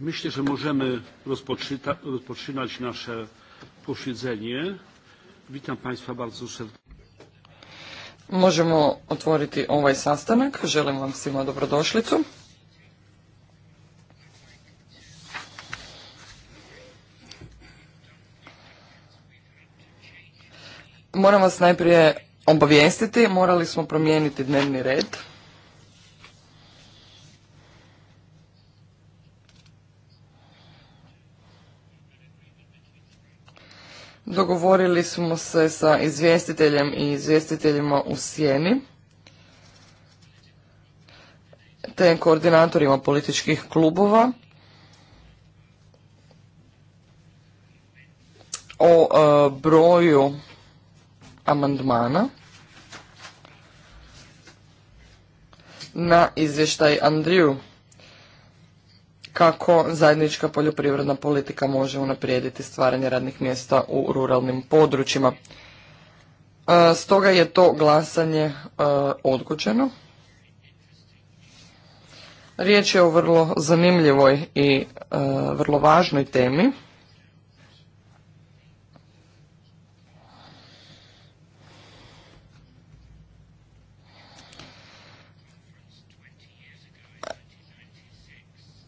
Myślę, że możemy rozpoczynać nasze posiedzenie. Witam Państwa bardzo serdecznie. Možemo otvoriti ovaj sastanak. Želim vam svima dobrodošlicu. Moram vas najprije obavijestiti. Morali smo promijeniti dnevni red. Dogovorili smo se sa izvjestiteljem i izvjestiteljima u sjeni te koordinatorima političkih klubova o e, broju amandmana na izvještaj Andriju kako zajednička poljoprivredna politika može unaprijediti stvaranje radnih mjesta u ruralnim područjima. E, stoga je to glasanje e, odgođeno. Riječ je o vrlo zanimljivoj i e, vrlo važnoj temi.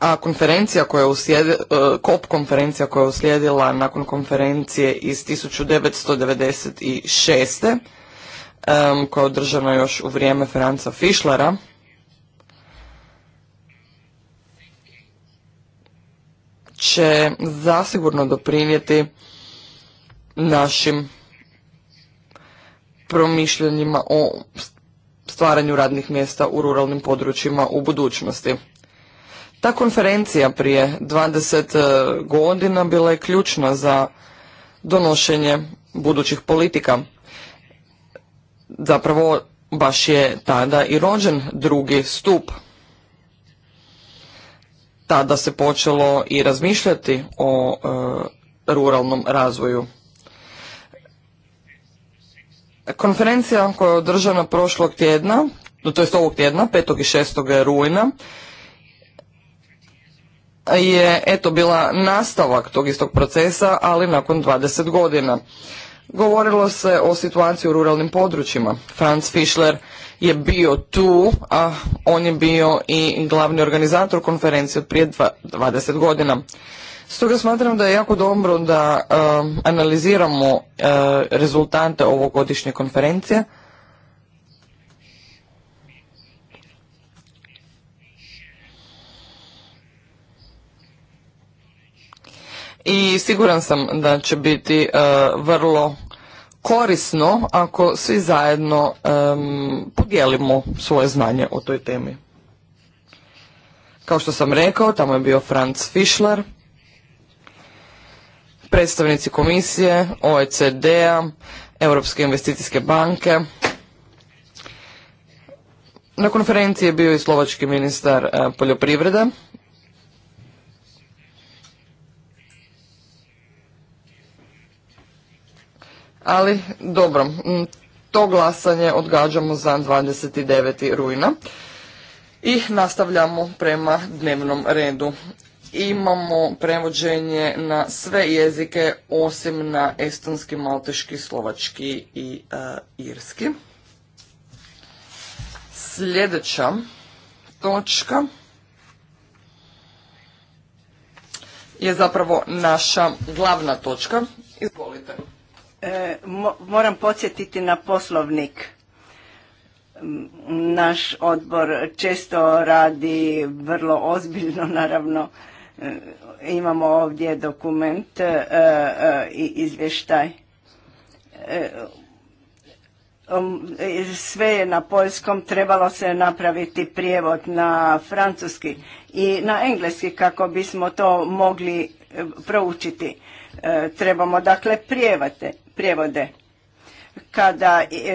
a konferencija koja je uslijedila, e, konferencija koja je uslijedila nakon konferencije iz 1996. koja je održana još u vrijeme Franca Fischlera, će zasigurno doprinijeti našim promišljanjima o stvaranju radnih mjesta u ruralnim područjima u budućnosti. Ta konferencija prije 20 e, godina bila je ključna za donošenje budućih politika. Zapravo baš je tada i rođen drugi stup. Tada se počelo i razmišljati o e, ruralnom razvoju. Konferencija koja je održana prošlog tjedna, to jest ovog tjedna, 5. i 6. rujna, je eto bila nastavak tog istog procesa, ali nakon 20 godina. Govorilo se o situaciji u ruralnim područjima. Franz Fischler je bio tu, a on je bio i glavni organizator konferencije od prije 20 godina. Stoga smatram da je jako dobro da eh, analiziramo uh, rezultate ovogodišnje konferencije, i siguran sam da će biti e, vrlo korisno ako svi zajedno podijelimo svoje znanje o toj temi. Kao što sam rekao, tamo je bio Franz Fischler, predstavnici komisije, OECD-a, Europske investicijske banke. Na konferenciji je bio i slovački ministar e, poljoprivrede ali dobro, to glasanje odgađamo za 29. rujna i nastavljamo prema dnevnom redu. Imamo prevođenje na sve jezike osim na estonski, malteški, slovački i e, irski. Sljedeća točka je zapravo naša glavna točka. Izvolite. E, moram podsjetiti na poslovnik. Naš odbor često radi vrlo ozbiljno, naravno. E, imamo ovdje dokument e, i izvještaj. Um, sve je na poljskom, trebalo se napraviti prijevod na francuski i na engleski kako bismo to mogli proučiti E, trebamo dakle prijevate, prijevode. Kada e,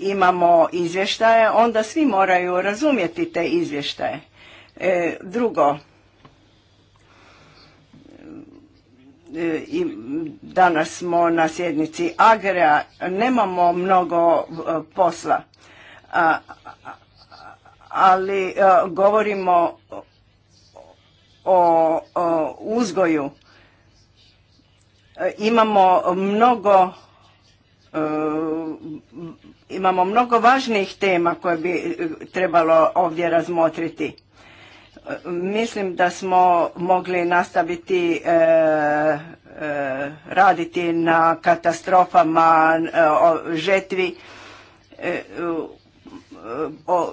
imamo izvještaje, onda svi moraju razumjeti te izvještaje. E, drugo, i danas smo na sjednici Agrea, nemamo mnogo posla, ali govorimo o uzgoju imamo mnogo e, imamo mnogo važnijih tema koje bi e, trebalo ovdje razmotriti. E, mislim da smo mogli nastaviti raditi na katastrofama, o žetvi,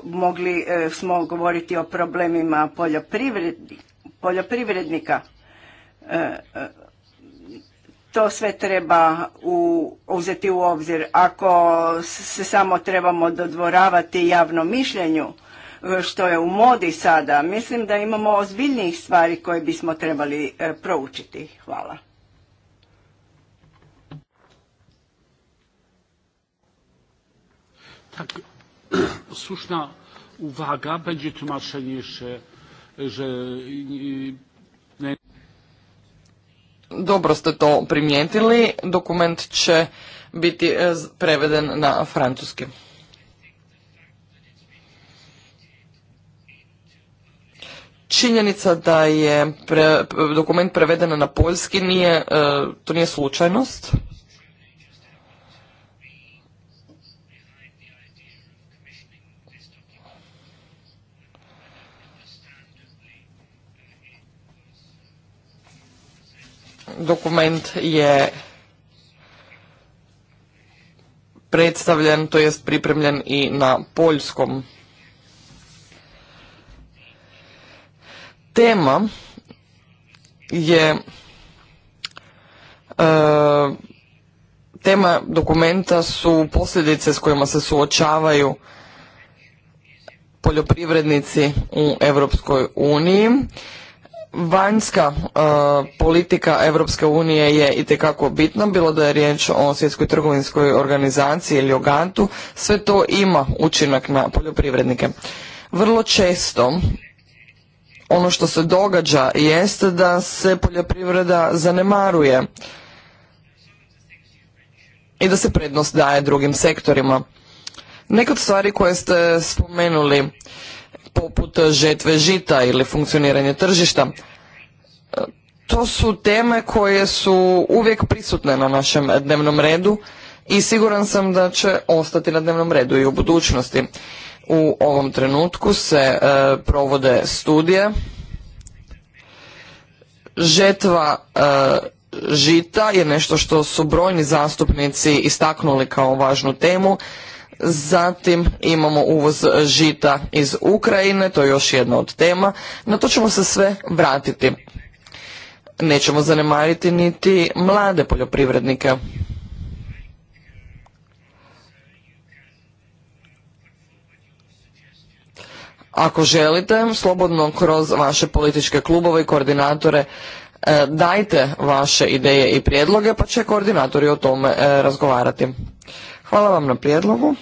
mogli smo govoriti o problemima poljoprivrednika. poljoprivrednika to sve treba uzeti u obzir. Ako se samo trebamo dodvoravati javnom mišljenju, e, što je u modi sada, mislim da imamo ozbiljnijih stvari koje bismo trebali e, proučiti. Hvala. Tak, słuszna uvaga, będzie tłumaczenie jeszcze, że dobro ste to primijetili. Dokument će biti e, preveden na francuski. Činjenica da je dokument preveden na poljski nije, e, to nije slučajnost. dokument je predstavljen, to jest pripremljen i na poljskom. Tema je e, tema dokumenta su posljedice s kojima se suočavaju poljoprivrednici u Europskoj uniji vanjska uh, politika Europske unije je itekako bitna, bilo da je riječ o svjetskoj trgovinskoj organizaciji ili o sve to ima učinak na poljoprivrednike. Vrlo često ono što se događa jest da se poljoprivreda zanemaruje i da se prednost daje drugim sektorima. Neke od stvari koje ste spomenuli poput žetve žita ili funkcioniranje tržišta. E, to su teme koje su uvijek prisutne na našem dnevnom redu i siguran sam da će ostati na dnevnom redu i u budućnosti. U ovom trenutku se e, provode studije. Žetva e, žita je nešto što su brojni zastupnici istaknuli kao važnu temu Zatim imamo uvoz žita iz Ukrajine, to je još jedna od tema. Na to ćemo se sve vratiti. Nećemo zanemariti niti mlade poljoprivrednike. Ako želite, slobodno kroz vaše političke klubove i koordinatore e, dajte vaše ideje i prijedloge, pa će koordinatori o tome e, razgovarati. Hvala vam na prijedlogu.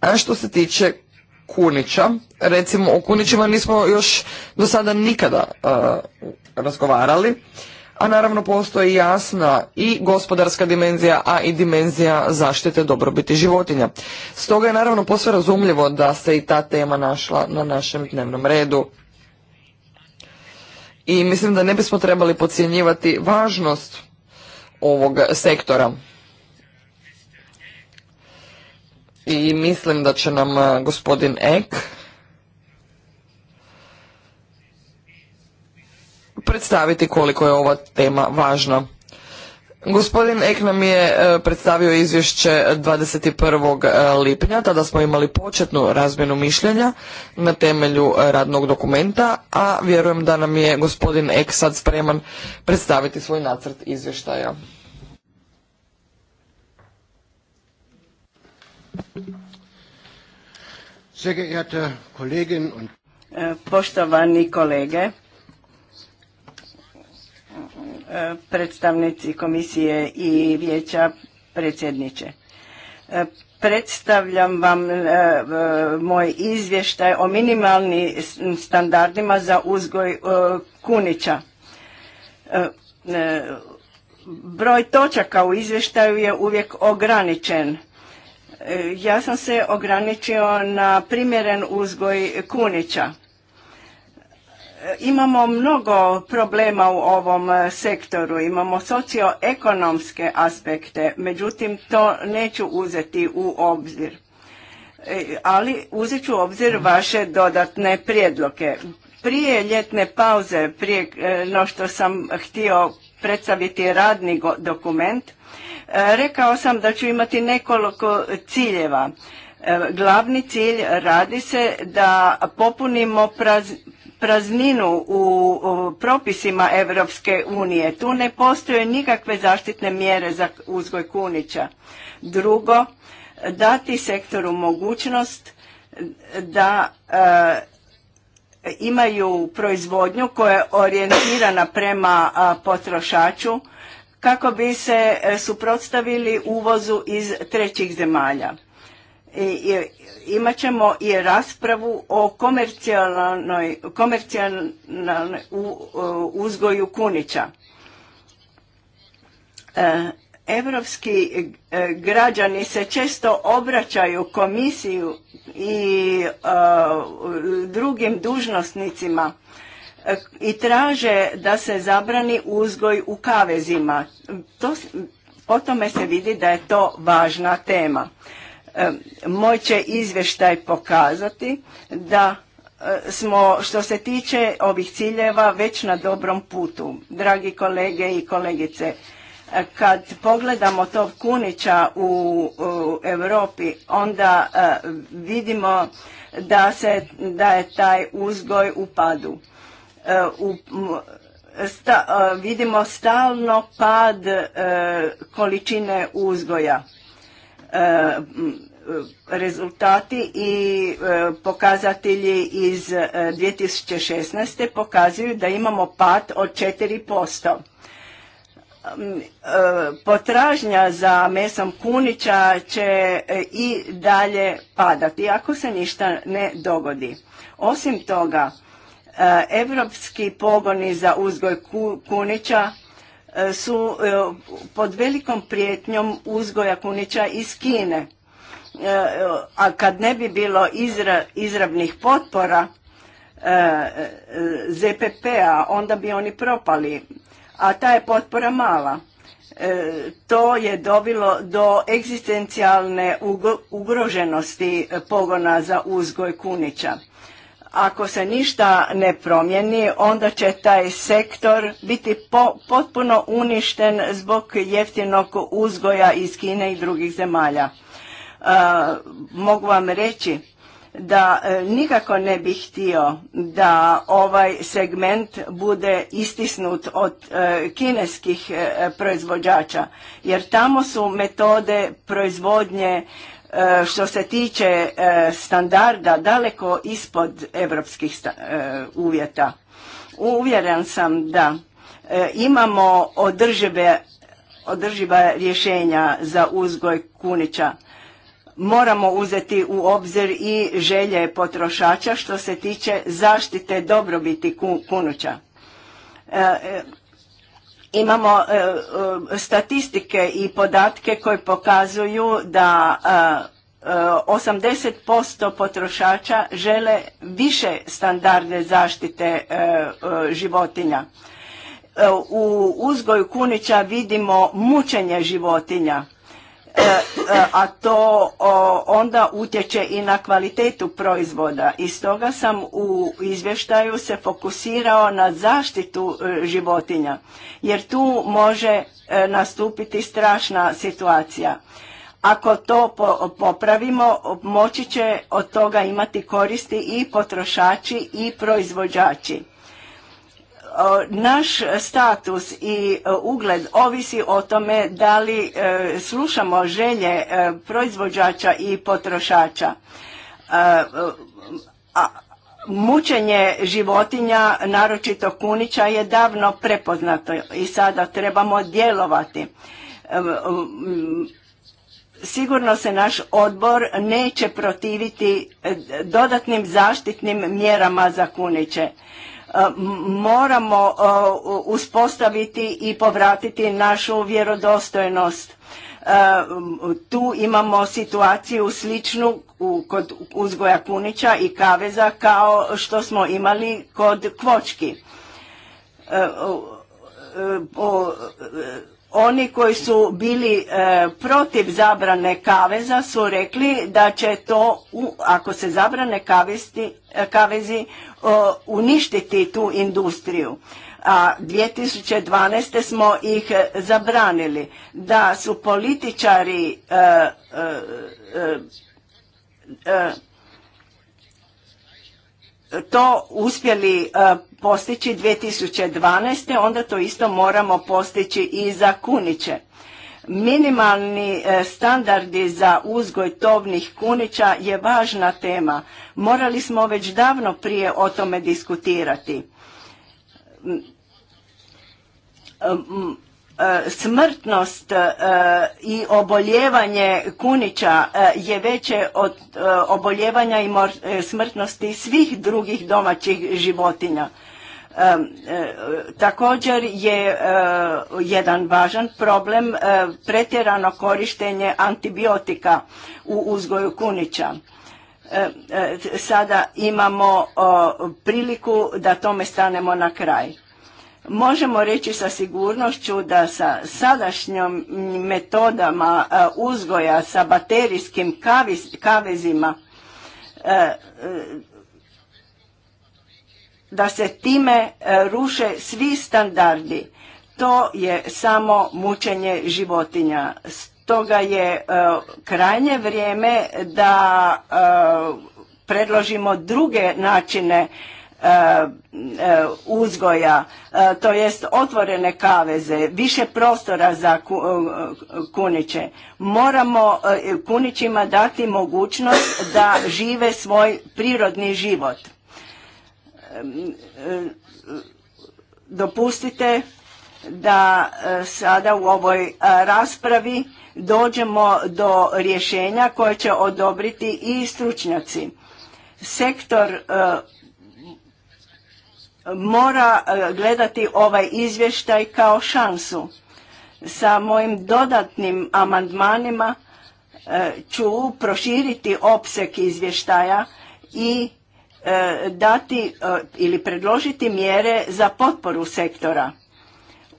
A što se tiče Kunića, recimo o Kunićima nismo još do sada nikada razgovarali, a naravno postoji jasna i gospodarska dimenzija, a i dimenzija zaštite dobrobiti životinja. Stoga je naravno posve razumljivo da se i ta tema našla na našem dnevnom redu. I mislim da ne bismo trebali podcjenjivati važnost ovog sektora. i mislim da će nam eh, gospodin Ek predstaviti koliko je ova tema važna. Gospodin Ek nam je eh, predstavio izvješće 21. Eh, lipnja, tada smo imali početnu razmjenu mišljenja na temelju radnog dokumenta, a vjerujem da nam je gospodin Ek sad spreman predstaviti svoj nacrt izvještaja. E, poštovani kolege, e, predstavnici komisije i vijeća predsjedniče. E, predstavljam vam moj izvještaj o minimalnim standardima za uzgoj kunića. Broj točaka u izvještaju je uvijek ograničen ja sam se ograničio na primjeren uzgoj kunića. Imamo mnogo problema u ovom sektoru, imamo socioekonomske aspekte, međutim to neću uzeti u obzir. E, ali uzet ću u obzir vaše dodatne prijedloge. Prije ljetne pauze, prije e, no što sam htio predstaviti radni dokument, Rekao sam da ću imati nekoliko ciljeva. E, glavni cilj radi se da popunimo prazninu u, propisima Europske unije. Tu ne postoje nikakve zaštitne mjere za uzgoj kunića. Drugo, dati sektoru mogućnost da e, imaju proizvodnju koja je orijentirana prema potrošaču kako bi se e, suprotstavili uvozu iz trećih zemalja. E, I imat ćemo i raspravu o komercijalnoj, e, uzgoju kunića. Evropski građani se često obraćaju komisiju i drugim dužnosnicima i traže da se zabrani uzgoj u kavezima. To, po tome se vidi da je to važna tema. E, moj će izvještaj pokazati da e, smo što se tiče ovih ciljeva već na dobrom putu. Dragi kolege i kolegice, e, kad pogledamo tog kunića u, u Europi onda vidimo da se da je taj uzgoj u padu u vidimo stalno pad e, količine uzgoja e, rezultati i e, pokazatelji iz 2016. pokazuju da imamo pad od 4%. Potražnja za mesom kunića će i dalje padati ako se ništa ne dogodi. Osim toga, E, evropski pogoni za uzgoj kunića e, su e, pod velikom prijetnjom uzgoja kunića iz Kine. A kad ne bi bilo izravnih potpora ZPP-a, onda bi oni propali. A ta je potpora mala. To je dovilo do egzistencijalne ugroženosti pogona za uzgoj kunića ako se ništa ne promijeni, onda će taj sektor biti potpuno uništen zbog jeftinog uzgoja iz Kine i drugih zemalja. E, mogu vam reći da e, nikako ne bih htio da ovaj segment bude istisnut od e, kineskih proizvođača jer tamo su metode proizvodnje E, što se tiče e, standarda daleko ispod evropskih e, uvjeta. Uvjeren sam da imamo održive, održiva rješenja za uzgoj kunića. Moramo uzeti u obzir i želje potrošača što se tiče zaštite dobrobiti kunuća. Imamo e, e, statistike i podatke koji pokazuju da 80% e, potrošača žele više standarde zaštite životinja. U uzgoju kunića vidimo mučenje životinja E, e, a to onda utječe i na kvalitetu proizvoda. I stoga sam u izvještaju se fokusirao na zaštitu e, životinja, jer tu može nastupiti strašna situacija. Ako to popravimo, moći će od toga imati koristi i potrošači i proizvođači E, naš status i e, ugled ovisi o tome da li e, slušamo želje proizvođača i potrošača. Mučenje životinja, naročito kunića, je davno prepoznato i sada trebamo djelovati. Sigurno se naš odbor neće protiviti dodatnim zaštitnim mjerama za kuniće E, moramo e, uspostaviti i povratiti našu vjerodostojnost. E, tu imamo situaciju sličnu kod uzgoja kunića i kaveza kao što smo imali kod kvočki oni koji su bili e, protiv zabrane kaveza su rekli da će to ako se zabrane e, kavezi uništiti tu industriju a 2012. smo ih e, zabranili da su političari to uspjeli postići 2012. onda to isto moramo postići i za kuniće. Minimalni e, standardi za uzgoj tovnih kunića je važna tema. Morali smo već davno prije o tome diskutirati. E, smrtnost e, i oboljevanje kunića je veće od oboljevanja i smrtnosti svih drugih domaćih životinja E, također je e, jedan važan problem e, pretjerano korištenje antibiotika u uzgoju kunića. Sada imamo priliku da tome stanemo na kraj. Možemo reći sa sigurnošću da sa sadašnjom metodama uzgoja sa baterijskim kavezima da se time e, ruše svi standardi. To je samo mučenje životinja. Stoga je e, krajnje vrijeme da e, predložimo druge načine uzgoja, to jest otvorene kaveze, više prostora za kuniće. Moramo kunićima dati mogućnost da žive svoj prirodni život dopustite da e, sada u ovoj e, raspravi dođemo do rješenja koje će odobriti i stručnjaci. Sektor e, mora gledati ovaj izvještaj kao šansu. Sa mojim dodatnim amandmanima ću proširiti opsek izvještaja i E, dati e, ili predložiti mjere za potporu sektora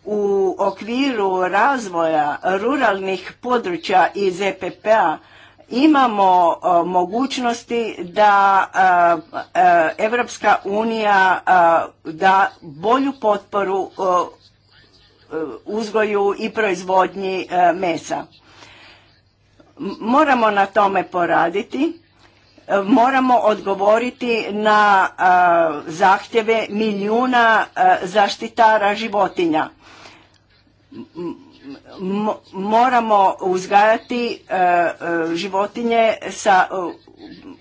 u okviru razvoja ruralnih područja i ZPP-a e imamo mogućnosti da Evropska unija da bolju potporu uzgoju i proizvodnji mesa. Moramo na tome poraditi moramo odgovoriti na zahtjeve milijuna zaštitara životinja. moramo uzgajati životinje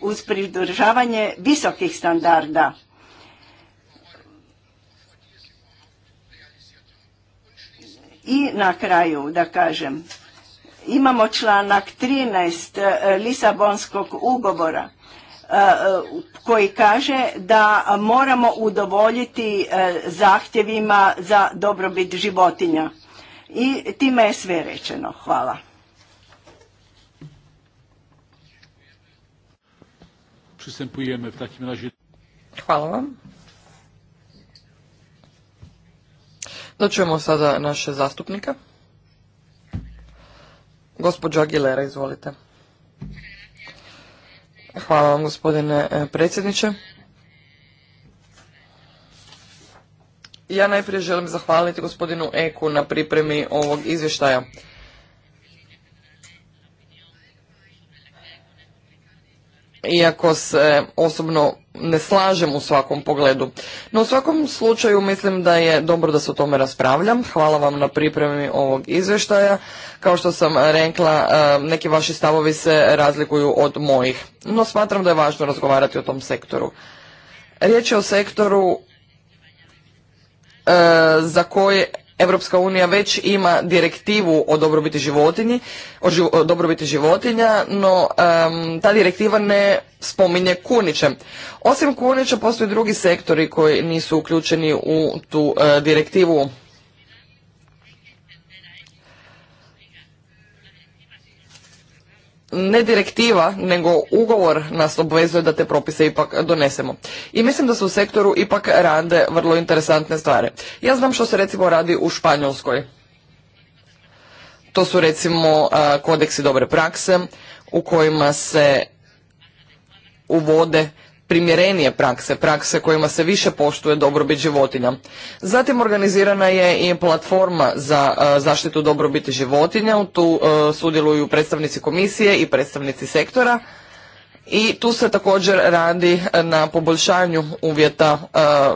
uz pridržavanje visokih standarda. I na kraju da kažem, imamo članak 13 e, Lisabonskog ugovora koji kaže da moramo udovoljiti e, zahtjevima za dobrobit životinja. I time je sve rečeno. Hvala. Hvala vam. Doćujemo sada naše zastupnika. Gospođa Aguilera, izvolite. Hvala vam gospodine e, predsjedniče. Ja najprije želim zahvaliti gospodinu Eku na pripremi ovog izvještaja. iako se osobno ne slažem u svakom pogledu. No u svakom slučaju mislim da je dobro da se o tome raspravljam. Hvala vam na pripremi ovog izvještaja. Kao što sam rekla, e, neki vaši stavovi se razlikuju od mojih. No smatram da je važno razgovarati o tom sektoru. Riječ je o sektoru e, za koje Europska unija već ima direktivu o dobrobiti životinji, o, dobrobiti životinja, no ta direktiva ne spominje kuniće. Osim kunića postoje drugi sektori koji nisu uključeni u tu e, direktivu. ne direktiva, nego ugovor nas obvezuje da te propise ipak donesemo. I mislim da se u sektoru ipak rade vrlo interesantne stvari. Ja znam što se recimo radi u Španjolskoj. To su recimo kodeksi dobre prakse u kojima se uvode primjerenije prakse, prakse kojima se više poštuje dobrobit životinja. Zatim organizirana je i platforma za e, zaštitu dobrobiti životinja, tu e, sudjeluju predstavnici komisije i predstavnici sektora i tu se također radi e, na poboljšanju uvjeta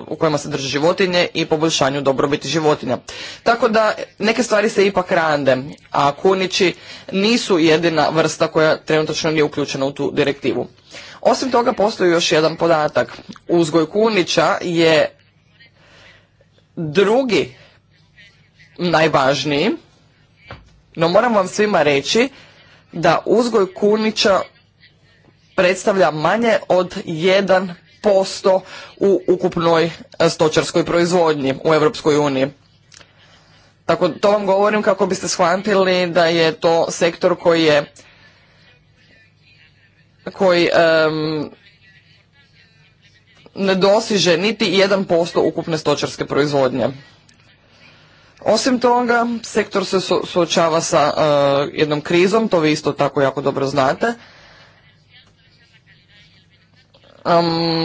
u kojima se drže životinje i poboljšanju dobrobiti životinja. Tako da neke stvari se ipak rande, a kunići nisu jedina vrsta koja trenutačno nije uključena u tu direktivu. Osim toga postoji još jedan podatak. Uzgoj kunića je drugi najvažniji, no moram vam svima reći da uzgoj kunića predstavlja manje od 1% u ukupnoj e, stočarskoj proizvodnji u Europskoj uniji. Tako to vam govorim kako biste shvatili da je to sektor koji je koji ne dosiže niti 1% ukupne stočarske proizvodnje. Osim toga, sektor se suočava sa e, jednom krizom, to vi isto tako jako dobro znate.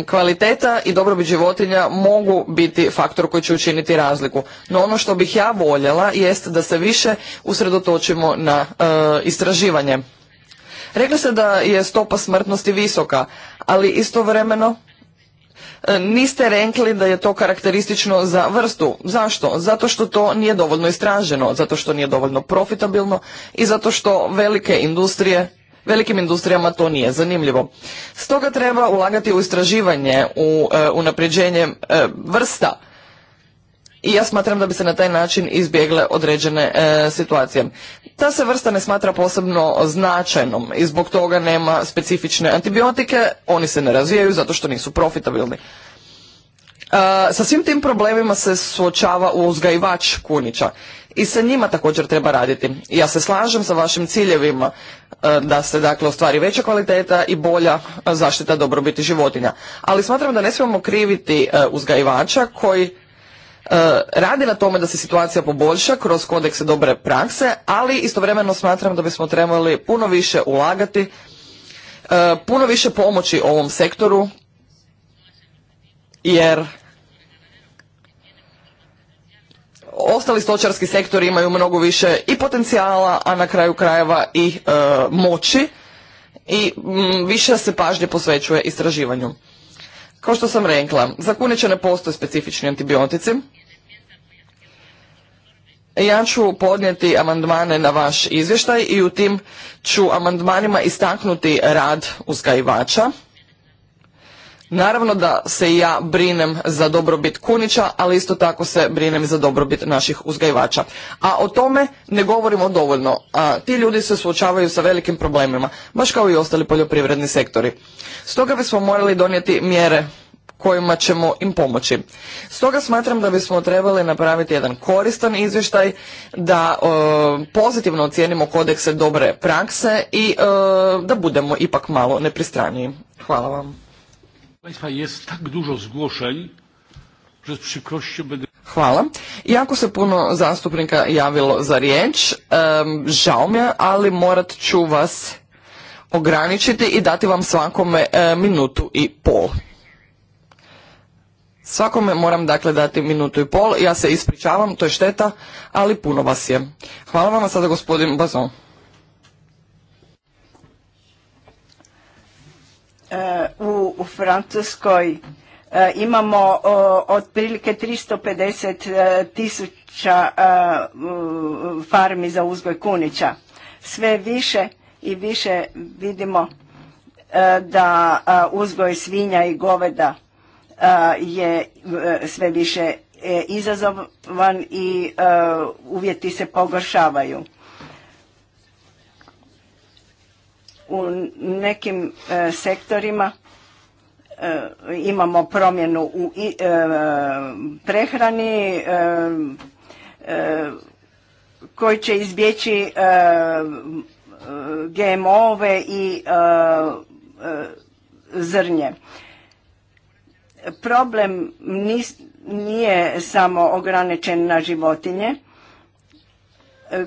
kvaliteta i dobrobit životinja mogu biti faktor koji će učiniti razliku. No ono što bih ja voljela jest da se više usredotočimo na e, istraživanje. Rekli ste da je stopa smrtnosti visoka, ali istovremeno e, niste rekli da je to karakteristično za vrstu. Zašto? Zato što to nije dovoljno istraženo, zato što nije dovoljno profitabilno i zato što velike industrije velikim industrijama to nije zanimljivo. Stoga treba ulagati u istraživanje, u e, unapređenje e, vrsta. I ja smatram da bi se na taj način izbjegle određene situacije. Ta se vrsta ne smatra posebno značajnom i zbog toga nema specifične antibiotike, oni se ne razvijaju zato što nisu profitabilni. E, sa svim tim problemima se suočava uzgajivač kunića i sa njima također treba raditi. Ja se slažem sa vašim ciljevima e, da se dakle ostvari veća kvaliteta i bolja zaštita dobrobiti životinja. Ali smatram da ne smijemo kriviti e, uzgajivača koji E, radi na tome da se situacija poboljša kroz kodekse dobre prakse, ali istovremeno smatram da bismo trebali puno više ulagati, e, puno više pomoći ovom sektoru, jer ostali stočarski sektori imaju mnogo više i potencijala, a na kraju krajeva i e, moći i više se pažnje posvećuje istraživanju. Kao što sam rekla, za kuniće ne postoje specifični antibiotici. Ja ću podnijeti amandmane na vaš izvještaj i u tim ću amandmanima istaknuti rad uzgajivača Naravno da se i ja brinem za dobrobit kunića, ali isto tako se brinem za dobrobit naših uzgajivača. A o tome ne govorimo dovoljno. A, ti ljudi se suočavaju sa velikim problemima, baš kao i ostali poljoprivredni sektori. Stoga bismo morali donijeti mjere kojima ćemo im pomoći. Stoga smatram da bismo trebali napraviti jedan koristan izvještaj, da e, pozitivno ocijenimo kodekse dobre prakse i e, da budemo ipak malo nepristraniji. Hvala vam jest tak dużo zgłoszeń, że z przykrością będę... Hvala. Jako se puno zastupnika javilo za riječ, žao mi je, ali morat ću vas ograničiti i dati vam svakome e, minutu i pol. Svakome moram dakle dati minutu i pol, ja se ispričavam, to je šteta, ali puno vas je. Hvala vam, sada gospodin Bazon. u, Francuskoj e, imamo otprilike 350 e, tisuća e, farmi za uzgoj kunića. Sve više i više vidimo da uzgoj svinja i goveda je sve više izazovan i uvjeti se pogoršavaju. U nekim e, sektorima e, imamo promjenu u e, prehrani koji će izbjeći GMO-ove i zrnje. Problem nije samo ograničen na životinje.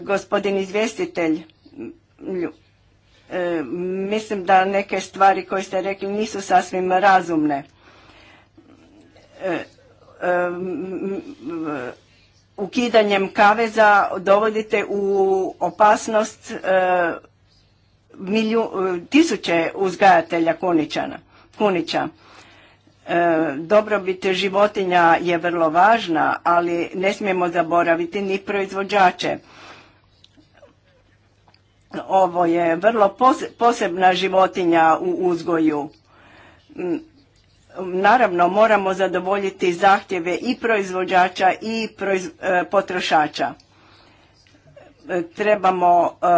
Gospodin izvjestitelj E, mislim da neke stvari koje ste rekli nisu sasvim razumne. E, e, ukidanjem kaveza dovodite u opasnost tisuće uzgajatelja kunića. dobrobit životinja je vrlo važna, ali ne smijemo zaboraviti ni proizvođače. Ovo je vrlo posebna životinja u uzgoju. Mm, naravno, moramo zadovoljiti zahtjeve i proizvođača i e, potrošača. E, trebamo e,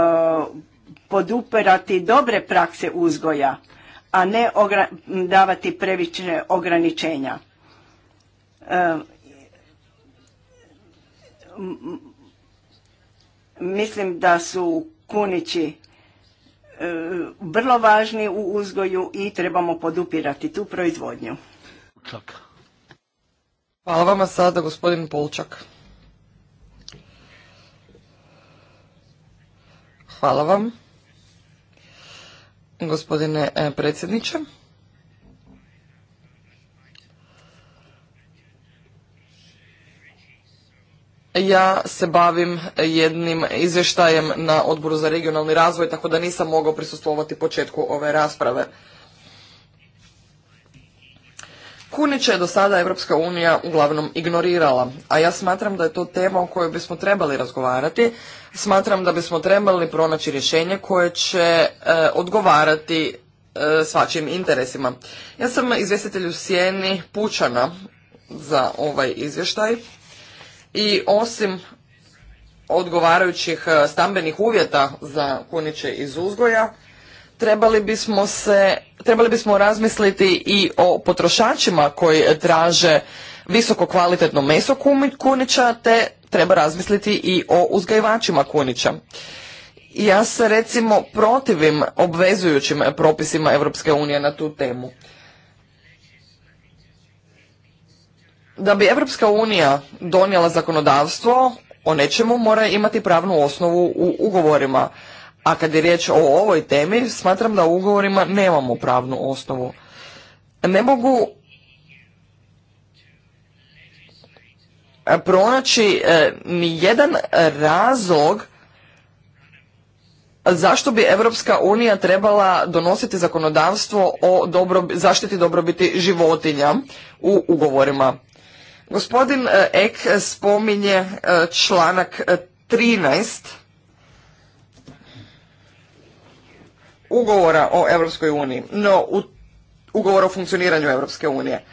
podupirati dobre prakse uzgoja, a ne davati previše ograničenja. mislim da su kunići e, vrlo važni u uzgoju i trebamo podupirati tu proizvodnju. Hvala vama sada gospodin Polčak. Hvala vam gospodine e, predsjedniče. Ja se bavim jednim izvještajem na odboru za regionalni razvoj, tako da nisam mogao prisustvovati početku ove rasprave. Kuniće je do sada Evropska unija uglavnom ignorirala, a ja smatram da je to tema o kojoj bismo trebali razgovarati. Smatram da bismo trebali pronaći rješenje koje će e, odgovarati e, svačim interesima. Ja sam izvjestitelj u Sijeni Pučana za ovaj izvještaj i osim odgovarajućih e, stambenih uvjeta za kuniće iz uzgoja, trebali bismo, razmisliti i o potrošačima koji traže visoko kvalitetno meso kunića, te treba razmisliti i o uzgajivačima kunića. Ja se recimo protivim obvezujućim propisima Europske unije na tu temu. da bi Europska unija donijela zakonodavstvo o nečemu mora imati pravnu osnovu u ugovorima. A kad je riječ o ovoj temi, smatram da u ugovorima nemamo pravnu osnovu. Ne mogu e, pronaći e, ni jedan razlog zašto bi Europska unija trebala donositi zakonodavstvo o zaštiti dobrobiti životinja u ugovorima. Gospodin e, Ek e, spominje e, članak 13 ugovora o Europskoj uniji, no u o funkcioniranju Europske unije.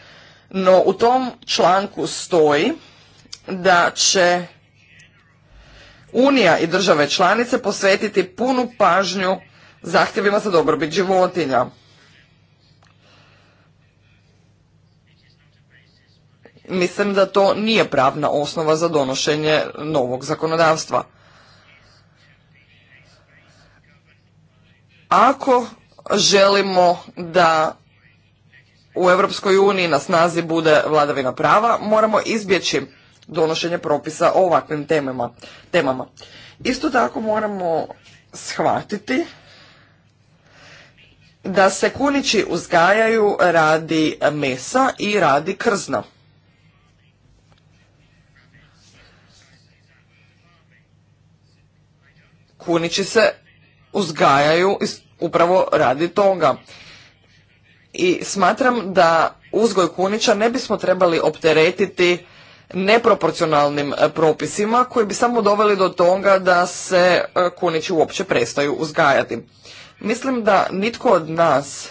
No u tom članku stoji da će Unija i države članice posvetiti punu pažnju zahtjevima za dobrobit životinja. Mislim da to nije pravna osnova za donošenje novog zakonodavstva. Ako želimo da u Europskoj uniji na snazi bude vladavina prava, moramo izbjeći donošenje propisa o ovakvim temama. temama. Isto tako moramo shvatiti da se kunići uzgajaju radi mesa i radi krzna. kunići se uzgajaju upravo radi toga. I smatram da uzgoj kunića ne bismo trebali opteretiti neproporcionalnim e, propisima koji bi samo doveli do toga da se e, kunići uopće prestaju uzgajati. Mislim da nitko od nas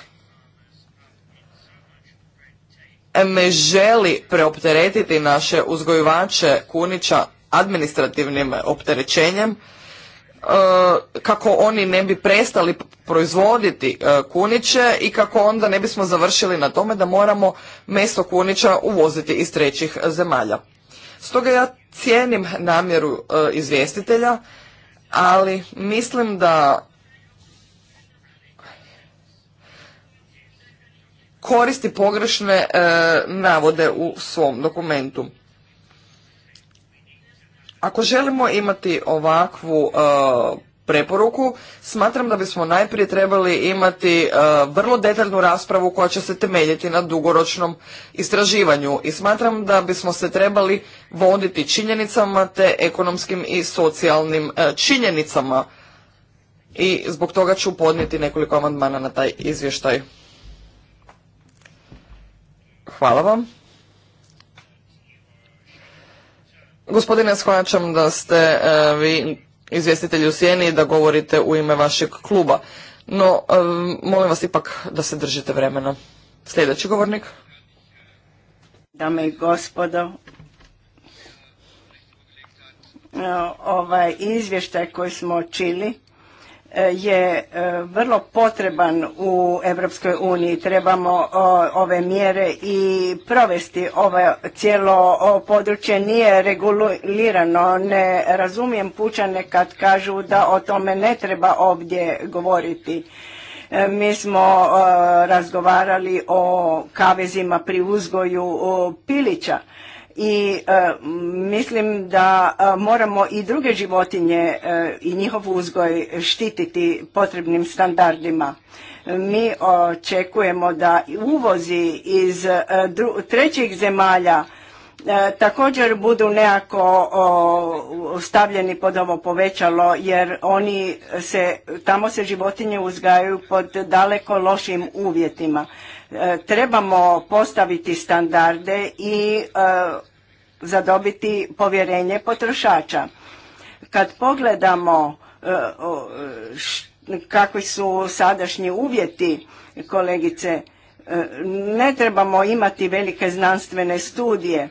ne želi preopteretiti naše uzgojivače kunića administrativnim opterećenjem E, kako oni ne bi prestali proizvoditi e, kuniće i kako onda ne bismo završili na tome da moramo meso kunića uvoziti iz trećih zemalja. Stoga ja cijenim namjeru e, izvjestitelja, ali mislim da koristi pogrešne navode u svom dokumentu. Ako želimo imati ovakvu e, preporuku, smatram da bismo najprije trebali imati e, vrlo detaljnu raspravu koja će se temeljiti na dugoročnom istraživanju i smatram da bismo se trebali voditi činjenicama te ekonomskim i socijalnim e, činjenicama i zbog toga ću podnijeti nekoliko amandmana na taj izvještaj. Hvala vam. Gospodine, shvaćam da ste e, vi izvjestitelji u sjeni i da govorite u ime vašeg kluba. No, e, molim vas ipak da se držite vremena. Sljedeći govornik. Dame i gospodo, e, ovaj izvještaj koji smo čili je e, vrlo potreban u Europskoj uniji. Trebamo ove mjere i provesti. Ovo cijelo područje nije regulirano. Ne razumijem pučane kad kažu da o tome ne treba ovdje govoriti. E, mi smo razgovarali o kavezima pri uzgoju pilića i e, mislim da e, moramo i druge životinje e, i njihov uzgoj štititi potrebnim standardima. Mi očekujemo da uvozi iz trećih zemalja također budu nekako stavljeni pod ovo povećalo jer oni se, tamo se životinje uzgajaju pod daleko lošim uvjetima. E, trebamo postaviti standarde i e, zadobiti povjerenje potrošača. Kad pogledamo e, kakvi su sadašnji uvjeti, kolegice, ne trebamo imati velike znanstvene studije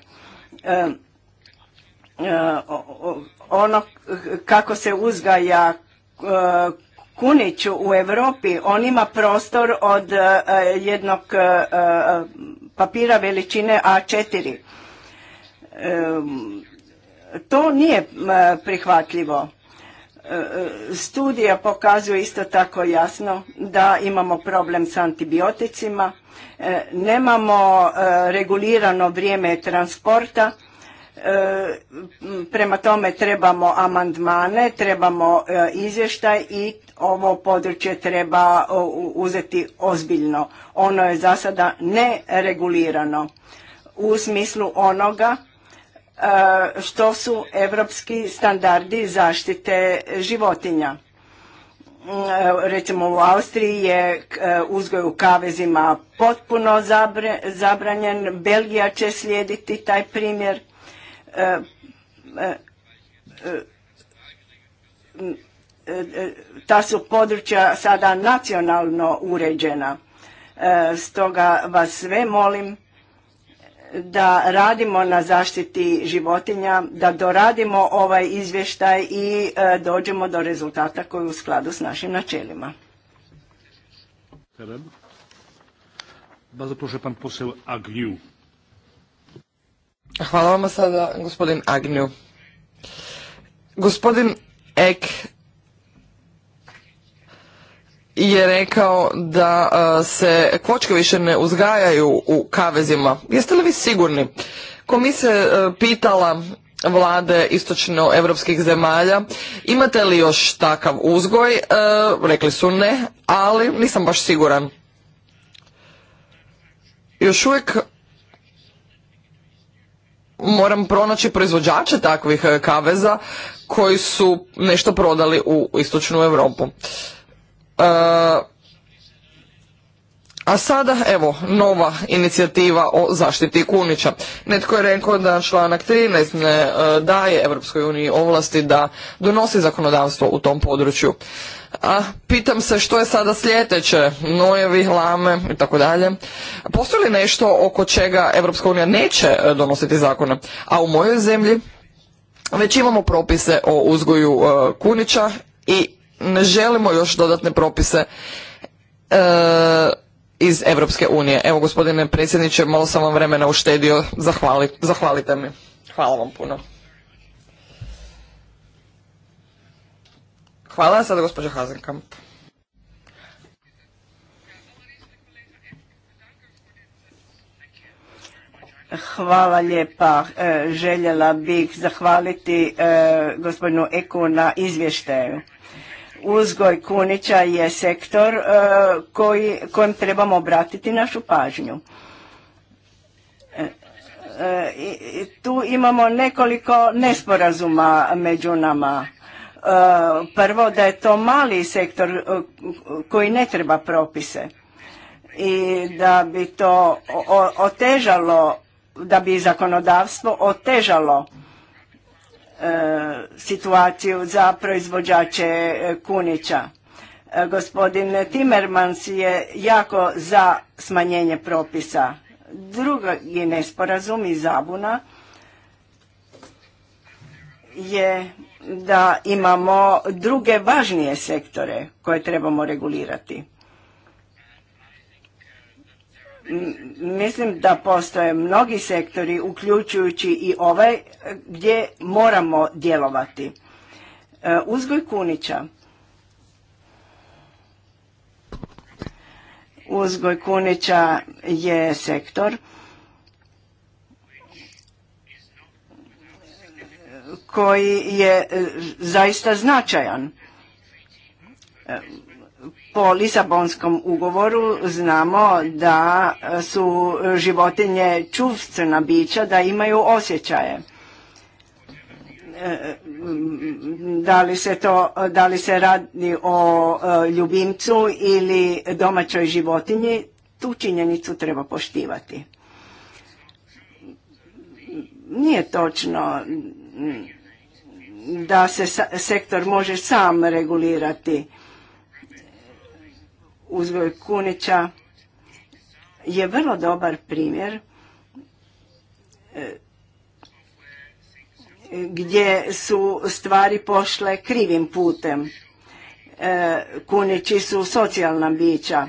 ono kako se uzgaja Kuniću u Europi, on ima prostor od e, jednog e, e, papira veličine A4. To nije prihvatljivo. Studija pokazuje isto tako jasno da imamo problem s antibioticima, nemamo regulirano vrijeme transporta, E, prema tome trebamo amandmane, trebamo e, izvještaj i ovo područje treba uzeti ozbiljno. Ono je za sada neregulirano u smislu onoga e, što su evropski standardi zaštite životinja. Recimo u Austriji je uzgoj u kavezima potpuno zabranjen, Belgija će slijediti taj primjer ta su područja sada nacionalno uređena. E, stoga vas sve molim da radimo na zaštiti životinja, da doradimo ovaj izvještaj i e, dođemo do rezultata koji je u skladu s našim načelima. Bardzo Hvala vam sada, gospodin Agnju. Gospodin Ek je rekao da e, se kvočke više ne uzgajaju u kavezima. Jeste li vi sigurni? Komisija je e, pitala vlade istočno-evropskih zemalja imate li još takav uzgoj? E, rekli su ne, ali nisam baš siguran. Još uvijek moram pronaći proizvođače takvih e, kaveza koji su nešto prodali u istočnu Europu. E, a sada, evo, nova inicijativa o zaštiti kunića. Netko je rekao da članak 13 ne e, daje Europskoj uniji ovlasti da donosi zakonodavstvo u tom području. A pitam se što je sada sljedeće, nojevi, lame i tako dalje. Postoji li nešto oko čega Europska unija neće e, donositi zakone? A u mojoj zemlji već imamo propise o uzgoju e, kunića i ne želimo još dodatne propise iz Europske unije. Evo gospodine predsjedniče, malo sam vam vremena uštedio, zahvalite mi. Hvala vam puno. Hvala, sada gospođa Hazenkamp. Hvala lijepa. E, željela bih zahvaliti e, gospodinu Eku na izvještaju uzgoj kunića je sektor e, koji, kojem trebamo obratiti našu pažnju. E, e, tu imamo nekoliko nesporazuma među nama. Prvo da je to mali sektor koji ne treba propise i da bi to otežalo, da bi zakonodavstvo otežalo E, situaciju za proizvođače e, kunića. E, gospodin Timmermans je jako za smanjenje propisa. Drugi nesporazum i zabuna je da imamo druge važnije sektore koje trebamo regulirati. Mislim da postoje mnogi sektori, uključujući i ovaj, gdje moramo djelovati. E, uzgoj kunića. Uzgoj kunića je sektor koji je zaista značajan e, po Lisabonskom ugovoru znamo da su životinje čuvstvena bića, da imaju osjećaje. E, da li, se to, da li se radi o e, ljubimcu ili domaćoj životinji, tu činjenicu treba poštivati. Nije točno da se sektor može sam regulirati uzgoj kunića je vrlo dobar primjer e, gdje su stvari pošle krivim putem. E, kunići su socijalna bića,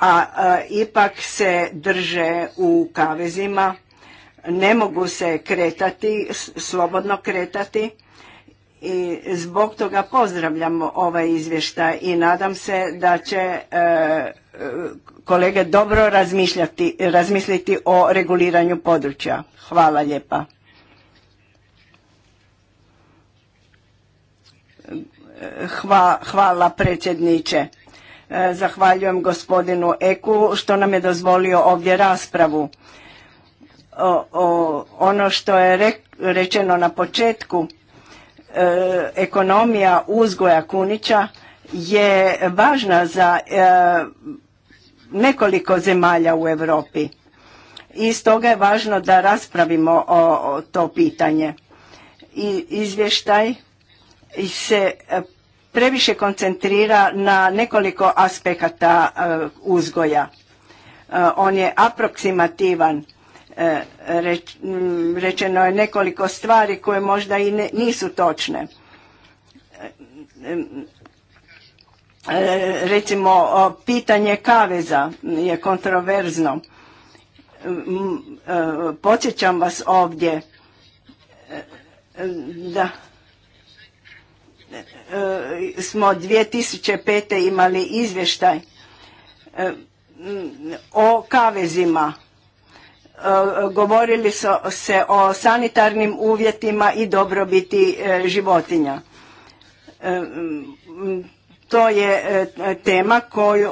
a ipak se drže u kavezima, ne mogu se kretati, slobodno kretati i zbog toga pozdravljam ovaj izvještaj i nadam se da će e, kolege dobro razmišljati, razmisliti o reguliranju područja. Hvala lijepa. hvala predsjedniče. E, zahvaljujem gospodinu Eku što nam je dozvolio ovdje raspravu. O, o, ono što je rečeno na početku E, ekonomija uzgoja kunića je važna za e, nekoliko zemalja u Europi i stoga je važno da raspravimo o, to pitanje. I izvještaj se e, previše koncentrira na nekoliko aspekata uzgoja. On je aproksimativan E, rečeno je nekoliko stvari koje možda i ne, nisu točne. E, e, recimo, pitanje kaveza je kontroverzno. Podsjećam vas ovdje da smo 2005. imali izvještaj o kavezima govorili su se o sanitarnim uvjetima i dobrobiti e, životinja. E, to je e, tema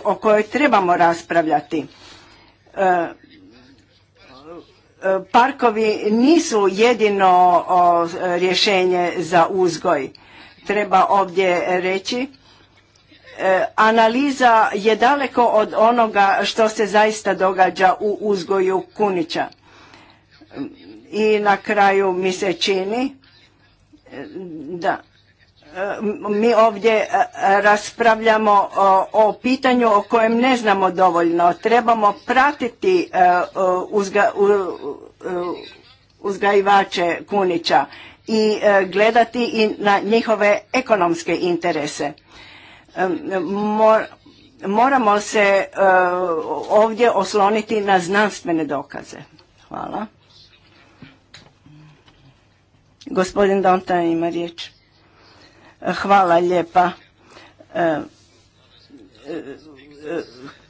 o kojoj trebamo raspravljati. Parkovi nisu jedino rješenje za uzgoj. Treba ovdje reći E, analiza je daleko od onoga što se zaista događa u uzgoju kunića. I na kraju mi se čini e, da e, mi ovdje raspravljamo o, pitanju o kojem ne znamo dovoljno. Trebamo pratiti uzgajivače kunića i gledati i na njihove ekonomske interese moramo se e, ovdje osloniti na znanstvene dokaze. Hvala. Gospodin Donta ima riječ. Hvala lijepa. E, e,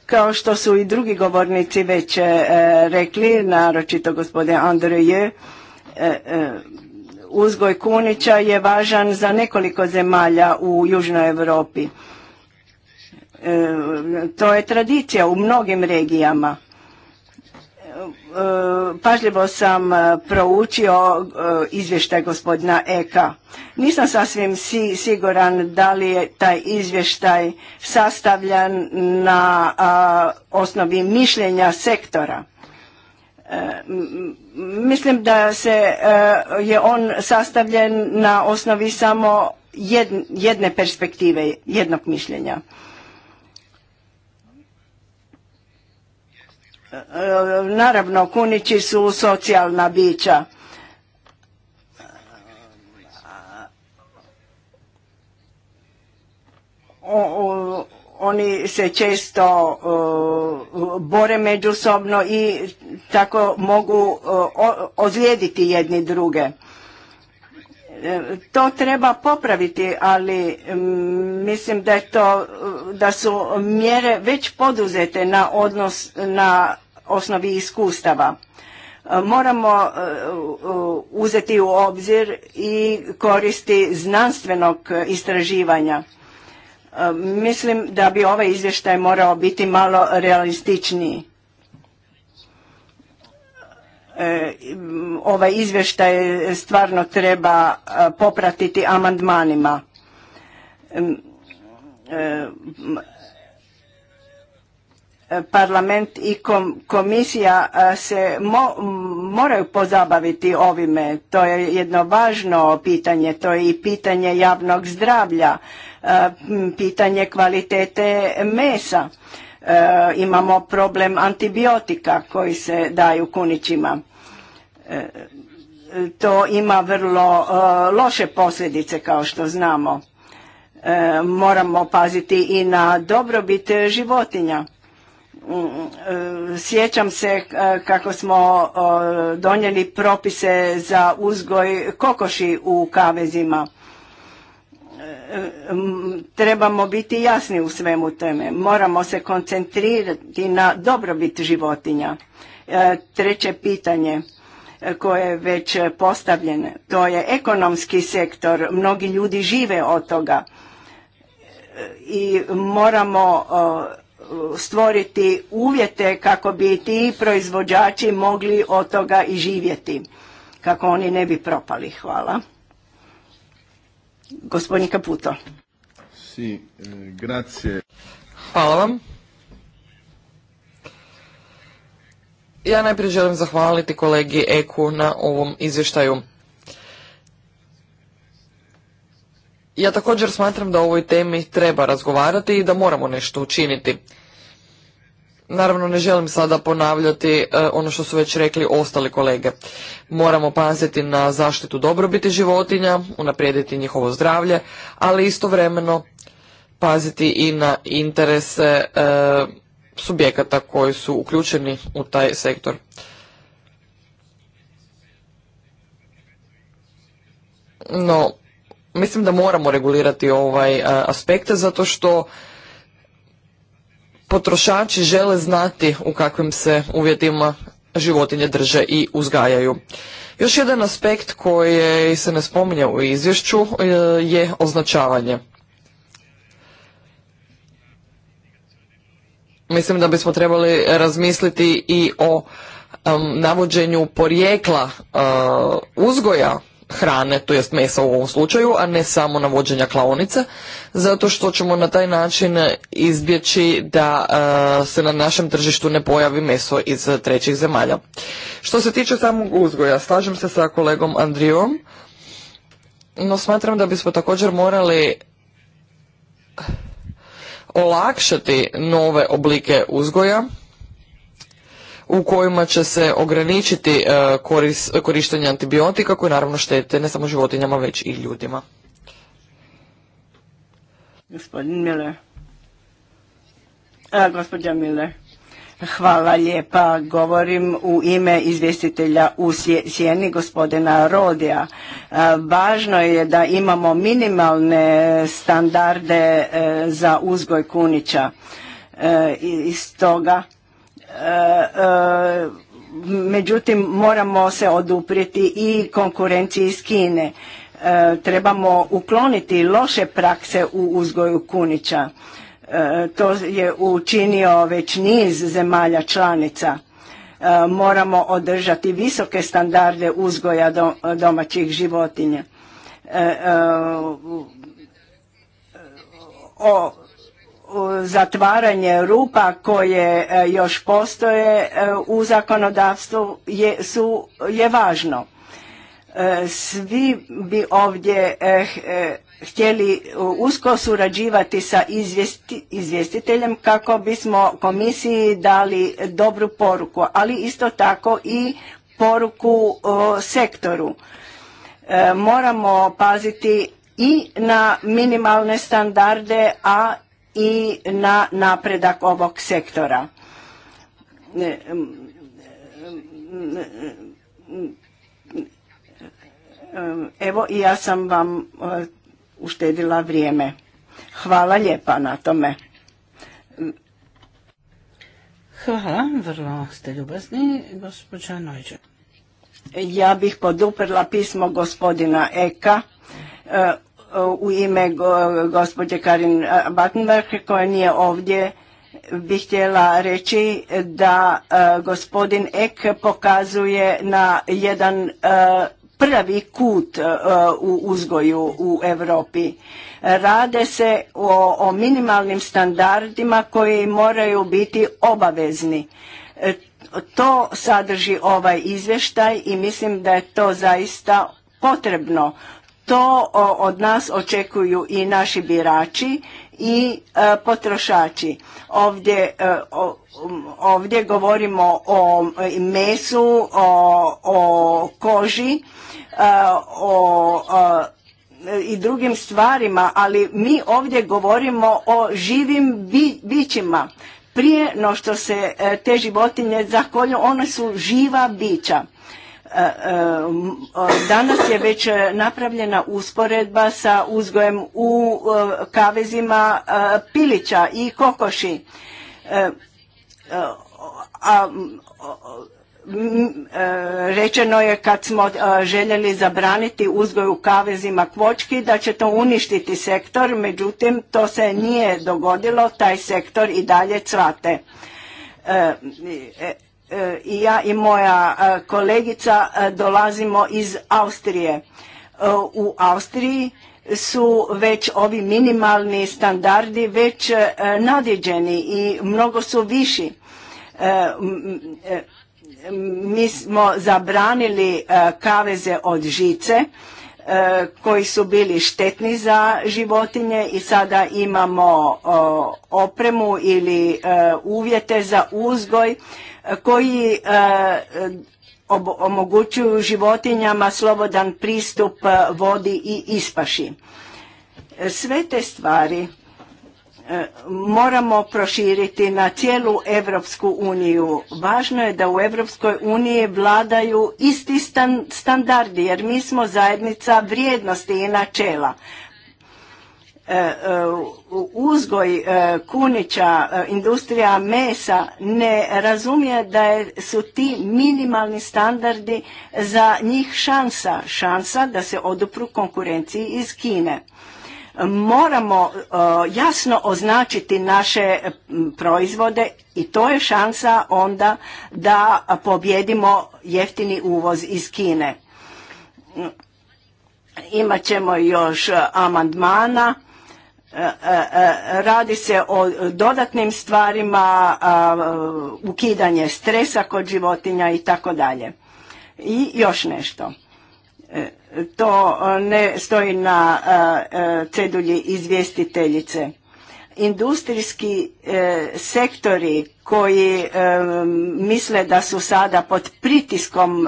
kao što su i drugi govornici već rekli, naročito gospodin Andreje, je uzgoj kunića je važan za nekoliko zemalja u Južnoj Europi. E, to je tradicija u mnogim regijama. E, pažljivo sam e, proučio izvještaj gospodina Eka. Nisam sasvim siguran da li je taj izvještaj sastavljan na osnovi mišljenja sektora. Eh, mislim da se eh, je on sastavljen na osnovi samo jedne perspektive, jednog mišljenja. Eh, naravno, kunići su socijalna bića. Oni se često uh, bore međusobno i tako mogu uh, ozlijediti jedni druge. To treba popraviti, ali mm, mislim da to, uh, da su mjere već poduzete na odnos, na osnovi iskustava. Moramo uzeti u obzir i koristi znanstvenog istraživanja Mislim da bi ovaj izvještaj morao biti malo realističniji. E, ovaj izvještaj stvarno treba e, popratiti amandmanima e, parlament i komisija se moraju pozabaviti ovime. To je jedno važno pitanje, to je i pitanje javnog zdravlja pitanje kvalitete mesa. E, imamo problem antibiotika koji se daju kunićima. E, to ima vrlo e, loše posljedice kao što znamo. Moramo paziti i na dobrobit životinja mm, sjećam se kako smo donijeli propise za uzgoj kokoši u kavezima trebamo biti jasni u svemu teme. Moramo se koncentrirati na dobrobit životinja. E, treće pitanje e, koje je već postavljeno, to je ekonomski sektor. Mnogi ljudi žive od toga e, i moramo stvoriti uvjete kako bi ti proizvođači mogli od toga i živjeti, kako oni ne bi propali. Hvala. Gospodin Kaputo. Si, eh, grazie. Hvala vam. Ja najprije želim zahvaliti kolegi Eku na ovom izvještaju. Ja također smatram da o ovoj temi treba razgovarati i da moramo nešto učiniti. Naravno, ne želim sada ponavljati e, ono što su već rekli ostali kolege. Moramo paziti na zaštitu dobrobiti životinja, unaprijediti njihovo zdravlje, ali istovremeno paziti i na interese e, subjekata koji su uključeni u taj sektor. No, mislim da moramo regulirati ovaj e, aspekt zato što potrošači žele znati u kakvim se uvjetima životinje drže i uzgajaju. Još jedan aspekt koji se ne spominje u izvješću e, je označavanje. Mislim da bismo trebali razmisliti i o navođenju porijekla e, uzgoja hrane, to jest mesa u ovom slučaju, a ne samo navođenja klaonice, zato što ćemo na taj način izbjeći da e, se na našem tržištu ne pojavi meso iz trećih zemalja. Što se tiče samog uzgoja, slažem se sa kolegom Andrijom, no smatram da bismo također morali olakšati nove oblike uzgoja, u kojima će se ograničiti e, korištenje antibiotika koje naravno štete ne samo životinjama već i ljudima. Gospodin Miller. A, gospođa Miller. Hvala lijepa. Govorim u ime izvjestitelja u sjeni gospodina Rodija. E, važno je da imamo minimalne standarde e, za uzgoj kunića. I stoga međutim moramo se oduprijeti i konkurenciji iz Kine. E, trebamo ukloniti loše prakse u uzgoju kunića. E, to je učinio već niz zemalja članica. E, moramo održati visoke standarde uzgoja domaćih životinja zatvaranje rupa koje e, još postoje e, u zakonodavstvu je, su, je važno. E, svi bi ovdje htjeli usko surađivati sa izvjestiteljem kako bismo komisiji dali dobru poruku, ali isto tako i poruku sektoru. moramo paziti i na minimalne standarde, a i na napredak ovog sektora. Evo i ja sam vam e, uštedila vrijeme. Hvala lijepa na tome. Hvala, vrlo ste ljubazni, gospođa Nojđa. Ja bih poduprla pismo gospodina Eka e, u ime gospođe Karin Battenberg koja nije ovdje bih htjela reći da gospodin Ek pokazuje na jedan prvi kut u uzgoju u Europi. Rade se o, o minimalnim standardima koji moraju biti obavezni. E, to sadrži ovaj izvještaj i mislim da je to zaista potrebno to od nas očekuju i naši birači i e, potrošači. Ovdje, e, ovdje govorimo o e, mesu, o, o koži, o, i drugim stvarima, ali mi ovdje govorimo o živim bi, bićima. Prije no što se te životinje zakolju, one su živa bića. Danas je već e, napravljena usporedba sa uzgojem u e, kavezima e, pilića i kokoši. A rečeno je kad smo željeli zabraniti uzgoj u kavezima kvočki da će to uništiti sektor, međutim to se nije dogodilo, taj sektor i dalje cvate. E, i ja i moja e, kolegica e, dolazimo iz Austrije. U Austriji su već ovi minimalni standardi već nadjeđeni i mnogo su viši. Mi smo zabranili kaveze od žice koji su bili štetni za životinje i sada imamo opremu ili uvjete za uzgoj koji e, e, omogućuju životinjama slobodan pristup e, vodi i ispaši. Sve te stvari moramo proširiti na cijelu Europsku uniju. Važno je da u Europskoj uniji vladaju isti standardi jer mi smo zajednica vrijednosti i načela. E, e, uzgoj e, kunića, industrija mesa ne razumije da su ti minimalni standardi za njih šansa, šansa da se odupru konkurenciji iz Kine. Moramo jasno označiti naše proizvode i to je šansa onda da pobjedimo jeftini uvoz iz Kine. Imat ćemo još amandmana E, e, e, radi se o dodatnim stvarima, ukidanje stresa kod životinja i tako dalje. I još nešto. To ne stoji na cedulji izvjestiteljice. Industrijski sektori koji misle da su sada pod pritiskom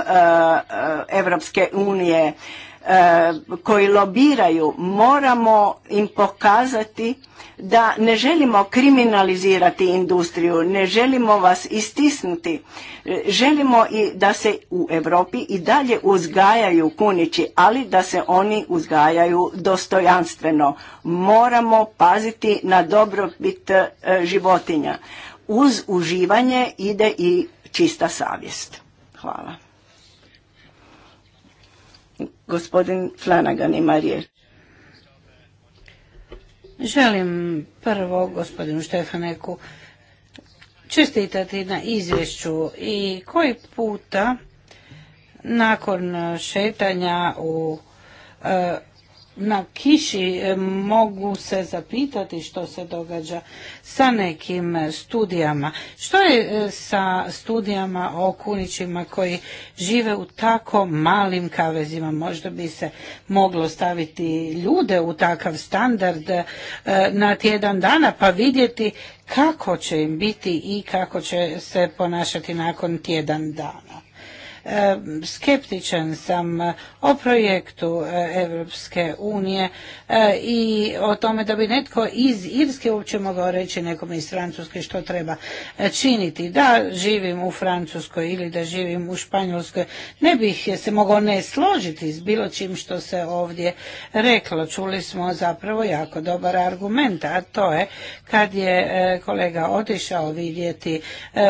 Evropske unije E, koji lobiraju moramo im pokazati da ne želimo kriminalizirati industriju, ne želimo vas istisnuti. E, želimo i da se u Europi i dalje uzgajaju kunići, ali da se oni uzgajaju dostojanstveno. Moramo paziti na dobrobit e, životinja. Uz uživanje ide i čista savjest. Hvala. Gospodin Flanagan ima riječ. Želim prvo gospodinu Štefaneku čestitati na izvješću i koji puta nakon šetanja u e, na kiši e, mogu se zapitati što se događa sa nekim studijama. Što je e, sa studijama o kunićima koji žive u tako malim kavezima? Možda bi se moglo staviti ljude u takav standard e, na tjedan dana pa vidjeti kako će im biti i kako će se ponašati nakon tjedan dana skeptičan sam eh, o projektu eh, Evropske unije eh, i o tome da bi netko iz Irske uopće mogao reći nekome iz Francuske što treba činiti. Da živim u Francuskoj ili da živim u Španjolskoj, ne bih se mogao ne složiti s bilo čim što se ovdje reklo. Čuli smo zapravo jako dobar argument, a to je kad je kolega otišao vidjeti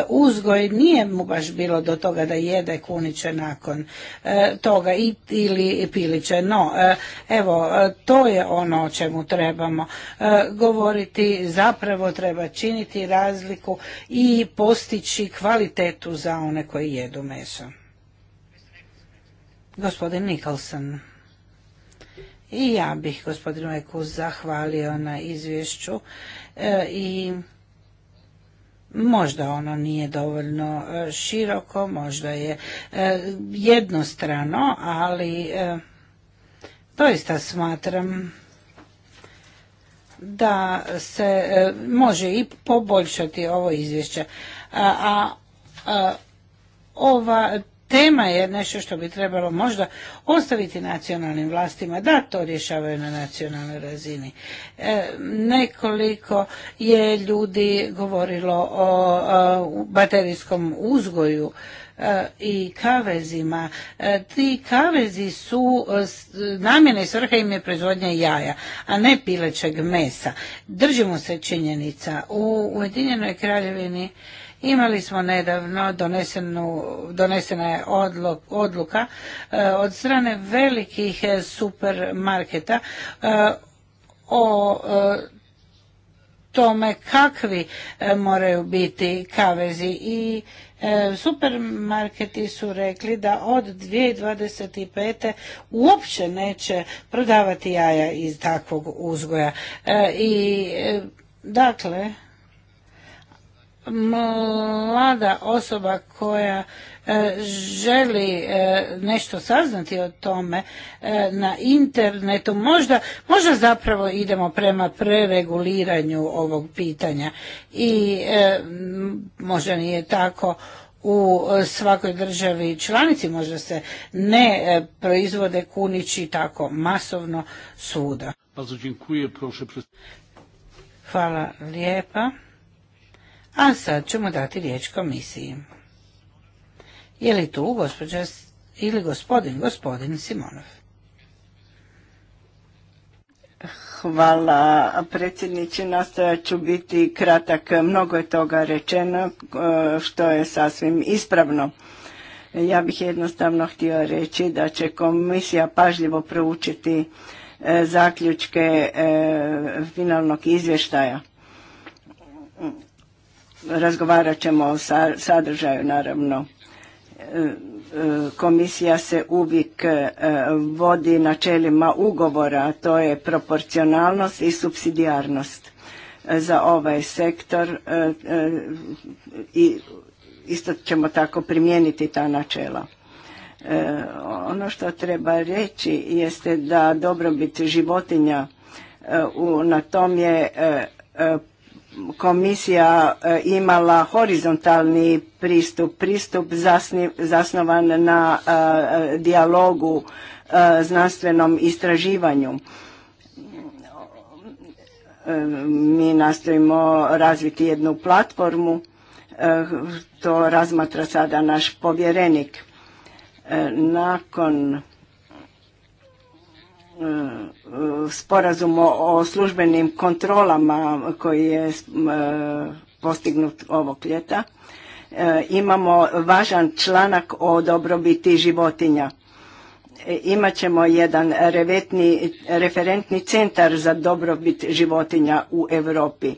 uzgoj, nije mu baš bilo do toga da jede kune nakon e, toga ili Piliće. No, e, evo, e, to je ono o čemu trebamo govoriti, zapravo treba činiti razliku i postići kvalitetu za one koji jedu meso. Gospodin Nikolson. I ja bih gospodinu Eku zahvalio na izvješću i Možda ono nije dovoljno e, široko, možda je e, jednostrano, ali e, doista smatram da se može i poboljšati ovo izvješće. A, ova tema je nešto što bi trebalo možda ostaviti nacionalnim vlastima da to rješavaju na nacionalnoj razini. E, nekoliko je ljudi govorilo o, baterijskom uzgoju e, i kavezima. E, ti kavezi su, namjena i svrha im je proizvodnja jaja, a ne pilećeg mesa. Držimo se činjenica. U Ujedinjenoj kraljevini Imali smo nedavno donesenu, donesena je odluka e, od strane velikih e, supermarketa e, o tome kakvi moraju biti kavezi i supermarketi su rekli da od 2025. uopće neće prodavati jaja iz takvog uzgoja. I dakle, mlada osoba koja e, želi e, nešto saznati o tome e, na internetu, možda, možda zapravo idemo prema prereguliranju ovog pitanja i možda nije tako u svakoj državi članici, možda se ne proizvode kunići tako masovno svuda. Hvala lijepa. A sad ćemo dati riječ komisiji. Je li tu gospođa ili gospodin, gospodin Simonov? Hvala predsjedniče, nastojat ću biti kratak, mnogo je toga rečeno e, što je sasvim ispravno. Ja bih jednostavno htio reći da će komisija pažljivo proučiti e, zaključke e, finalnog izvještaja Razgovarat ćemo o sadržaju, naravno. E, e, komisija se uvijek e, vodi načelima ugovora, to je proporcionalnost i subsidijarnost za ovaj sektor i isto ćemo tako primijeniti ta načela. ono što treba reći jeste da dobrobit životinja na tom je komisija e, imala horizontalni pristup, pristup zasnovan na e, dijalogu, e, znanstvenom istraživanju. Mi nastojimo razviti jednu platformu, to razmatra sada naš povjerenik. Nakon E, sporazum o službenim kontrolama koji je e, postignut ovog ljeta. E, imamo važan članak o dobrobiti životinja. Imat ćemo jedan revetni, referentni centar za dobrobit životinja u Europi.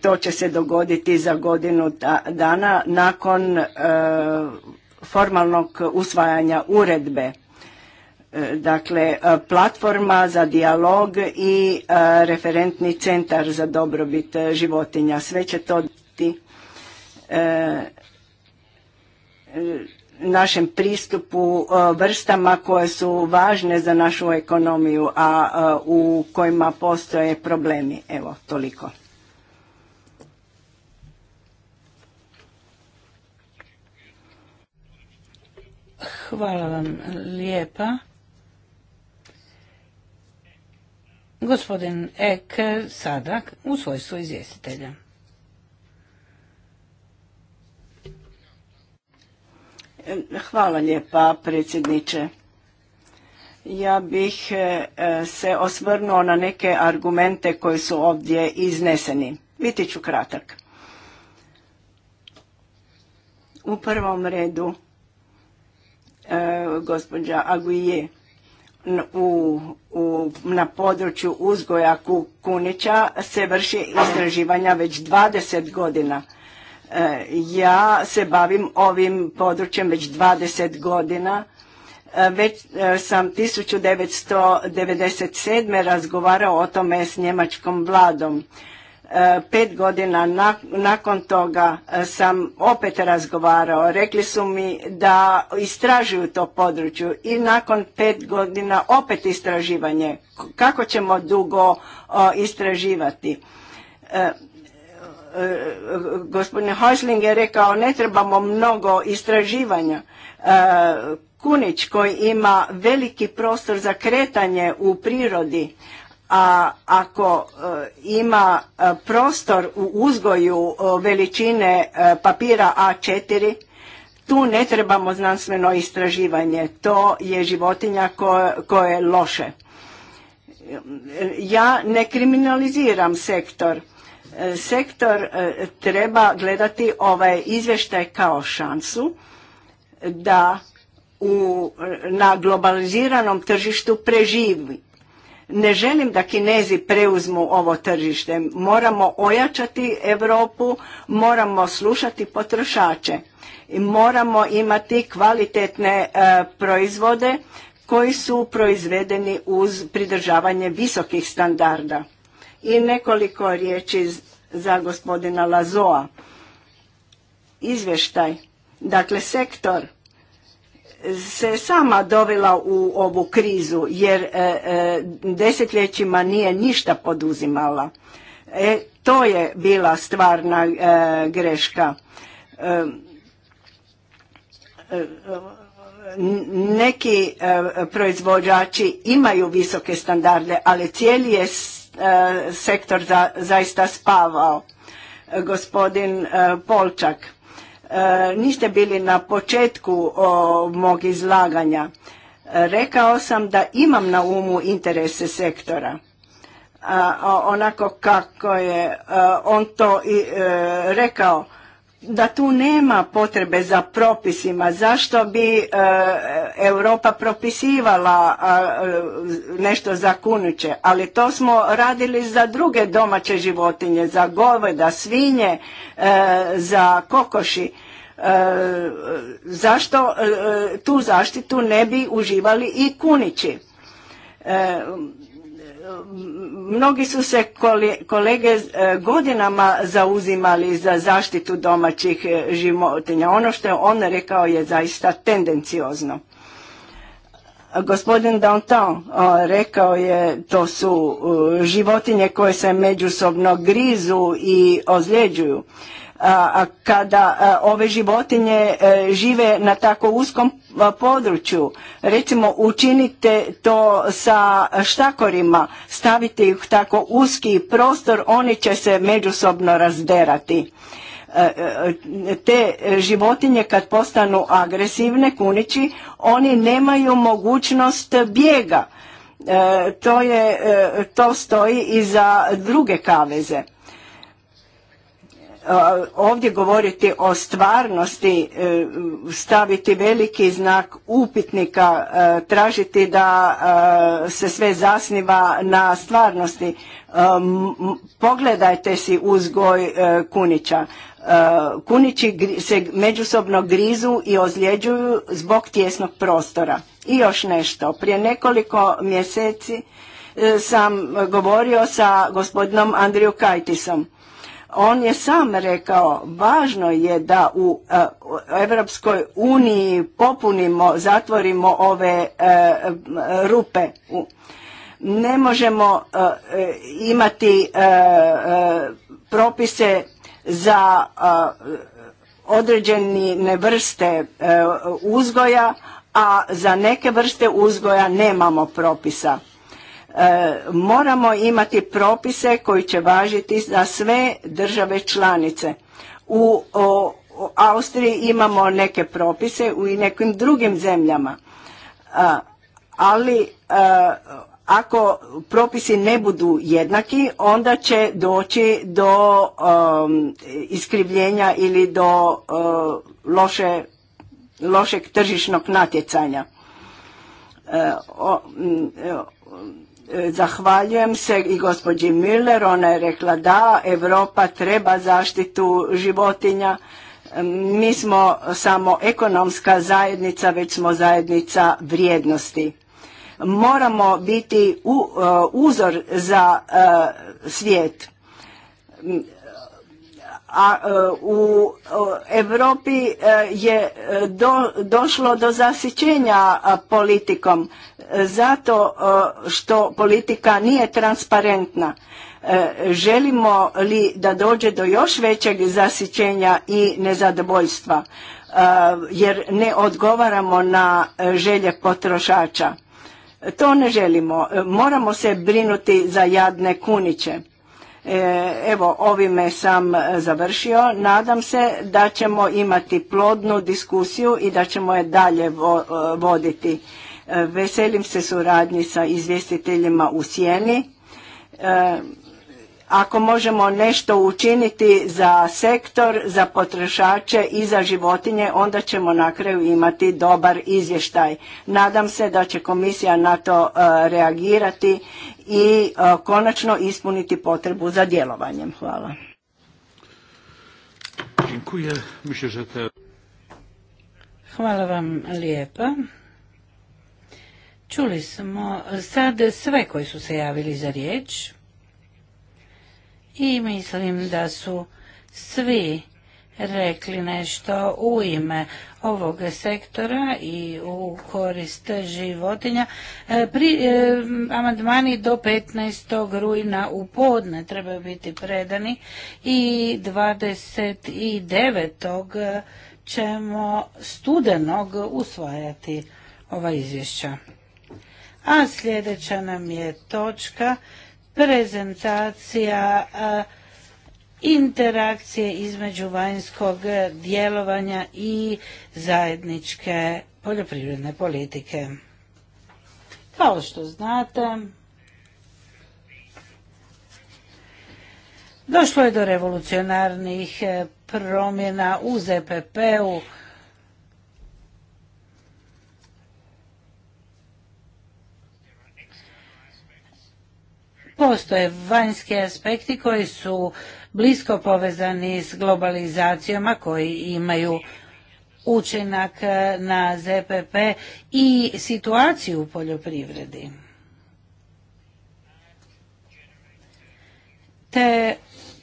To će se dogoditi za godinu dana nakon formalnog usvajanja uredbe dakle e, platforma za dijalog i e, referentni centar za dobrobit e, životinja. Sve će to biti našem pristupu vrstama koje su važne za našu ekonomiju, a u kojima postoje problemi. Evo, toliko. Hvala vam lijepa. Gospodin Ek sada u svojstvu izvjestitelja. Hvala lijepa predsjedniče. Ja bih e, se osvrnuo na neke argumente koji su ovdje izneseni. Biti ću kratak. U prvom redu, e, gospođa Aguije u, na području uzgoja kunića se vrši istraživanja već 20 godina. E, ja se bavim ovim područjem već 20 godina. E, već e, sam 1997. razgovarao o tome s njemačkom vladom. Pet godina nakon toga e, sam opet razgovarao. Rekli su mi da istražuju to područje i nakon pet godina opet istraživanje. Kako ćemo dugo istraživati? E, e, gospodin Häusling je rekao ne trebamo mnogo istraživanja. Kunić koji ima veliki prostor za kretanje u prirodi, a ako e, ima e, prostor u uzgoju e, veličine papira A4, tu ne trebamo znanstveno istraživanje. To je životinja koje, je loše. Ja ne kriminaliziram sektor. Sektor treba gledati ovaj izvještaj kao šansu da u, na globaliziranom tržištu preživi ne želim da Kinezi preuzmu ovo tržište. Moramo ojačati Europu, moramo slušati potrošače. Moramo imati kvalitetne e, proizvode koji su proizvedeni uz pridržavanje visokih standarda. I nekoliko riječi za gospodina Lazoa. Izvještaj. Dakle, sektor se sama dovela u ovu krizu jer e, e, desetljećima nije ništa poduzimala. E, to je bila stvarna e, greška. Neki proizvođači imaju visoke standarde, ali cijeli je sektor zaista spavao. Gospodin Polčak E, niste bili na početku o, mog izlaganja. Rekao sam da imam na umu interese sektora. A, onako kako je e, on to i e, rekao, da tu nema potrebe za propisima. Zašto bi Europa propisivala nešto za kunuće? Ali to smo radili za druge domaće životinje, za goveda, svinje, za kokoši. E, zašto e, tu zaštitu ne bi uživali i kunići? E, mnogi su se kolege godinama zauzimali za zaštitu domaćih životinja. Ono što je on rekao je zaista tendenciozno. Gospodin Danton rekao je to su životinje koje se međusobno grizu i ozljeđuju kada ove životinje e, žive na tako uskom području. Recimo učinite to sa štakorima, stavite ih tako uski prostor, oni će se međusobno razderati. E, e, te životinje kad postanu agresivne kunići, oni nemaju mogućnost bijega. To, je, to stoji i za druge kaveze ovdje govoriti o stvarnosti, e, staviti veliki znak upitnika, e, tražiti da e, se sve zasniva na stvarnosti. Pogledajte si uzgoj kunića. Kunići se međusobno grizu i ozljeđuju zbog tjesnog prostora. I još nešto. Prije nekoliko mjeseci sam govorio sa gospodinom Andriju Kajtisom on je sam rekao, važno je da u Europskoj uniji popunimo, zatvorimo ove e, rupe. Ne možemo e, e, imati propise za određene vrste uzgoja, a za neke vrste uzgoja nemamo propisa. E, moramo imati propise koji će važiti za sve države članice. U Austriji imamo neke propise u nekim drugim zemljama. E, ali e, ako propisi ne budu jednaki, onda će doći do iskrivljenja ili do loše, lošeg tržišnog natjecanja. Zahvaljujem se i gospođi Miller, ona je rekla da Europa treba zaštitu životinja. Mi smo samo ekonomska zajednica, već smo zajednica vrijednosti. Moramo biti e, uzor za e, svijet a e, u Europi e, je e, došlo do zasićenja politikom zato što politika nije transparentna. Želimo li da dođe do još većeg zasićenja i nezadovoljstva jer ne odgovaramo na želje potrošača. To ne želimo. Moramo se brinuti za jadne kuniće E, evo, ovime sam e, završio. Nadam se da ćemo imati plodnu diskusiju i da ćemo je dalje e, voditi. Veselim se suradnji sa izvjestiteljima u sjeni. Ako možemo nešto učiniti za sektor, za potrošače i za životinje, onda ćemo na kraju imati dobar izvještaj. Nadam se da će komisija na to e, reagirati i e, konačno ispuniti potrebu za djelovanjem. Hvala. Hvala vam lijepa. Čuli smo sad sve koji su se javili za riječ i mislim da su svi rekli nešto u ime ovog sektora i u korist životinja. E, pri, e, amandmani do 15. rujna u podne trebaju biti predani i 29. ćemo studenog usvajati ova izvješća. A sljedeća nam je točka prezentacija interakcije između vanjskog djelovanja i zajedničke poljoprivredne politike. Kao što znate, došlo je do revolucionarnih eh, promjena u ZPP-u Postoje vanjski aspekti koji su blisko povezani s globalizacijama koji imaju učinak na ZPP i situaciju u poljoprivredi. Te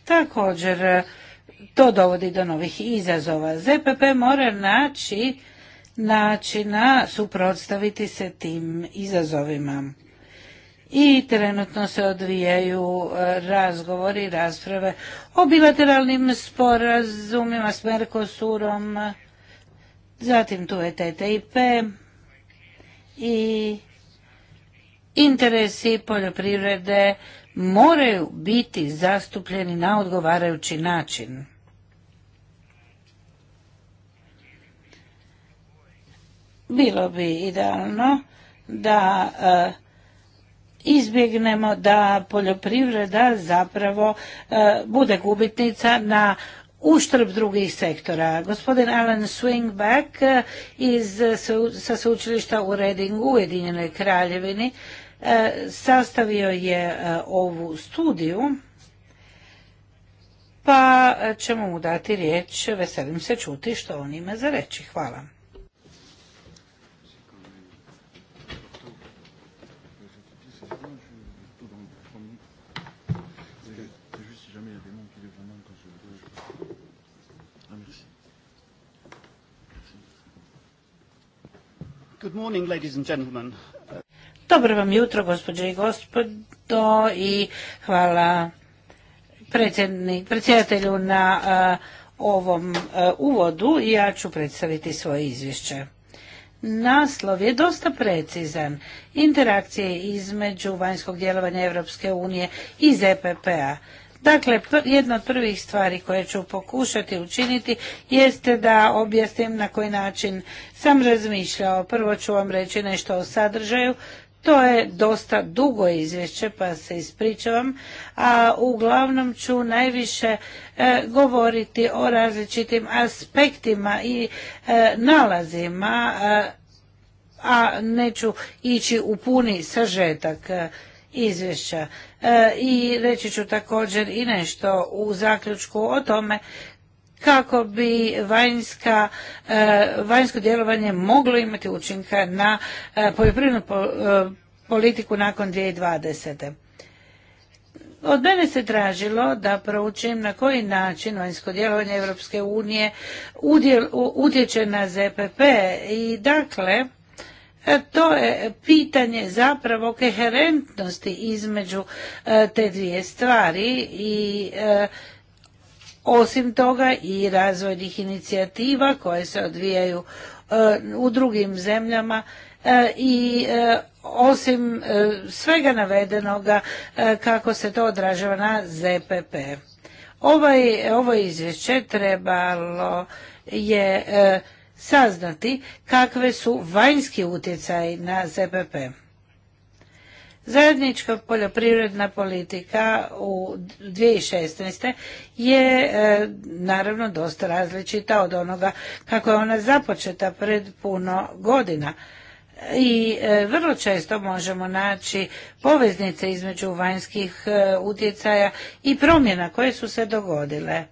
također to dovodi do novih izazova. ZPP mora naći načina suprotstaviti se tim izazovima i trenutno se odvijaju e, razgovori, rasprave o bilateralnim sporazumima s Mercosurom, zatim tu je TTIP i interesi poljoprivrede moraju biti zastupljeni na odgovarajući način. Bilo bi idealno da e, izbjegnemo da poljoprivreda zapravo e, bude gubitnica na uštrb drugih sektora. Gospodin Alan Swingback e, iz, sa sveučilišta u Redingu u Ujedinjenoj kraljevini e, sastavio je ovu studiju pa ćemo mu dati riječ. Veselim se čuti što on ima za reći. Hvala. Good Dobro vam jutro, gospođe i gospodo, i hvala predsjedatelju na ovom uvodu i ja ću predstaviti svoje izvješće. Naslov je dosta precizan. Interakcije između vanjskog djelovanja Europske unije i ZPP-a. Dakle, jedna od prvih stvari koje ću pokušati učiniti jeste da objasnim na koji način sam razmišljao. Prvo ću vam reći nešto o sadržaju, to je dosta dugo izvješće, pa se ispričavam, a uglavnom ću najviše e, govoriti o različitim aspektima i e, nalazima, e, a neću ići u puni sažetak izvješća. E, i reći ću također i nešto u zaključku o tome kako bi vanjska, e, vanjsko djelovanje moglo imati učinka na e, poljoprivrednu politiku nakon 2020. Od mene se tražilo da proučim na koji način vanjsko djelovanje Europske unije utječe na ZPP i dakle E, to je pitanje zapravo koherentnosti između e, te dvije stvari i e, osim toga i razvojnih inicijativa koje se odvijaju u drugim zemljama i osim svega navedenoga kako se to odražava na ZPP. Ovaj, ovo izvješće trebalo je saznati kakve su vanjski utjecaji na ZPP. Zajednička poljoprivredna politika u 2016. je e, naravno dosta različita od onoga kako je ona započeta pred puno godina. I e, vrlo često možemo naći poveznice između vanjskih e, utjecaja i promjena koje su se dogodile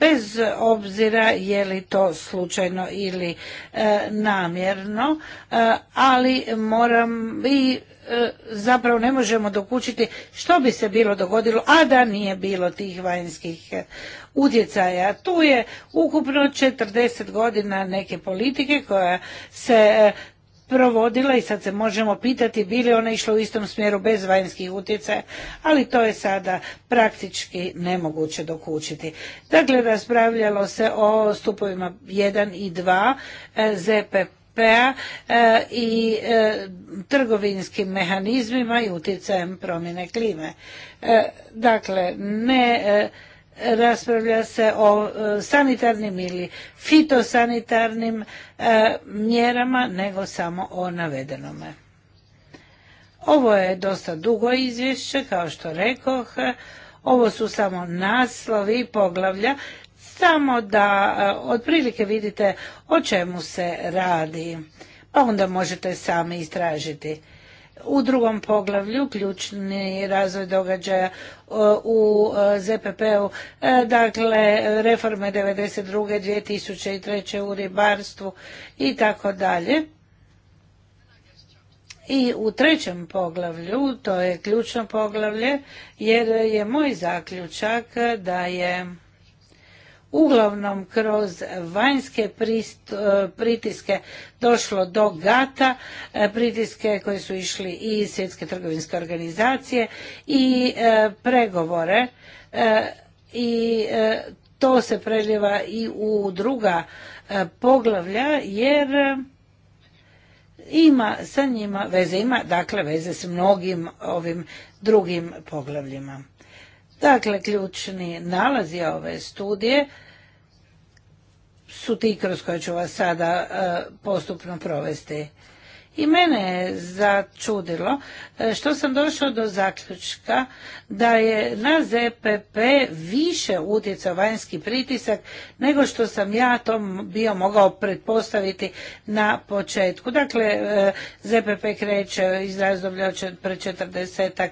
bez obzira je li to slučajno ili e, namjerno, e, ali moram i e, zapravo ne možemo dokučiti što bi se bilo dogodilo, a da nije bilo tih vanjskih utjecaja. Tu je ukupno 40 godina neke politike koja se provodila i sad se možemo pitati li ona išla u istom smjeru bez vanjskih utjecaja, ali to je sada praktički nemoguće dokučiti. Dakle, raspravljalo se o stupovima 1 i 2 e, ZPP p-a, e, i e, trgovinskim mehanizmima i utjecajem promjene klime. Dakle, ne raspravlja se o e, sanitarnim ili fitosanitarnim e, mjerama nego samo o navedenome. Ovo je dosta dugo izvješće, kao što rekoh, ovo su samo naslovi i poglavlja, samo da e, otprilike vidite o čemu se radi, pa onda možete sami istražiti. U drugom poglavlju, ključni razvoj događaja e, u e, ZPP-u, e, dakle reforme 92. 2003. u ribarstvu i tako dalje. I u trećem poglavlju, to je ključno poglavlje, jer je moj zaključak da je uglavnom kroz vanjske e, pritiske došlo do gata, e, pritiske koji su išli i svjetske trgovinske organizacije i e, pregovore i to se preliva i u druga poglavlja jer ima sa njima veze, ima dakle veze s mnogim ovim drugim poglavljima. Dakle, ključni nalazi ove studije su ti kroz koje ću vas sada e, postupno provesti. I mene je začudilo e, što sam došao do zaključka da je na ZPP više utjecao vanjski pritisak nego što sam ja to bio mogao pretpostaviti na početku. Dakle, e, ZPP kreće iz razdoblja pred četrdesetak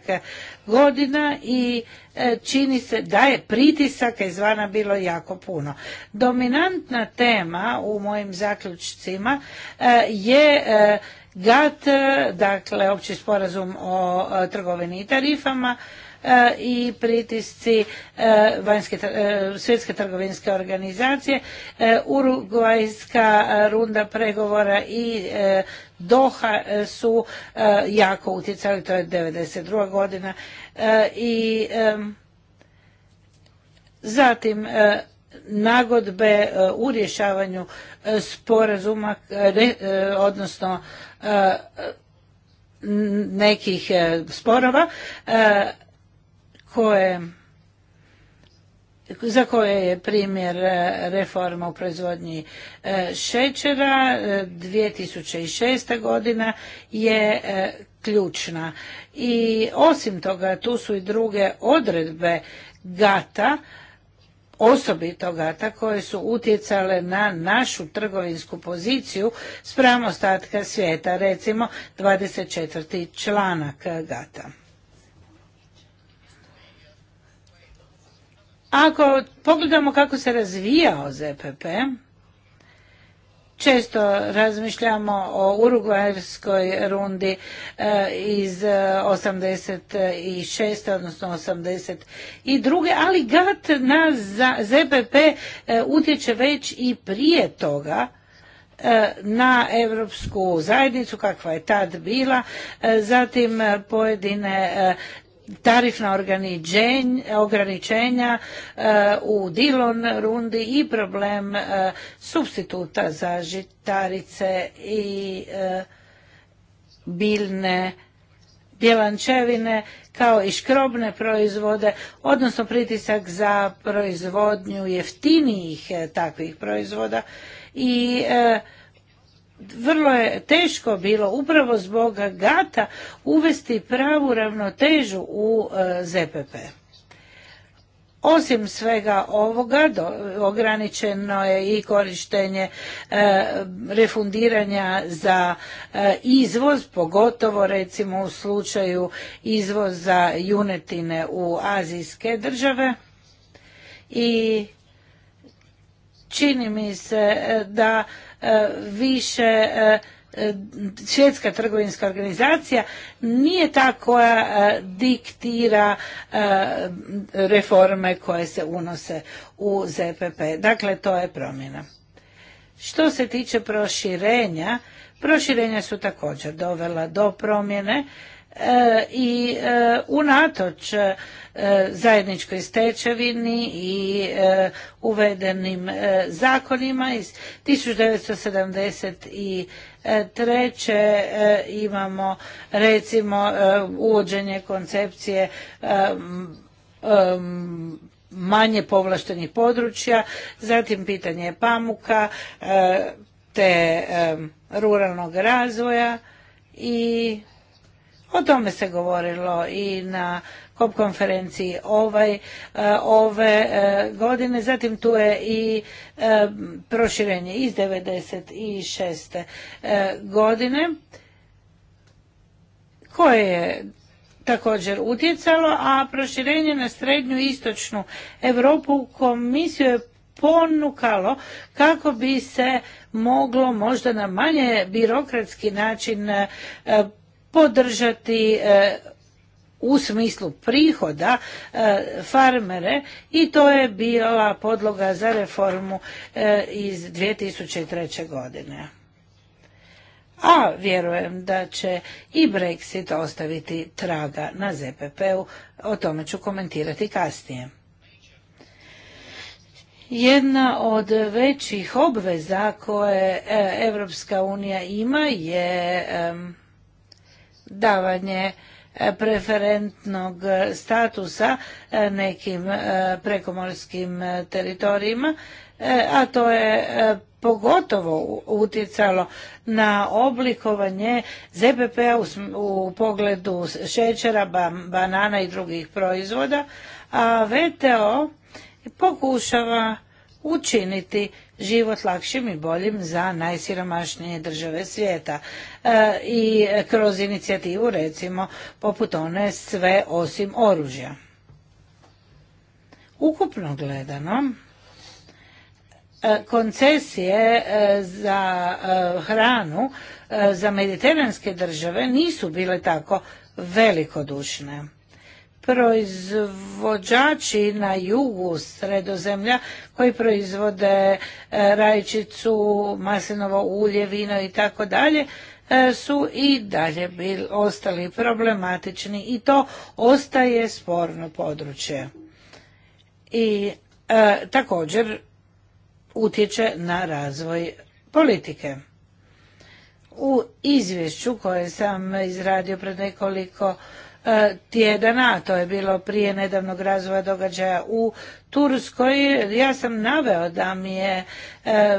godina i E, čini se da je pritisaka izvana bilo jako puno. Dominantna tema u mojim zaključcima e, je e, GAT, dakle opći sporazum o trgovini i tarifama, i pritisci svjetske trgovinske organizacije, urugvajska runda pregovora i Doha su jako utjecali, to je 1992. godina i zatim e, nagodbe e, u rješavanju e, sporazuma, odnosno nekih sporova koje za koje je primjer e, reforma u proizvodnji e, šećera 2006. E, godina je ključna. I osim toga tu su i druge odredbe gata osobito gata koje su utjecale na našu trgovinsku poziciju spram ostatka svijeta, recimo 24. članak gata. Ako pogledamo kako se razvijao ZPP, često razmišljamo o urugvajskoj rundi eh, iz 86. Eh, odnosno 82. ali GAT na ZPP eh, utječe već i prije toga na Europsku zajednicu, kakva je tad bila, zatim pojedine tarifna ograničenja eh, u Dilon rundi i problem eh, substituta za žitarice i eh, biljne bjelančevine kao i škrobne proizvode, odnosno pritisak za proizvodnju jeftinijih takvih proizvoda i vrlo je teško bilo upravo zbog gata uvesti pravu ravnotežu u e, ZPP. Osim svega ovoga, ograničeno je i korištenje e, refundiranja za e, izvoz, pogotovo recimo u slučaju izvoza junetine u azijske države. I čini mi se da E, više e, e, svjetska trgovinska organizacija nije ta koja diktira reforme koje se unose u ZPP. Dakle, to je promjena. Što se tiče proširenja, proširenja su također dovela do promjene E, i e, unatoč e, zajedničkoj stečevini i uvedenim zakonima iz 1973 imamo recimo uvođenje koncepcije manje povlaštenih područja, zatim pitanje pamuka te ruralnog razvoja i o tome se govorilo i na COP konferenciji ovaj, e, ove e, godine. Zatim tu je i e, proširenje iz 96. godine koje je također utjecalo, a proširenje na srednju i istočnu Europu komisiju je ponukalo kako bi se moglo možda na manje birokratski način podržati e, u smislu prihoda e, farmere i to je bila podloga za reformu e, iz 2003. godine. A vjerujem da će i Brexit ostaviti traga na ZPP-u, o tome ću komentirati kasnije. Jedna od većih obveza koje Evropska unija ima je davanje e, preferentnog statusa e, nekim e, prekomorskim teritorijima, a to je pogotovo utjecalo na oblikovanje ZPP-a u pogledu šećera, banana i drugih proizvoda, a VTO pokušava učiniti život lakšim i boljim za najsiromašnije države svijeta. E, I kroz inicijativu recimo poput one sve osim oružja. Ukupno gledano, e, koncesije e, za hranu za mediteranske države nisu bile tako velikodušne proizvođači na jugu sredozemlja koji proizvode e, rajčicu, maslinovo ulje, vino i tako dalje e, su i dalje bili ostali problematični i to ostaje sporno područje. I e, također utječe na razvoj politike. U izvješću koje sam izradio pred nekoliko E, tjedana, to je bilo prije nedavnog razvoja događaja u Turskoj. Ja sam naveo da mi je e,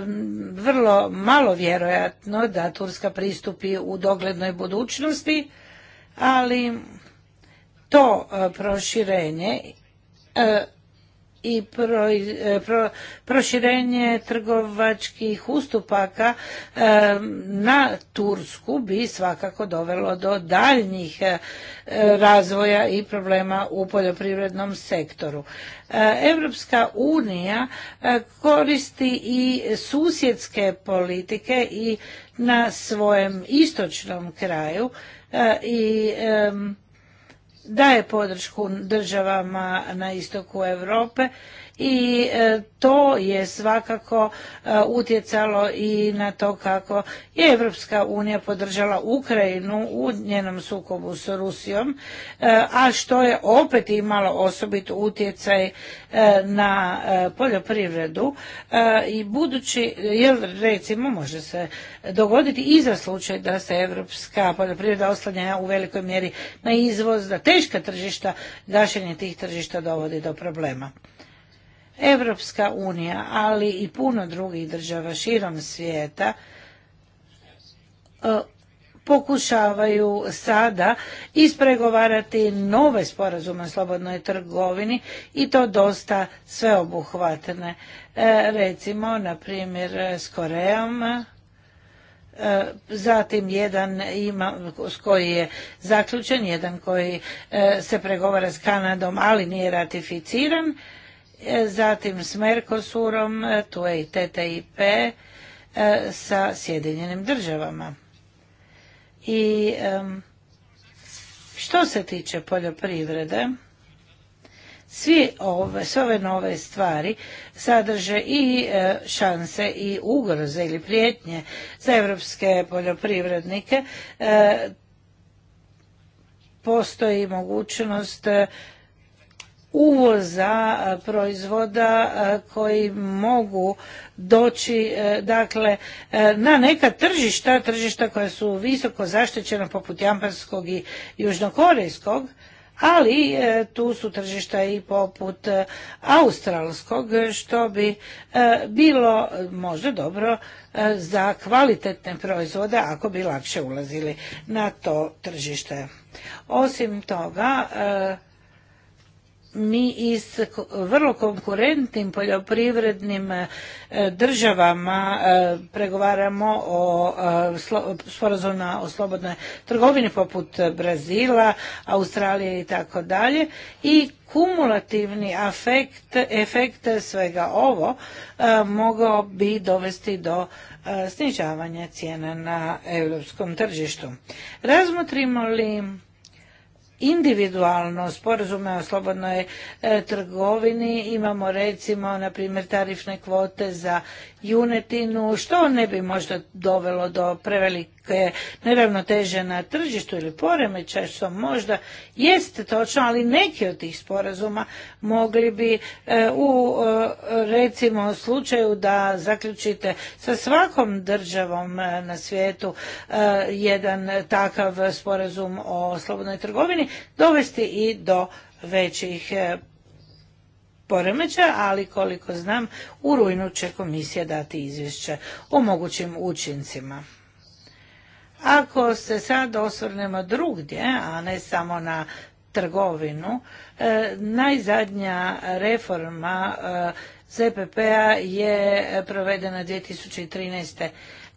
vrlo malo vjerojatno da Turska pristupi u doglednoj budućnosti, ali to e, proširenje i pro, e, pro, proširenje trgovačkih ustupaka e, na Tursku bi svakako dovelo do daljnjih e, razvoja i problema u poljoprivrednom sektoru. Europska unija koristi i susjedske politike i na svojem istočnom kraju i daje podršku državama na istoku Europe i e, to je svakako e, utjecalo i na to kako je Evropska unija podržala Ukrajinu u njenom sukobu s Rusijom, e, a što je opet imalo osobit utjecaj na poljoprivredu i budući, jer recimo može se dogoditi i za slučaj da se evropska poljoprivreda oslanja u velikoj mjeri na izvoz, da teška tržišta, gašenje tih tržišta dovodi do problema. Evropska unija, ali i puno drugih država širom svijeta e, pokušavaju sada ispregovarati nove sporazume o slobodnoj trgovini i to dosta sveobuhvatne. E, recimo, na primjer, s Koreom, e, zatim jedan ima, koji je zaključen, jedan koji se pregovara s Kanadom, ali nije ratificiran, E, zatim s Mercosurom, e, tu je i TTIP e, sa Sjedinjenim državama. I što se tiče poljoprivrede, svi ove, sve ove nove stvari sadrže i šanse i ugroze ili prijetnje za evropske poljoprivrednike. Postoji mogućnost uvoza proizvoda koji mogu doći e, dakle e, na neka tržišta, tržišta koja su visoko zaštićena poput jampanskog i južnokorejskog, ali e, tu su tržišta i poput australskog što bi bilo možda dobro za kvalitetne proizvode ako bi lakše ulazili na to tržište. Osim toga mi i s vrlo konkurentnim poljoprivrednim e, državama e, pregovaramo e, o sporazumima o slobodnoj trgovini poput Brazila, Australije i tako dalje i kumulativni afekt, efekt svega ovo mogao bi dovesti do snižavanja cijena na europskom tržištu. Razmotrimo li individualno sporazume o slobodnoj e, trgovini. Imamo recimo, na primjer, tarifne kvote za junetinu, što ne bi možda dovelo do prevelik je neravnoteže na tržištu ili poremećaj, što možda jeste točno, ali neki od tih sporazuma mogli bi e, u e, recimo slučaju da zaključite sa svakom državom e, na svijetu jedan takav sporazum o slobodnoj trgovini dovesti i do većih poremeća, ali koliko znam, u rujnu će komisija dati izvješće o mogućim učincima. Ako se sad osvrnemo drugdje, a ne samo na trgovinu, e, najzadnja reforma cpp e, ZPP-a je provedena 2013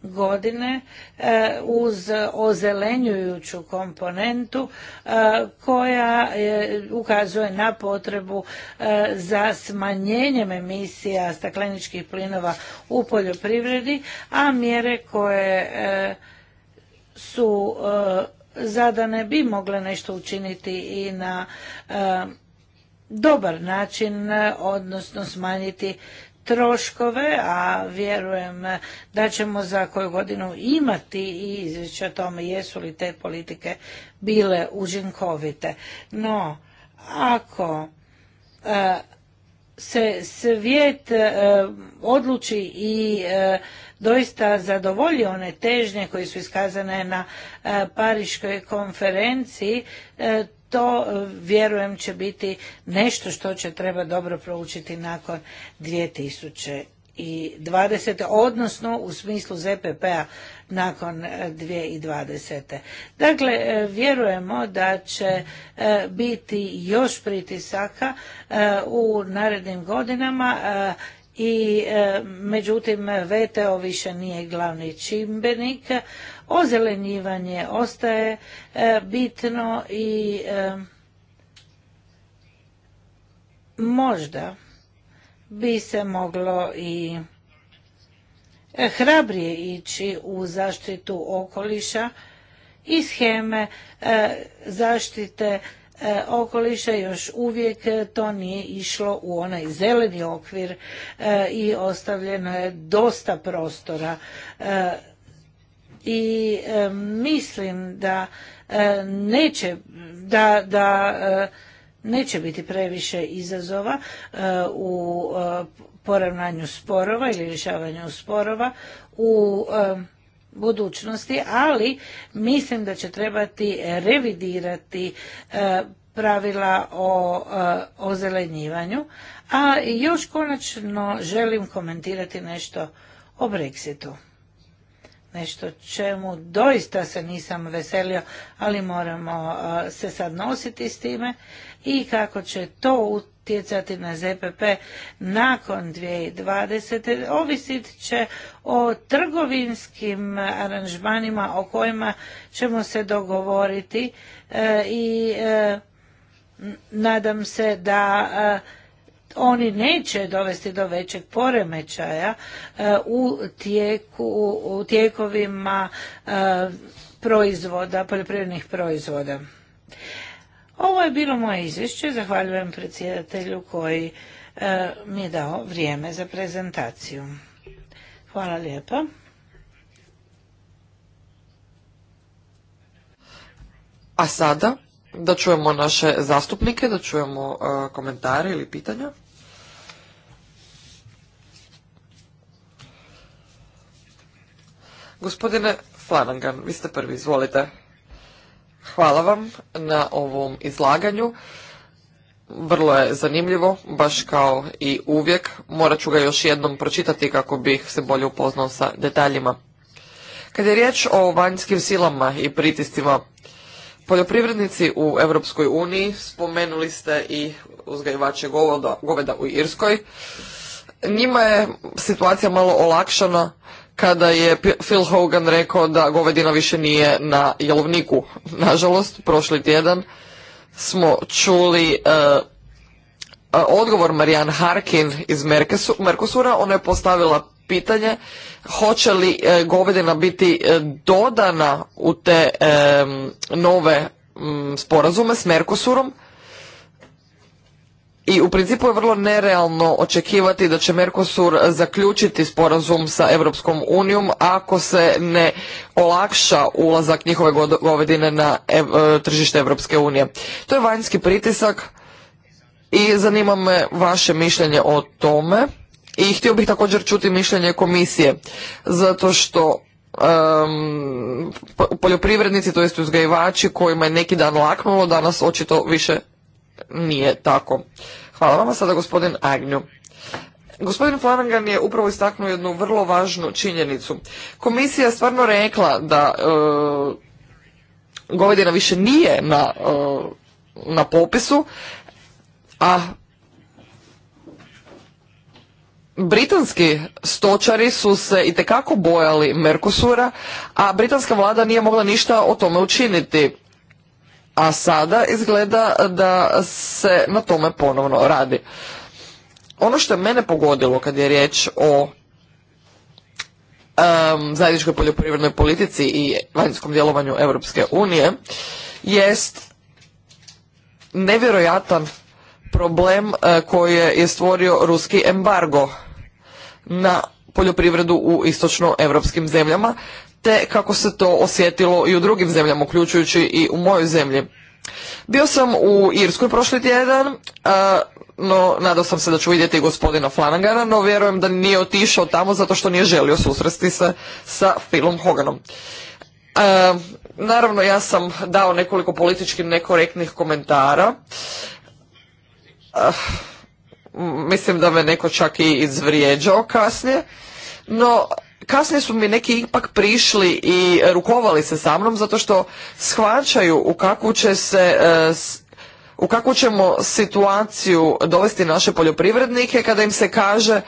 godine e, uz ozelenjujuću komponentu koja ukazuje na potrebu za smanjenjem emisija stakleničkih plinova u poljoprivredi, a mjere koje su e, zadane bi mogle nešto učiniti i na e, dobar način, odnosno smanjiti troškove, a vjerujem da ćemo za koju godinu imati i izvješće o tome jesu li te politike bile učinkovite. No, ako e, se svijet e, odluči i e, doista zadovolji one težnje koje su iskazane na e, Pariškoj konferenciji, to vjerujem će biti nešto što će treba dobro proučiti nakon 2020. odnosno u smislu ZPP-a nakon 2020. E, dakle, e, vjerujemo da će e, biti još pritisaka u narednim godinama i međutim VTO više nije glavni čimbenik. Ozelenjivanje ostaje bitno i možda bi se moglo i E, hrabrije ići u zaštitu okoliša i scheme e, zaštite e, okoliša još uvijek to nije išlo u onaj zeleni okvir i ostavljeno je dosta prostora i mislim da neće da, da neće biti previše izazova u poravnanju sporova ili rješavanju sporova u budućnosti, ali mislim da će trebati revidirati e, pravila o e, ozelenjivanju. A još konačno želim komentirati nešto o Brexitu nešto čemu doista se nisam veselio, ali moramo uh, se sad nositi s time i kako će to utjecati na ZPP nakon 2020. Ovisit će o trgovinskim aranžmanima o kojima ćemo se dogovoriti uh, i uh, nadam se da oni neće dovesti do većeg poremećaja e, u, tijeku, u tijekovima e, proizvoda, poljoprivrednih proizvoda. Ovo je bilo moje izvješće, zahvaljujem predsjedatelju koji e, mi je dao vrijeme za prezentaciju. Hvala lijepa. A sada da čujemo naše zastupnike, da čujemo komentare ili pitanja. Gospodine Flanagan, vi ste prvi, izvolite. Hvala vam na ovom izlaganju. Vrlo je zanimljivo, baš kao i uvijek. Morat ću ga još jednom pročitati kako bih se bolje upoznao sa detaljima. Kad je riječ o vanjskim silama i pritiscima, poljoprivrednici u Europskoj uniji, spomenuli ste i uzgajivače goveda u Irskoj, njima je situacija malo olakšana kada je Phil Hogan rekao da govedina više nije na jelovniku. Nažalost, prošli tjedan smo čuli e, e, odgovor Marijan Harkin iz Mercosura. Ona je postavila pitanje hoće li e, govedina biti dodana u te nove sporazume s Merkosurom i u principu je vrlo nerealno očekivati da će Mercosur zaključiti sporazum sa Europskom unijom ako se ne olakša ulazak njihove govedine na e, tržište Europske unije. To je vanjski pritisak i zanima me vaše mišljenje o tome i htio bih također čuti mišljenje komisije zato što u poljoprivrednici, to jest uzgajivači kojima je neki dan laknulo, danas očito više nije tako. Hvala vama sada gospodin Agnju. Gospodin Flanagan je upravo istaknuo jednu vrlo važnu činjenicu. Komisija je stvarno rekla da e, govedina više nije e, na, popisu, a britanski stočari su se i bojali Merkosura, a britanska vlada nije mogla ništa o tome učiniti a sada izgleda da se na tome ponovno radi. Ono što je mene pogodilo kad je riječ o um, zajedničkoj poljoprivrednoj politici i vanjskom djelovanju Europske unije jest nevjerojatan problem e, koji je stvorio ruski embargo na poljoprivredu u istočnoevropskim zemljama te kako se to osjetilo i u drugim zemljama, uključujući i u mojoj zemlji. Bio sam u Irskoj prošli tjedan, e, no nadao sam se da ću vidjeti gospodina Flanagana, no vjerujem da nije otišao tamo zato što nije želio susresti se sa Philom Hoganom. E, naravno, ja sam dao nekoliko politički nekorektnih komentara. Eh, mislim da me neko čak i izvrijeđao kasnije, no kasnije su mi neki ipak prišli i rukovali se sa mnom zato što shvaćaju u kakvu će se e, u kakvu ćemo situaciju dovesti naše poljoprivrednike kada im se kaže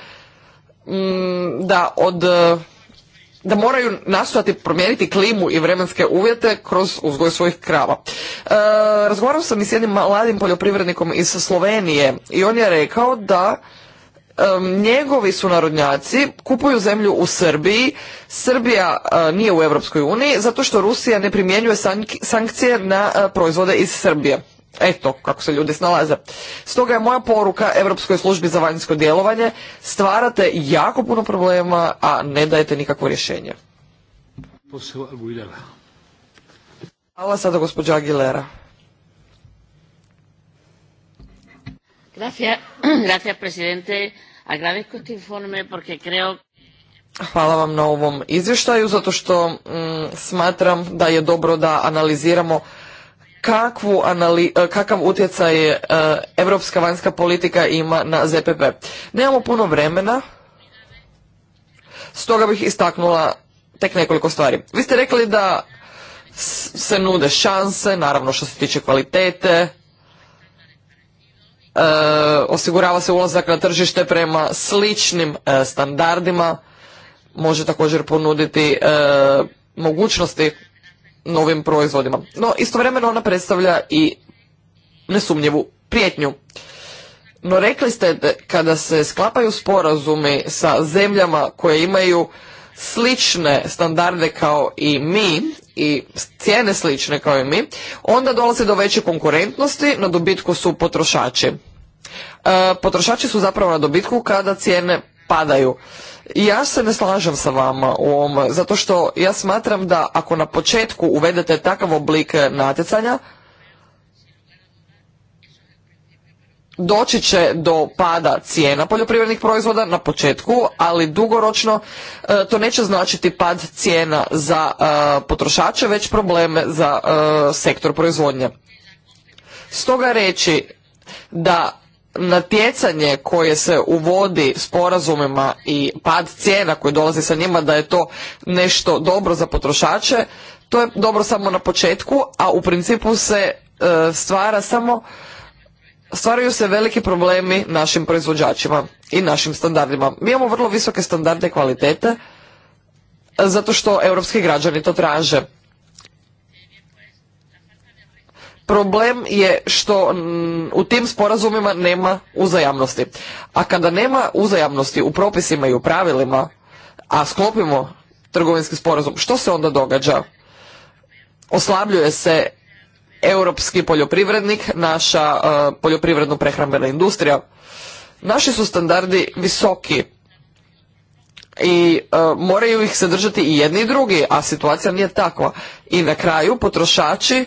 mm, da od e, da moraju nastojati promijeniti klimu i vremenske uvjete kroz uzgoj svojih krava. E, razgovarao sam i s jednim mladim poljoprivrednikom iz Slovenije i on je rekao da njegovi sunarodnjaci kupuju zemlju u Srbiji, Srbija e, nije u Europskoj uniji zato što Rusija ne primjenjuje sankcije na e, proizvode iz Srbije. Eto, kako se ljudi snalaze. Stoga je moja poruka Europskoj službi za vanjsko djelovanje, stvarate jako puno problema, a ne dajete nikakvo rješenje. Hvala sada gospođa Aguilera. Hvala vam na ovom izvještaju zato što mm, smatram da je dobro da analiziramo e, kakav utjecaj e, evropska vanjska politika ima na ZPP. Nemamo puno vremena, stoga bih istaknula tek nekoliko stvari. Vi ste rekli da se nude šanse, naravno što se tiče kvalitete, E, osigurava se ulazak na tržište prema sličnim e, standardima, može također ponuditi e, mogućnosti novim proizvodima. No, istovremeno ona predstavlja i nesumnjivu prijetnju. No rekli ste da kada se sklapaju sporazumi sa zemljama koje imaju slične standarde kao i mi, i cijene slične kao i mi, onda dolazi do veće konkurentnosti, na dobitku su potrošači. E, potrošači su zapravo na dobitku kada cijene padaju. Ja se ne slažem sa vama u ovom, zato što ja smatram da ako na početku uvedete takav oblik natjecanja, doći će do pada cijena poljoprivrednih proizvoda na početku, ali dugoročno e, to neće značiti pad cijena za e, potrošače, već probleme za e, sektor proizvodnje. Stoga reći da natjecanje koje se uvodi sporazumima i pad cijena koji dolazi sa njima da je to nešto dobro za potrošače, to je dobro samo na početku, a u principu se stvara samo stvaraju se veliki problemi našim proizvođačima i našim standardima. Mi imamo vrlo visoke standarde kvalitete e, zato što europski građani to traže. Problem je što u tim sporazumima nema uzajamnosti. A kada nema uzajamnosti u propisima i u pravilima, a sklopimo trgovinski sporazum, što se onda događa? Oslabljuje se europski poljoprivrednik, naša e, poljoprivredno prehrambena industrija. Naši su standardi visoki i e, moraju ih se držati i jedni i drugi, a situacija nije takva. I na kraju potrošači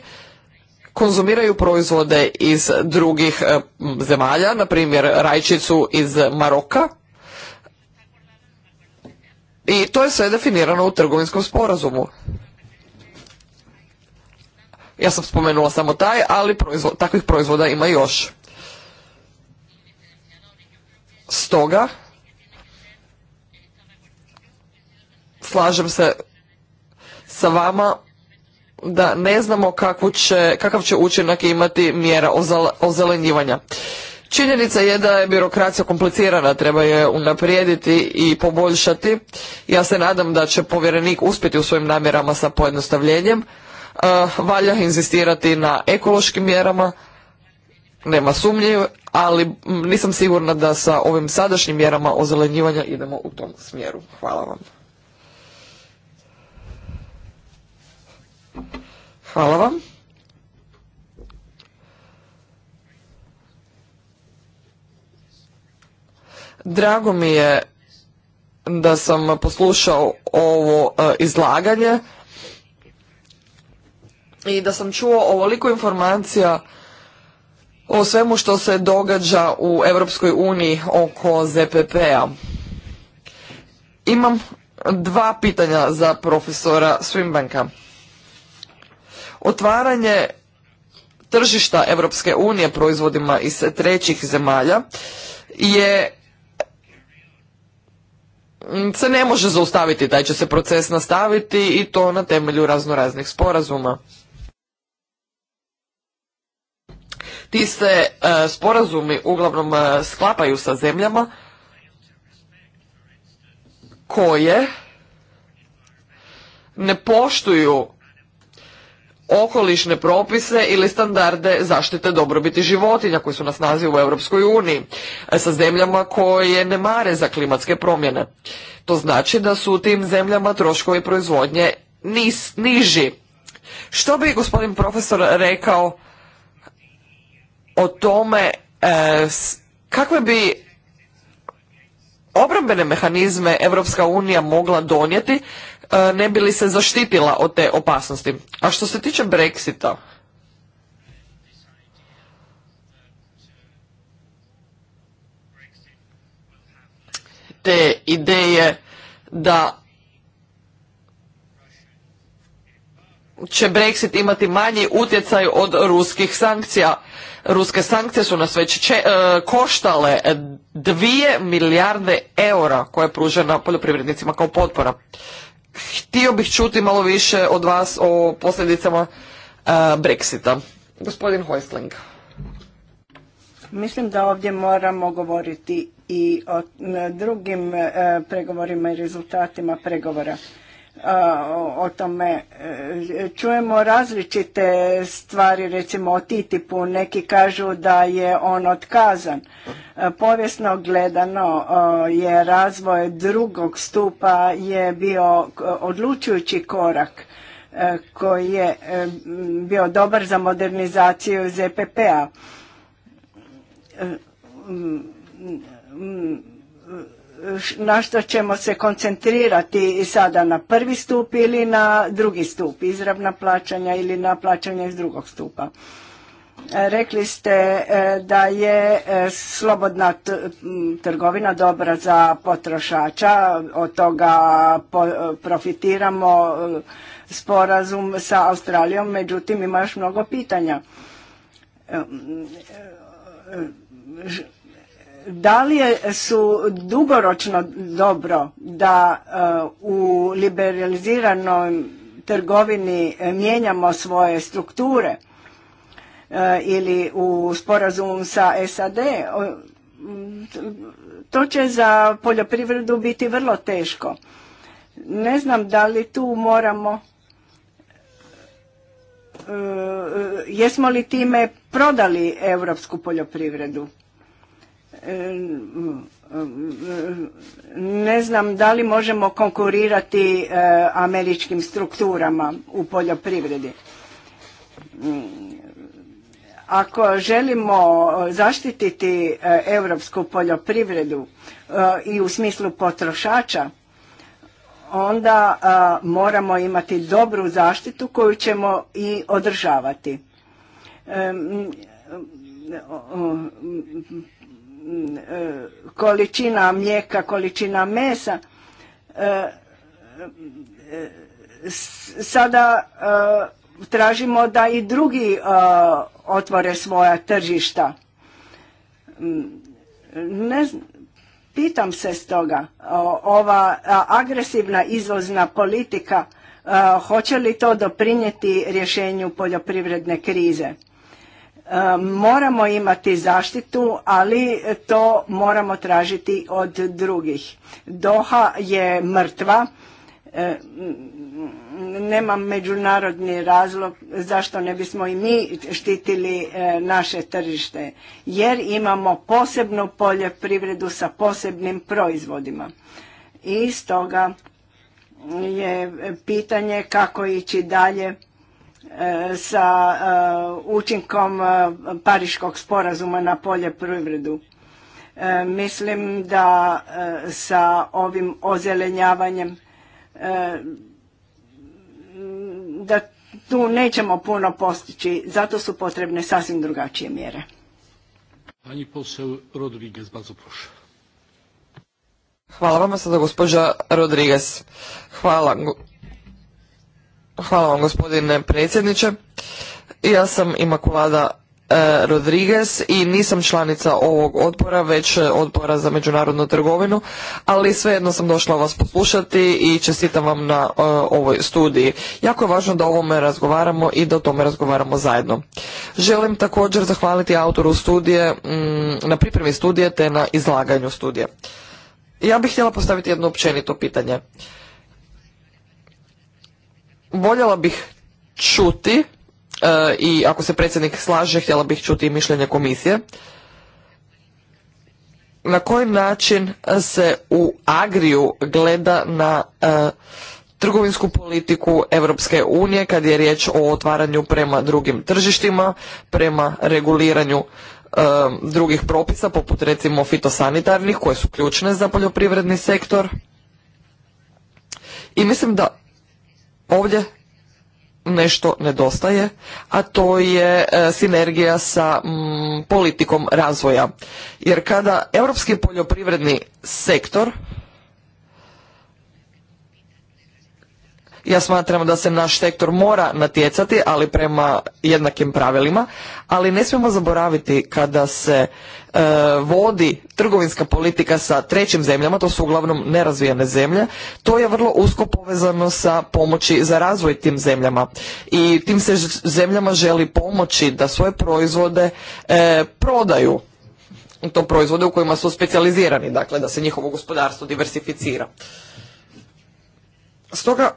konzumiraju proizvode iz drugih e, zemalja, na primjer rajčicu iz Maroka. I to je sve definirano u trgovinskom sporazumu. Ja sam spomenula samo taj, ali takvih proizvoda ima još. Stoga, slažem se sa vama da ne znamo kakvu će, kakav će učinak imati mjera ozelenjivanja. Činjenica je da je birokracija komplicirana, treba je unaprijediti i poboljšati. Ja se nadam da će povjerenik uspjeti u svojim namjerama sa pojednostavljenjem, Eh, valja inzistirati na ekološkim mjerama, nema sumnje, ali nisam sigurna da sa ovim sadašnjim mjerama ozelenjivanja idemo u tom smjeru. Hvala vam. Hvala vam. Drago mi je da sam poslušao ovo eh, izlaganje i da sam čuo ovoliko informacija o svemu što se događa u Europskoj uniji oko ZPP-a. Imam dva pitanja za profesora Swimbanka. Otvaranje tržišta Europske unije proizvodima iz trećih zemalja je se ne može zaustaviti, taj će se proces nastaviti i to na temelju raznoraznih sporazuma. Ti se e, sporazumi uglavnom e, sklapaju sa zemljama koje ne poštuju okolišne propise ili standarde zaštite dobrobiti životinja koji su na snazi u Europskoj uniji e, sa zemljama koje ne mare za klimatske promjene. To znači da su u tim zemljama troškovi proizvodnje niži. Što bi gospodin profesor rekao o tome e, kakve bi obrambene mehanizme Evropska unija mogla donijeti e, ne bi li se zaštitila od te opasnosti. A što se tiče Brexita, te ideje da će Brexit imati manji utjecaj od ruskih sankcija. Ruske sankcije su nas već e, koštale dvije milijarde eura koje je pružena poljoprivrednicima kao potpora. Htio bih čuti malo više od vas o posljedicama e, Brexita. Gospodin Mislim da ovdje moramo govoriti i o drugim e, pregovorima i rezultatima pregovora o tome. E, čujemo različite stvari, recimo o ttip Neki kažu da je on otkazan. E, povijesno gledano e, je razvoj drugog stupa je bio odlučujući korak koji je bio dobar za modernizaciju ZPP-a na što ćemo se koncentrirati sada na prvi stup ili na drugi stup, izravna plaćanja ili na plaćanje iz drugog stupa. E, rekli ste e, da je e, slobodna trgovina dobra za potrošača, od toga profitiramo sporazum sa Australijom, međutim ima još mnogo pitanja da li su dugoročno dobro da e, u liberaliziranoj trgovini e, mijenjamo svoje strukture e, ili u sporazumu sa SAD, to će za poljoprivredu biti vrlo teško. Ne znam da li tu moramo, jesmo li time prodali europsku poljoprivredu ne znam da li možemo konkurirati e, američkim strukturama u poljoprivredi. Mm. Ako želimo zaštititi e, europsku poljoprivredu e, i u smislu potrošača, onda moramo imati dobru zaštitu koju ćemo i održavati. Mm, e, količina mlijeka, količina mesa, e, e, sada tražimo da i drugi otvore svoja tržišta. Mm, ne pitam se stoga, ova agresivna izvozna politika, hoće li to doprinijeti rješenju poljoprivredne krize? E, moramo imati zaštitu, ali to moramo tražiti od drugih. Doha je mrtva, e, nema međunarodni razlog zašto ne bismo i mi štitili e, naše tržište, jer imamo posebnu poljoprivredu sa posebnim proizvodima. I stoga je pitanje kako ići dalje E, sa e, učinkom e, Pariškog sporazuma na poljoprivredu. Mislim da sa ovim ozelenjavanjem da tu nećemo puno postići, zato su potrebne sasvim drugačije mjere. Pani poseł Rodriguez, Hvala vam sada gospođa Rodriguez. Hvala Hvala vam gospodine predsjedniče. Ja sam Imakulada e, Rodriguez i nisam članica ovog odbora, već odbora za međunarodnu trgovinu, ali svejedno sam došla vas poslušati i čestitam vam na e, ovoj studiji. Jako je važno da o ovome razgovaramo i da o tome razgovaramo zajedno. Želim također zahvaliti autoru studije, mm, na pripremi studije te na izlaganju studije. Ja bih htjela postaviti jedno općenito pitanje voljela bih čuti e, i ako se predsjednik slaže, htjela bih čuti i mišljenje komisije. Na koji način se u Agriju gleda na e, trgovinsku politiku Europske unije kad je riječ o otvaranju prema drugim tržištima, prema reguliranju e, drugih propisa poput recimo fitosanitarnih koje su ključne za poljoprivredni sektor. I mislim da ovdje nešto nedostaje, a to je e, sinergija sa mm, politikom razvoja. Jer kada europski poljoprivredni sektor Ja smatram da se naš sektor mora natjecati, ali prema jednakim pravilima, ali ne smijemo zaboraviti kada se e, vodi trgovinska politika sa trećim zemljama, to su uglavnom nerazvijene zemlje, to je vrlo usko povezano sa pomoći za razvoj tim zemljama. I tim se zemljama želi pomoći da svoje proizvode e, prodaju to proizvode u kojima su specijalizirani, dakle da se njihovo gospodarstvo diversificira. Stoga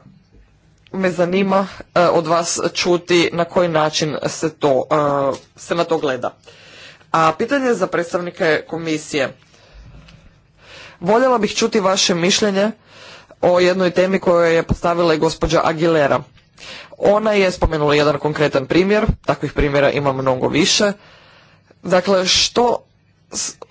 me zanima e, od vas čuti na koji način se, to, e, se na to gleda. A pitanje za predstavnike komisije. Voljela bih čuti vaše mišljenje o jednoj temi koju je postavila i gospođa Aguilera. Ona je spomenula jedan konkretan primjer, takvih primjera ima mnogo više. Dakle, što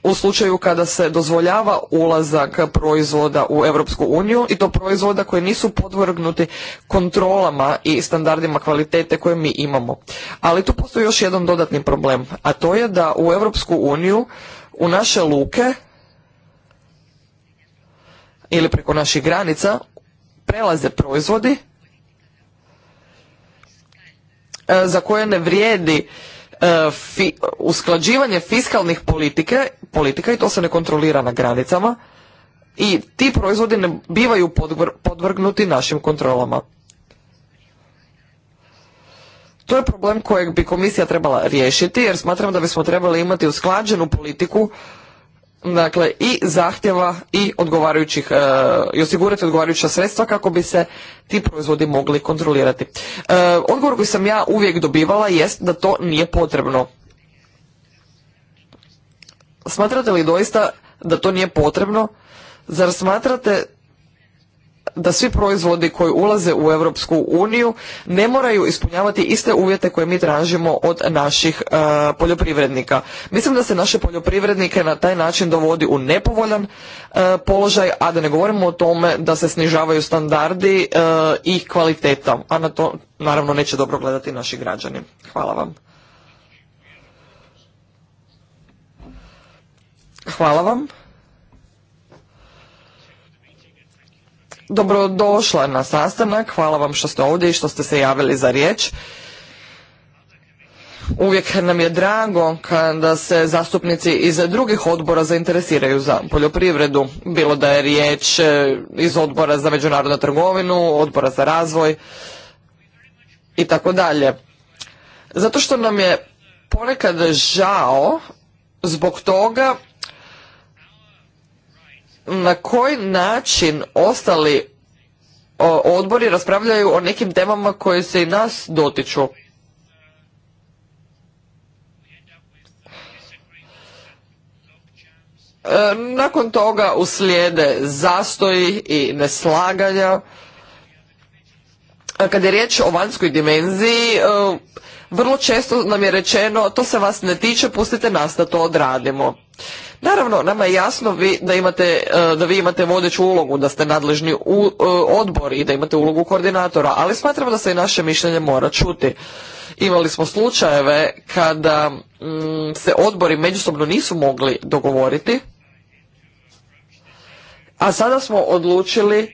u slučaju kada se dozvoljava ulazak proizvoda u Europsku uniju i to proizvoda koji nisu podvrgnuti kontrolama i standardima kvalitete koje mi imamo. Ali tu postoji još jedan dodatni problem, a to je da u Europsku uniju u naše luke ili preko naših granica prelaze proizvodi e, za koje ne vrijedi E, usklađivanje fiskalnih politike, politika i to se ne kontrolira na granicama i ti proizvodi ne bivaju podvrgnuti našim kontrolama. To je problem kojeg bi komisija trebala riješiti jer smatram da bismo trebali imati usklađenu politiku dakle i zahtjeva i odgovarajućih e, i osigurati odgovarajuća sredstva kako bi se ti proizvodi mogli kontrolirati. E, odgovor koji sam ja uvijek dobivala jest da to nije potrebno. Smatrate li doista da to nije potrebno? Zar smatrate da svi proizvodi koji ulaze u Europsku uniju ne moraju ispunjavati iste uvjete koje mi tražimo od naših e, poljoprivrednika. Mislim da se naše poljoprivrednike na taj način dovodi u nepovoljan e, položaj, a da ne govorimo o tome da se snižavaju standardi e, i kvaliteta, a na to naravno neće dobro gledati naši građani. Hvala vam. Hvala vam. dobrodošla na sastanak, hvala vam što ste ovdje i što ste se javili za riječ. Uvijek nam je drago kada se zastupnici iz drugih odbora zainteresiraju za poljoprivredu, bilo da je riječ e, iz odbora za međunarodnu trgovinu, odbora za razvoj i tako dalje. Zato što nam je ponekad žao zbog toga na koji način ostali odbori raspravljaju o nekim temama koje se i nas dotiču. E, nakon toga uslijede zastoji i neslaganja. Kad je riječ o vanjskoj dimenziji, e, vrlo često nam je rečeno to se vas ne tiče, pustite nas da to odradimo. Naravno, nama je jasno vi, da, imate, e, da vi imate vodeću ulogu, da ste nadležni u, e, odbor i da imate ulogu koordinatora, ali smatramo da se i naše mišljenje mora čuti. Imali smo slučajeve kada mm, se odbori međusobno nisu mogli dogovoriti, a sada smo odlučili e,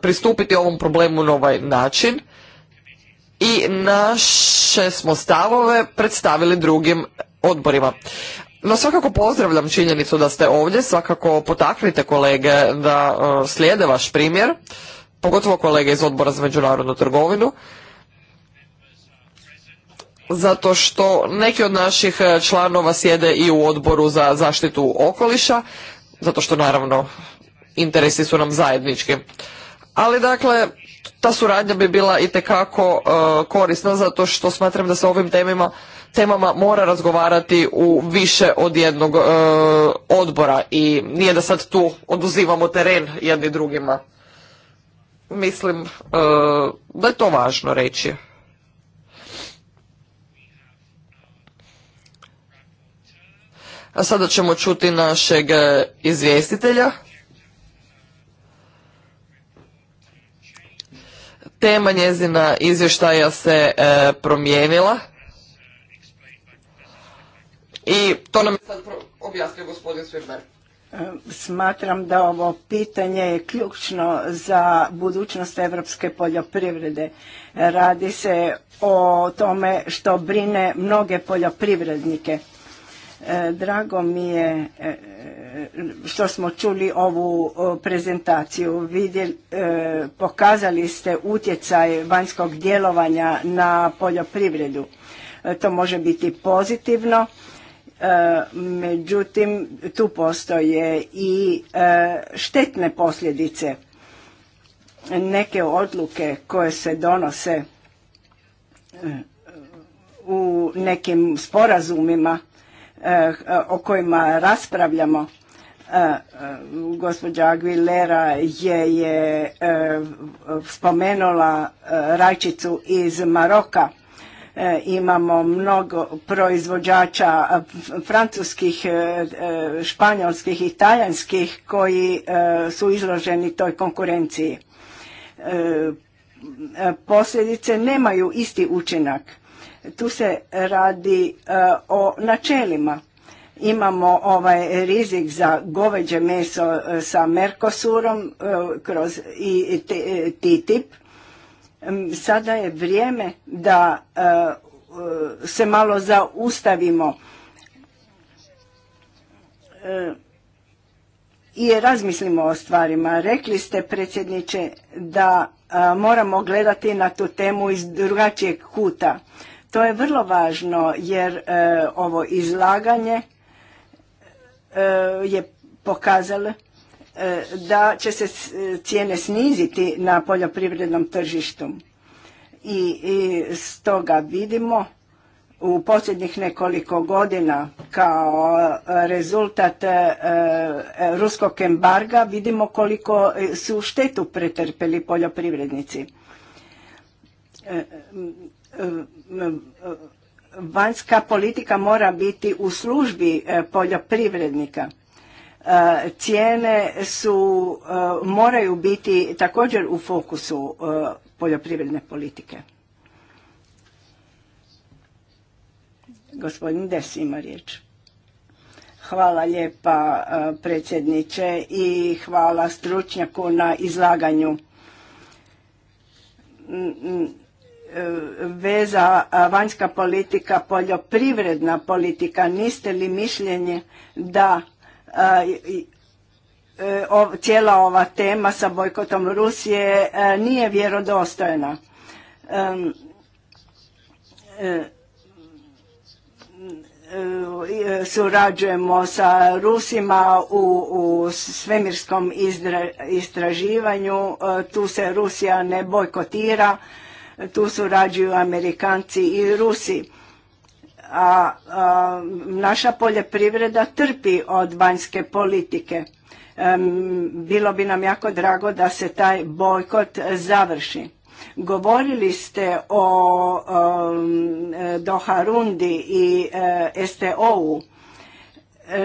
pristupiti ovom problemu na ovaj način i naše smo stavove predstavili drugim odborima no svakako pozdravljam činjenicu da ste ovdje, svakako potaknite kolege da e, slijede vaš primjer, pogotovo kolege iz odbora za međunarodnu trgovinu, zato što neki od naših e, članova sjede i u odboru za zaštitu okoliša, zato što naravno interesi su nam zajednički. Ali dakle, ta suradnja bi bila itekako kako e, korisna zato što smatram da se ovim temima, temama mora razgovarati u više od jednog e, odbora i nije da sad tu oduzimamo teren jedni drugima. Mislim e, da je to važno reći. A sada ćemo čuti našeg izvjestitelja. Tema njezina izvještaja se e, promijenila. I to nam je sad objasnio gospodin Svirber. E, smatram da ovo pitanje je ključno za budućnost evropske poljoprivrede. Radi se o tome što brine mnoge poljoprivrednike E, drago mi je e, što smo čuli ovu prezentaciju. Vidjeli, e, pokazali ste utjecaj vanjskog djelovanja na poljoprivredu. To može biti pozitivno, međutim tu postoje i štetne posljedice. Neke odluke koje se donose u nekim sporazumima o kojima raspravljamo. E, e, gospođa Aguilera je, je e, spomenula rajčicu iz Maroka. Imamo mnogo proizvođača francuskih, španjolskih i talijanskih koji su izloženi toj konkurenciji. Posljedice nemaju isti učinak tu se radi e, o načelima. Imamo ovaj rizik za goveđe meso e, sa Mercosurom e, kroz i TTIP. Sada je vrijeme da se malo zaustavimo i razmislimo o stvarima. Rekli ste, predsjedniče, da moramo gledati na tu temu iz drugačijeg kuta. To je vrlo važno jer e, ovo izlaganje e, je pokazalo e, da će se cijene sniziti na poljoprivrednom tržištu. I, stoga vidimo u posljednjih nekoliko godina kao rezultat ruskog embarga vidimo koliko su štetu pretrpeli poljoprivrednici vanjska politika mora biti u službi e, poljoprivrednika. E, cijene su, e, moraju biti također u fokusu poljoprivredne politike. Gospodin Des ima riječ. Hvala lijepa predsjedniče i hvala stručnjaku na izlaganju veza vanjska politika, poljoprivredna politika, niste li mišljenje da e, cijela ova tema sa bojkotom Rusije e, nije vjerodostojna? E, surađujemo sa Rusima u, svemirskom istraživanju, tu se Rusija ne bojkotira, tu surađuju Amerikanci i Rusi. A, naša poljoprivreda trpi od vanjske politike. bilo bi nam jako drago da se taj bojkot završi. Govorili ste o, Doha Doharundi i e, STO-u.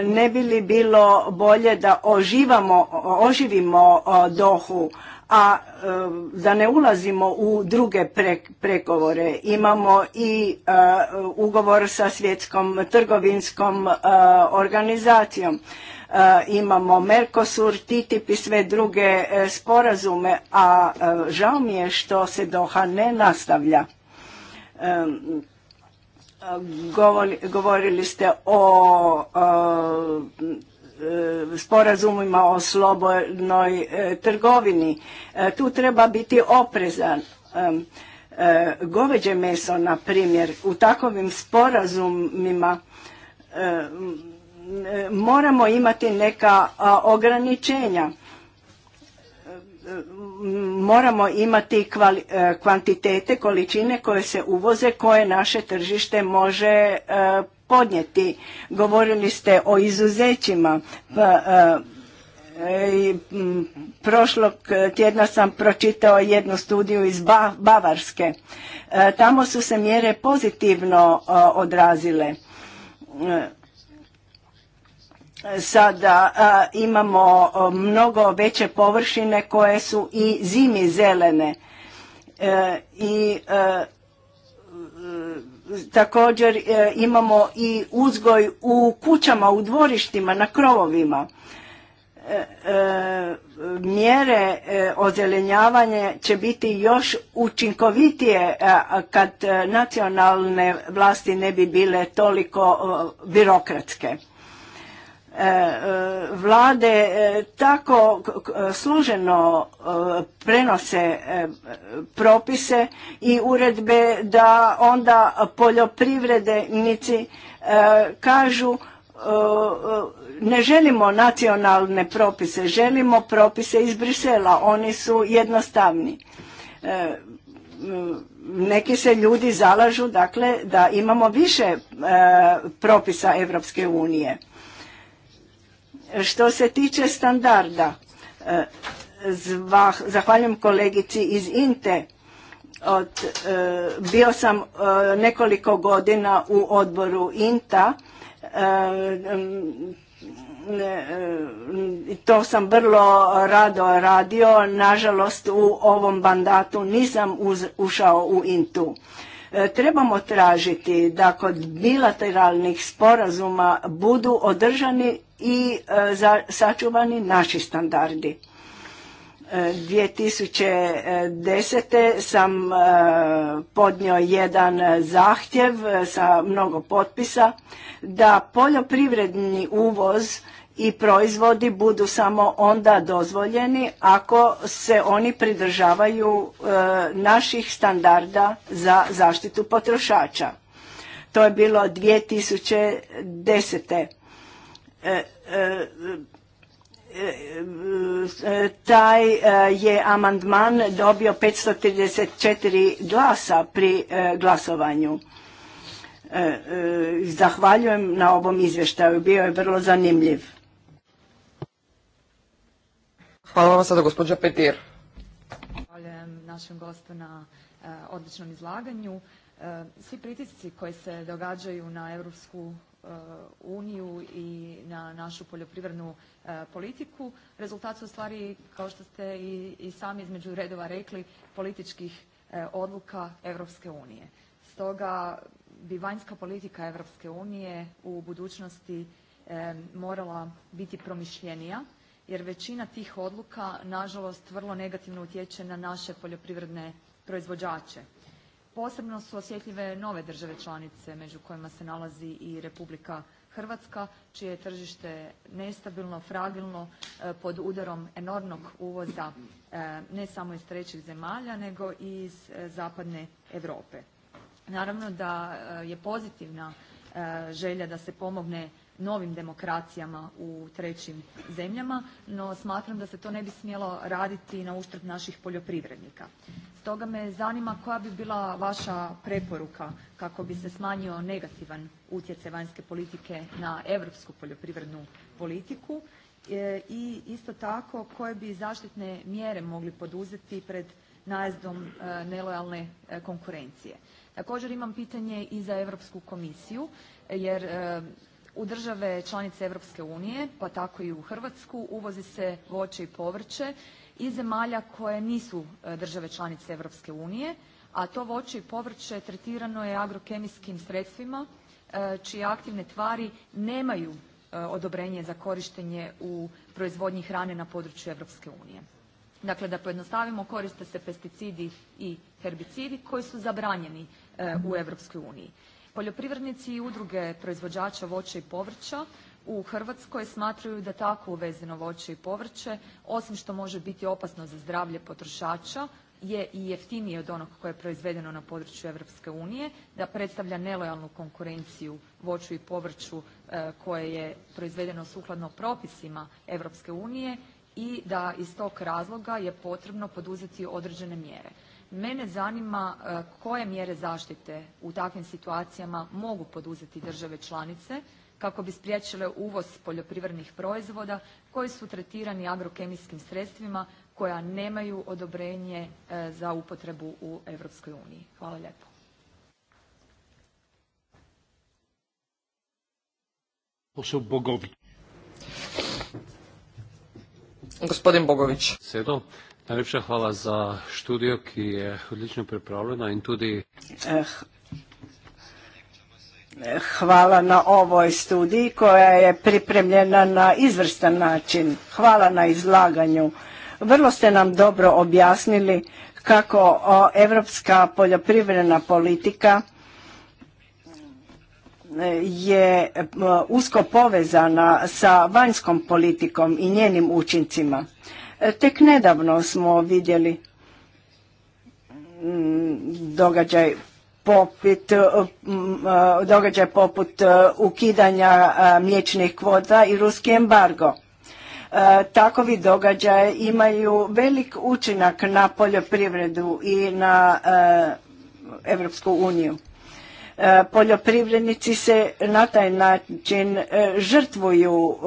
Ne bi li bilo bolje da oživamo, oživimo e, Dohu, a e, da ne ulazimo u druge pregovore. Imamo i e, ugovor sa svjetskom trgovinskom e, organizacijom. Imamo Mercosur, TTIP i sve druge sporazume, a žao mi je što se Doha ne nastavlja. Govorili ste o E, sporazumima o slobodnoj e, trgovini. E, tu treba biti oprezan. Goveđe meso, na primjer, u takvim sporazumima moramo imati neka ograničenja. Moramo imati kvantitete, količine koje se uvoze, koje naše tržište može podnijeti. Govorili ste o izuzećima. Pa, e, e, prošlog tjedna sam pročitao jednu studiju iz Bavarske. E, tamo su se mjere pozitivno odrazile. Sada imamo mnogo veće površine koje su i zimi zelene i Također e, imamo i uzgoj u kućama, u dvorištima, na krovovima. E, e, mjere će biti još učinkovitije kad nacionalne vlasti ne bi bile toliko birokratske. E, e, vlade e, tako služeno prenose propise i uredbe da onda poljoprivrednici kažu ne želimo nacionalne propise, želimo propise iz Brisela, oni su jednostavni. Neki se ljudi zalažu dakle da imamo više propisa Europske unije što se tiče standarda, e, zahvaljujem kolegici iz INTE, od, e, bio sam e, nekoliko godina u odboru INTA, to sam vrlo rado radio, nažalost u ovom mandatu nisam ušao u Intu. E, trebamo tražiti da kod bilateralnih sporazuma budu održani i e, sačuvani naši standardi. 2010. E, sam podnio jedan zahtjev sa mnogo potpisa da poljoprivredni uvoz i proizvodi budu samo onda dozvoljeni ako se oni pridržavaju e, naših standarda za zaštitu potrošača. To je bilo 2010. E, e, taj je amandman dobio 534 glasa pri glasovanju. Zahvaljujem na ovom izvještaju, bio je vrlo zanimljiv. Hvala vam sada, gospođa Zahvaljujem našem gostu na e, odličnom izlaganju. E, svi pritisci koji se događaju na Europsku e, uniju i na našu poljoprivrednu politiku rezultat su stvari, kao što ste i, i sami između redova rekli, političkih odluka Europske unije. Stoga bi vanjska politika Europske unije u budućnosti morala biti promišljenija jer većina tih odluka nažalost vrlo negativno utječe na naše poljoprivredne proizvođače. Posebno su osjetljive nove države članice među kojima se nalazi i Republika Hrvatska čije je tržište nestabilno, fragilno, e, pod udarom enormnog uvoza e, ne samo iz trećih zemalja nego i iz e, zapadne Europe. Naravno da je pozitivna želja da se pomogne novim demokracijama u trećim zemljama, no smatram da se to ne bi smjelo raditi na uštrb naših poljoprivrednika. Stoga me zanima koja bi bila vaša preporuka kako bi se smanjio negativan utjecaj vanjske politike na europsku poljoprivrednu politiku e, i isto tako koje bi zaštitne mjere mogli poduzeti pred najezdom e, nelojalne e, konkurencije. Također imam pitanje i za Europsku komisiju jer u države članice Europske unije pa tako i u Hrvatsku uvozi se voće i povrće iz zemalja koje nisu e, države članice Europske unije, a to voće i povrće tretirano je agrokemijskim sredstvima e, čije aktivne tvari nemaju e, odobrenje za korištenje u proizvodnji hrane na području Europske unije. Dakle, da pojednostavimo koriste se pesticidi i herbicidi koji su zabranjeni u Europskoj uniji. Poljoprivrednici i udruge proizvođača voća i povrća u Hrvatskoj smatraju da tako uvezeno voće i povrće osim što može biti opasno za zdravlje potrošača je i jeftinije od onog koje je proizvedeno na području Europske unije, da predstavlja nelojalnu konkurenciju voću i povrću e, koje je proizvedeno sukladno propisima Europske unije i da iz tog razloga je potrebno poduzeti određene mjere. Mene zanima e, koje mjere zaštite u takvim situacijama mogu poduzeti države članice kako bi spriječile uvoz poljoprivrednih proizvoda koji su tretirani agrokemijskim sredstvima koja nemaju odobrenje e, za upotrebu u Europskoj uniji. Hvala lijepo. Gospodin Bogović. Najlepša hvala za študijo, ki je odlično pripravljena tudi... Eh, eh, hvala na ovoj studiji koja je pripremljena na izvrstan način. Hvala na izlaganju. Vrlo ste nam dobro objasnili kako evropska poljoprivredna politika eh, je usko povezana sa vanjskom politikom i njenim učincima. Tek nedavno smo vidjeli mm, događaj poput, mm, mm, događaj poput e, ukidanja e, mliječnih kvota i ruski embargo. E, takovi događaje imaju velik učinak na poljoprivredu i na Europsku uniju. Poljoprivrednici se na taj način žrtvuju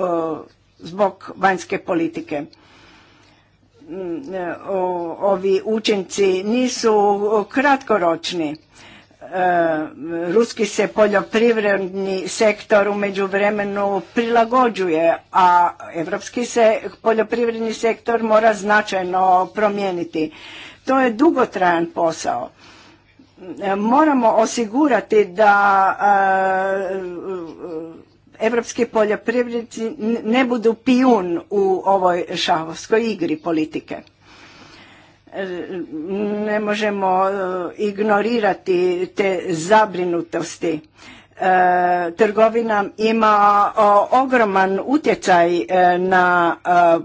zbog vanjske politike. Mm, e, ovi učinci nisu kratkoročni. E, ruski se poljoprivredni sektor u vremenu prilagođuje, a evropski se poljoprivredni sektor mora značajno promijeniti. To je dugotrajan posao. E, moramo osigurati da evropski poljoprivrednici ne budu pijun u ovoj šahovskoj igri politike. E, ne možemo e, ignorirati te zabrinutosti. E, trgovina ima ogroman utjecaj na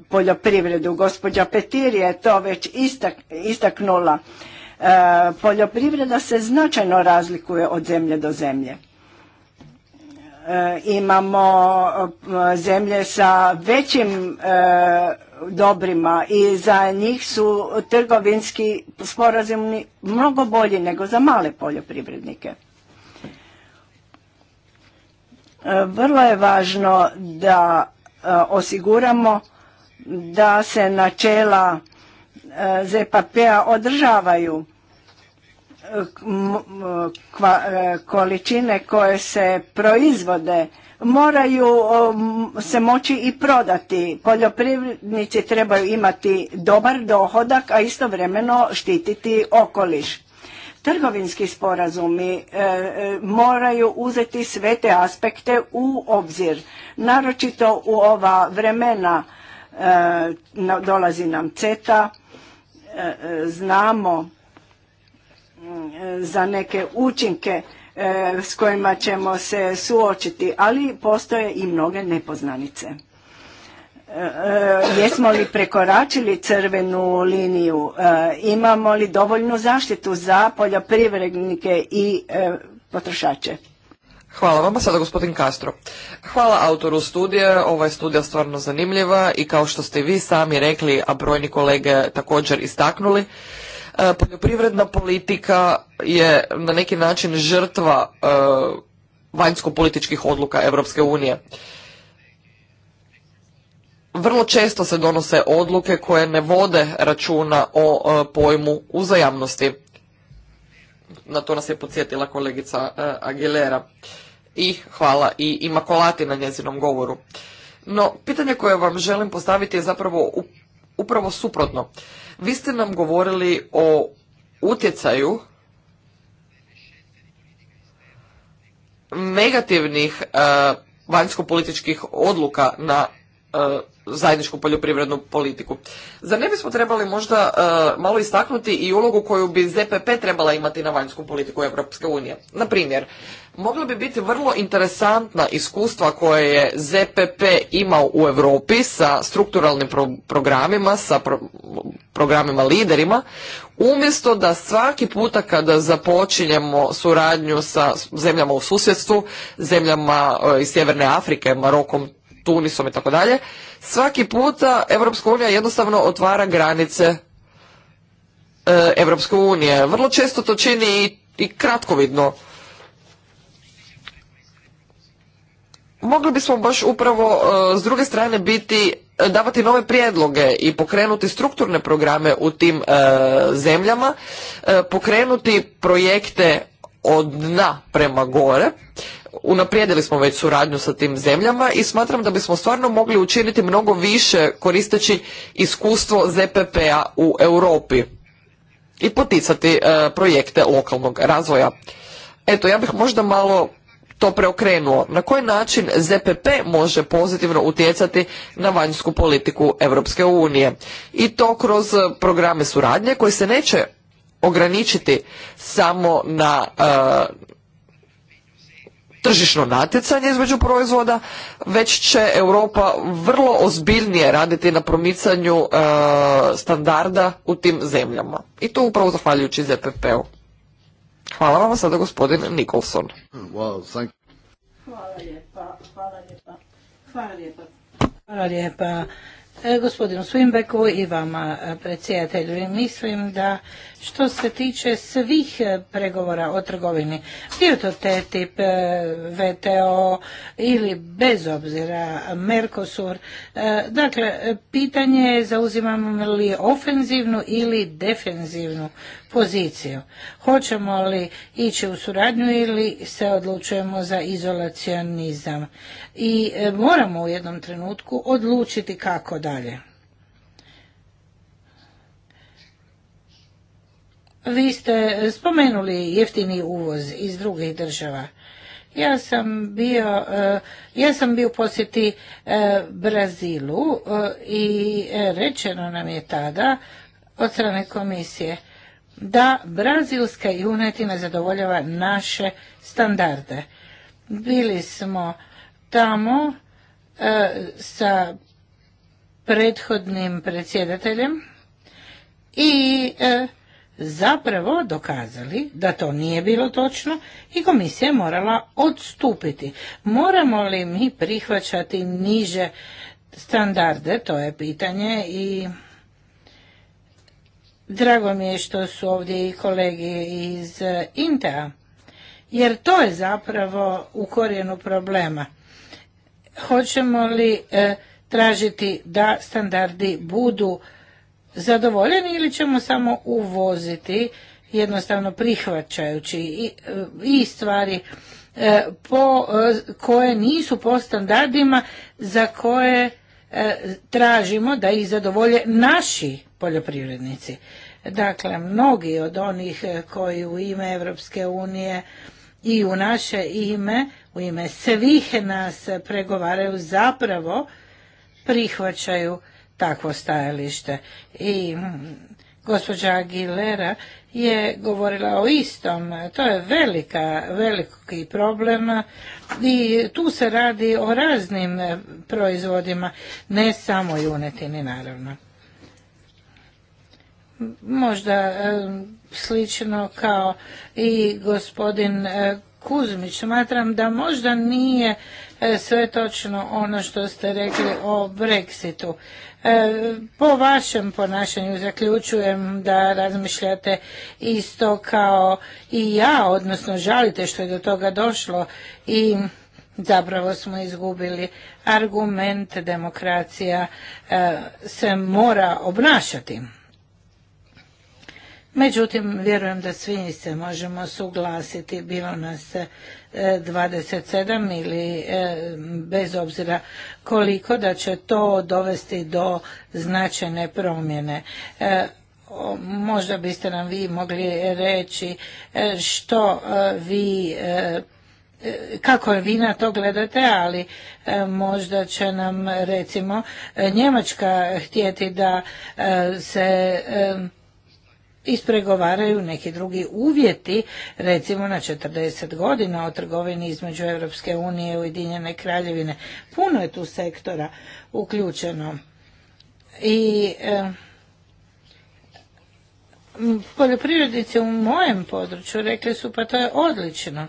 poljoprivredu. Gospođa Petir je to već istaknula. Poljoprivreda se značajno razlikuje od zemlje do zemlje. E, imamo e, zemlje sa većim e, dobrima i za njih su trgovinski sporazumi mnogo bolji nego za male poljoprivrednike. Vrlo je važno da osiguramo da se načela ZPP-a održavaju E, količine koje se proizvode moraju se moći i prodati. Poljoprivrednici trebaju imati dobar dohodak, a istovremeno štititi okoliš. Trgovinski sporazumi e, e, moraju uzeti sve te aspekte u obzir. Naročito u ova vremena dolazi nam CETA, znamo za neke učinke e, s kojima ćemo se suočiti, ali postoje i mnoge nepoznanice. E, e, jesmo li prekoračili crvenu liniju, imamo li dovoljnu zaštitu za poljoprivrednike i potrošače? Hvala vama, sada gospodin Castro. Hvala autoru studije, ova je studija stvarno zanimljiva i kao što ste vi sami rekli, a brojni kolege također istaknuli, E, poljoprivredna politika je na neki način žrtva e, vanjsko-političkih odluka Europske unije. Vrlo često se donose odluke koje ne vode računa o e, pojmu uzajamnosti. Na to nas je podsjetila kolegica Aguilera. I hvala i ima na njezinom govoru. No, pitanje koje vam želim postaviti je zapravo upravo suprotno. Vi ste nam govorili o utjecaju negativnih eh, vanjsko-političkih odluka na eh, zajedničku poljoprivrednu politiku. Za ne bismo trebali možda e, malo istaknuti i ulogu koju bi ZPP trebala imati na vanjsku politiku Europske unije? Na primjer, mogla bi biti vrlo interesantna iskustva koje je ZPP imao u Europi sa strukturalnim programima, sa programima liderima, umjesto da svaki puta kada započinjemo suradnju sa zemljama u susjedstvu, zemljama e, iz Sjeverne Afrike, Marokom, Tunisom i tako dalje, svaki puta Europska unija jednostavno otvara granice Europske unije. Vrlo često to čini i, kratkovidno. Mogli bismo baš upravo e, s druge strane biti e, davati nove prijedloge i pokrenuti strukturne programe u tim e, zemljama, pokrenuti projekte od dna prema gore unaprijedili smo već suradnju sa tim zemljama i smatram da bismo stvarno mogli učiniti mnogo više koristeći iskustvo ZPP-a u Europi i poticati e, projekte lokalnog razvoja. Eto, ja bih možda malo to preokrenuo. Na koji način ZPP može pozitivno utjecati na vanjsku politiku Europske unije? I to kroz programe suradnje koji se neće ograničiti samo na e, tržišno natjecanje između proizvoda, već će Europa vrlo ozbiljnije raditi na promicanju e, standarda u tim zemljama. I to upravo zahvaljujući ZPP-u. Hvala vam sada gospodin Nikolson. hvala lijepa, hvala lijepa. Hvala lijepa. Hvala lijepa. E, gospodinu Swimbeku i vama e, predsjedatelju mislim da što se tiče svih e, pregovora o trgovini. Bio to TTIP, e, VTO ili bez obzira Mercosur. E, dakle, pitanje je zauzimamo li ofenzivnu ili defenzivnu poziciju. Hoćemo li ići u suradnju ili se odlučujemo za izolacionizam. I moramo u jednom trenutku odlučiti kako dalje. Vi ste spomenuli jeftini uvoz iz drugih država. Ja sam bio, eh, ja sam bio posjeti eh, Brazilu eh, i rečeno nam je tada od strane komisije da brazilska junetina zadovoljava naše standarde. Bili smo tamo sa prethodnim predsjedateljem i zapravo dokazali da to nije bilo točno i komisija je morala odstupiti. Moramo li mi prihvaćati niže standarde, to je pitanje i drago mi je što su ovdje i kolege iz eh, Intea, jer to je zapravo u korijenu problema. Hoćemo li eh, tražiti da standardi budu zadovoljeni ili ćemo samo uvoziti jednostavno prihvaćajući i, stvari e, po, e, koje nisu po standardima za koje e, tražimo da ih zadovolje naši poljoprivrednici. Dakle, mnogi od onih koji u ime Europske unije i u naše ime, u ime svih nas pregovaraju zapravo prihvaćaju takvo stajalište. I mm, gospođa Aguilera je govorila o istom. To je velika, veliki problem i tu se radi o raznim proizvodima, ne samo junetini naravno. Možda slično kao i gospodin e, Kuzmić, smatram da možda nije e, sve točno ono što ste rekli o Brexitu. E, po vašem ponašanju zaključujem da razmišljate isto kao i ja, odnosno žalite što je do toga došlo i zapravo smo izgubili argument demokracija e, se mora obnašati. Međutim, vjerujem da svi se možemo suglasiti, bilo nas 27 ili e, bez obzira koliko da će to dovesti do značajne promjene e, možda biste nam vi mogli reći e, što vi kako vi na to gledate, ali možda će nam recimo Njemačka htjeti da se ispregovaraju neki drugi uvjeti, recimo na 40 godina o trgovini između Europske unije i Ujedinjene kraljevine. Puno je tu sektora uključeno. I e, poljoprivrednici u mojem području rekli su pa to je odlično.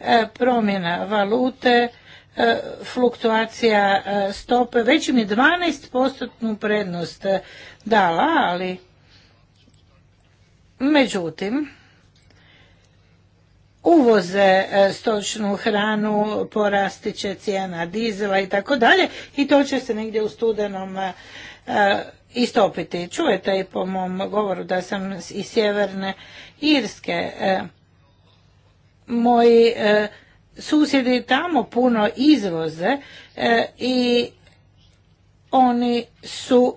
E, promjena valute, e, fluktuacija e, stope, već mi 12% prednost dala, ali Međutim, uvoze e, stočnu hranu, porasti će cijena dizela i tako dalje i to će se negdje u studenom e, istopiti. Čujete i po mom govoru da sam iz sjeverne Irske. E, moji susjedi tamo puno izvoze i oni su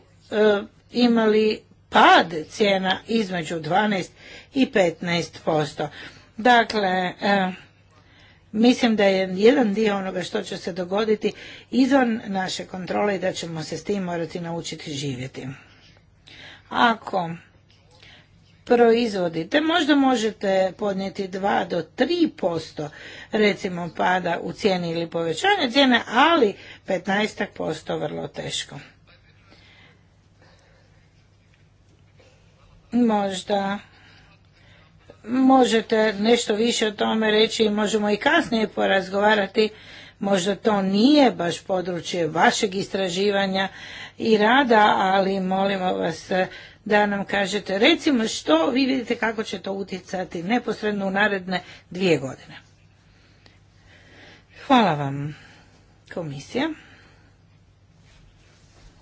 imali pad cijena između 12 i 15%. Dakle, e, mislim da je jedan dio onoga što će se dogoditi izvan naše kontrole i da ćemo se s tim morati naučiti živjeti. Ako proizvodite, možda možete podnijeti 2 do 3% recimo pada u cijeni ili povećanje cijene, ali 15% vrlo teško. možda možete nešto više o tome reći, možemo i kasnije porazgovarati, možda to nije baš područje vašeg istraživanja i rada, ali molimo vas da nam kažete recimo što vi vidite kako će to utjecati neposredno u naredne dvije godine. Hvala vam komisija.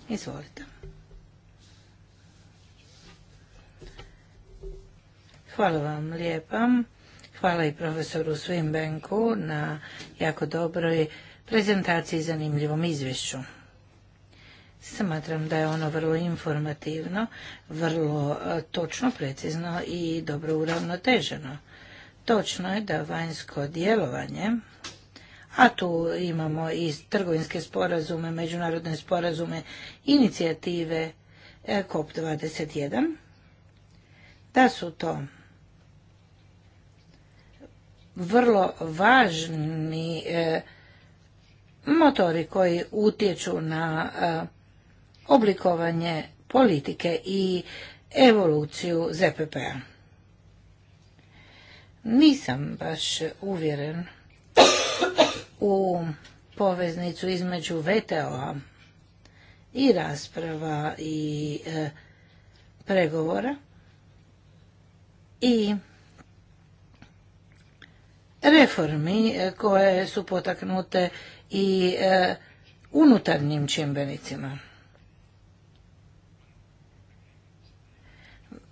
Izvolite. Hvala vam lijepa. Hvala i profesoru Svimbenku na jako dobroj prezentaciji i zanimljivom izvješću. Smatram da je ono vrlo informativno, vrlo e, točno, precizno i dobro uravnoteženo. Točno je da vanjsko djelovanje, a tu imamo i trgovinske sporazume, međunarodne sporazume, inicijative e, COP21, da su to vrlo važni e, motori koji utječu na e, oblikovanje politike i evoluciju ZPP-a. Nisam baš uvjeren u poveznicu između VTO-a i rasprava i e, pregovora i reformi e, koje su potaknute i e, unutarnjim čimbenicima.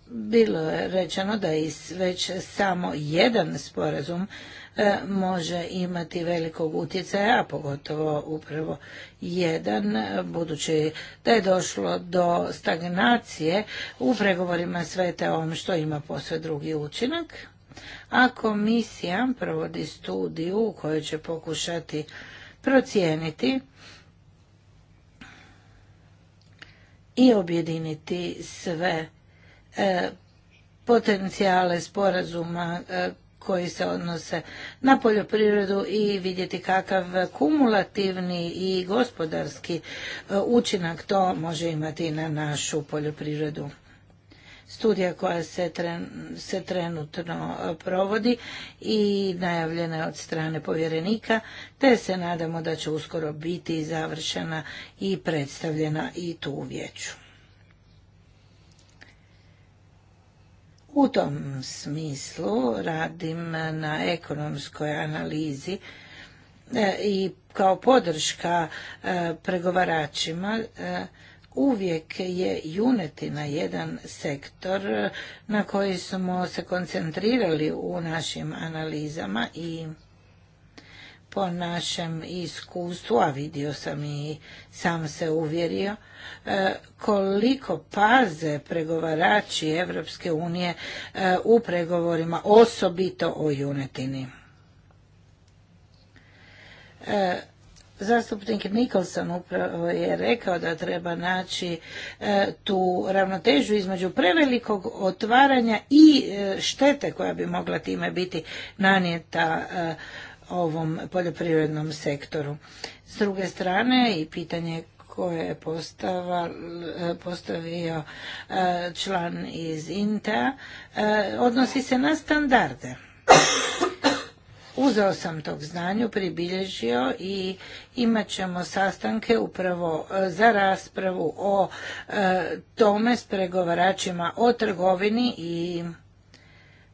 Bilo je rečeno da i već samo jedan sporazum e, može imati velikog utjecaja, a pogotovo upravo jedan, budući da je došlo do stagnacije u pregovorima sveta ovom što ima posve drugi učinak a komisija provodi studiju u kojoj će pokušati procijeniti i objediniti sve e, potencijale sporazuma e, koji se odnose na poljoprivredu i vidjeti kakav kumulativni i gospodarski e, učinak to može imati na našu poljoprivredu studija koja se, se trenutno e, provodi i najavljena je od strane povjerenika, te se nadamo da će uskoro biti završena i predstavljena i tu u vijeću. U tom smislu radim na ekonomskoj analizi e, i kao podrška e, pregovaračima uvijek je juneti na jedan sektor na koji smo se koncentrirali u našim analizama i po našem iskustvu, a vidio sam i sam se uvjerio, e, koliko paze pregovarači Evropske unije e, u pregovorima, osobito o junetini. E, Zastupnik Nikolson upravo je rekao da treba naći e, tu ravnotežu između prevelikog otvaranja i e, štete koja bi mogla time biti nanijeta e, ovom poljoprivrednom sektoru. S druge strane i pitanje koje je postavio član iz INTA odnosi se na standarde. Uzeo sam tog znanju, pribilježio i imat ćemo sastanke upravo e, za raspravu o e, tome s pregovaračima o trgovini i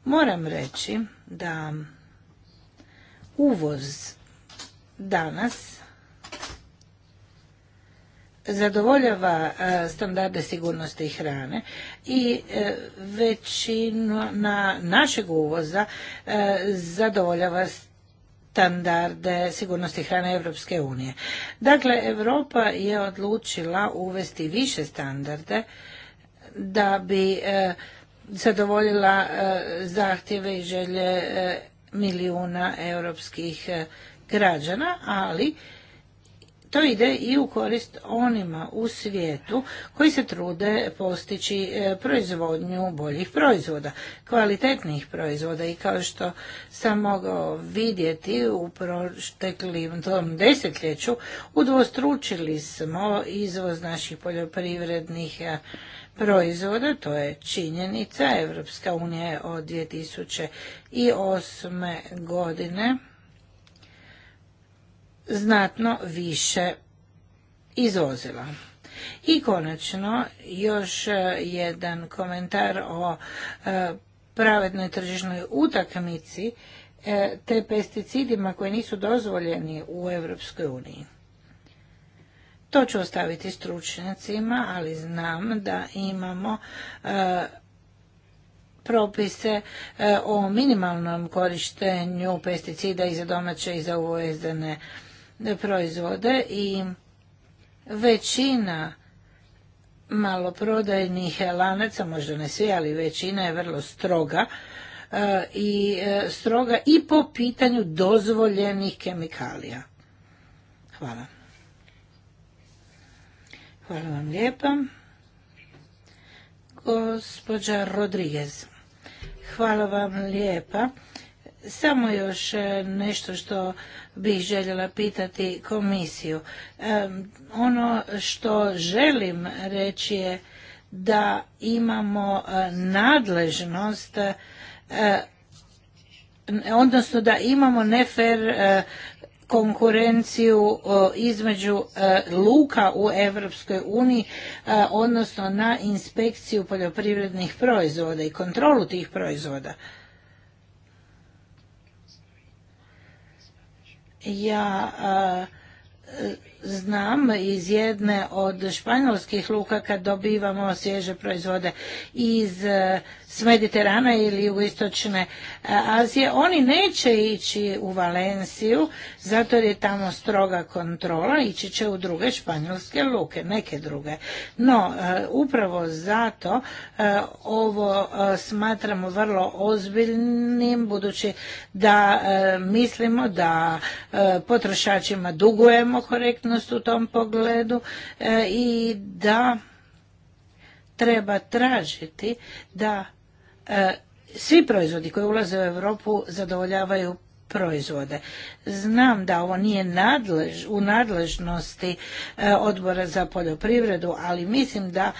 moram reći da uvoz danas E, e, e, zadovoljava standarde sigurnosti hrane i većina našeg uvoza zadovoljava standarde sigurnosti hrane Europske unije. Dakle, Europa je odlučila uvesti više standarde da bi zadovoljila zahtjeve i želje milijuna europskih građana, ali to ide i u korist onima u svijetu koji se trude postići e, proizvodnju boljih proizvoda, kvalitetnih proizvoda i kao što sam mogao vidjeti u tom desetljeću udvostručili smo izvoz naših poljoprivrednih e, proizvoda, to je činjenica, Evropska unija od 2008. godine znatno više izvozila. I konačno još e, jedan komentar o e, pravednoj tržišnoj utakmici e, te pesticidima koji nisu dozvoljeni u Europskoj uniji. To ću ostaviti stručnjacima, ali znam da imamo propise o minimalnom korištenju pesticida i za domaće i za pesticide proizvode i većina maloprodajnih lanaca, možda ne svi, ali većina je vrlo stroga e, i e, stroga i po pitanju dozvoljenih kemikalija. Hvala. Hvala vam lijepa. Gospođa Rodriguez. Hvala vam lijepa. Samo još e, nešto što bih željela pitati komisiju. E, ono što želim reći je da imamo e, nadležnost odnosno da imamo nefer konkurenciju između luka u Europskoj uniji, odnosno na inspekciju poljoprivrednih proizvoda i kontrolu tih proizvoda. ja znam iz jedne od španjolskih luka kad dobivamo svježe proizvode iz e, s Mediterana ili istočne e, Azije, oni neće ići u Valenciju zato jer je tamo stroga kontrola, ići će u druge španjolske luke, neke druge. No, e, upravo zato ovo smatramo vrlo ozbiljnim budući da mislimo da potrošačima dugujemo korektno u tom pogledu e, i da treba tražiti da e, svi proizvodi koji ulaze u Europu zadovoljavaju proizvode. Znam da ovo nije nadlež, u nadležnosti e, odbora za poljoprivredu, ali mislim da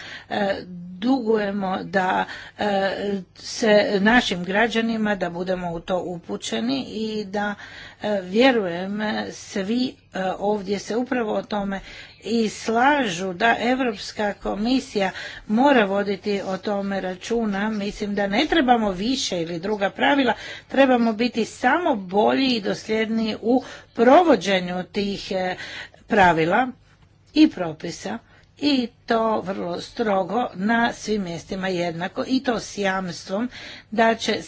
dugujemo da e, se našim građanima da budemo u to upućeni i da e, vjerujem svi e, ovdje se upravo o tome i slažu da Europska komisija mora voditi o tome računa. Mislim da ne trebamo više ili druga pravila, trebamo biti samo bolji i dosljedniji u provođenju tih pravila i propisa i to vrlo strogo na svim mjestima jednako i to s jamstvom da će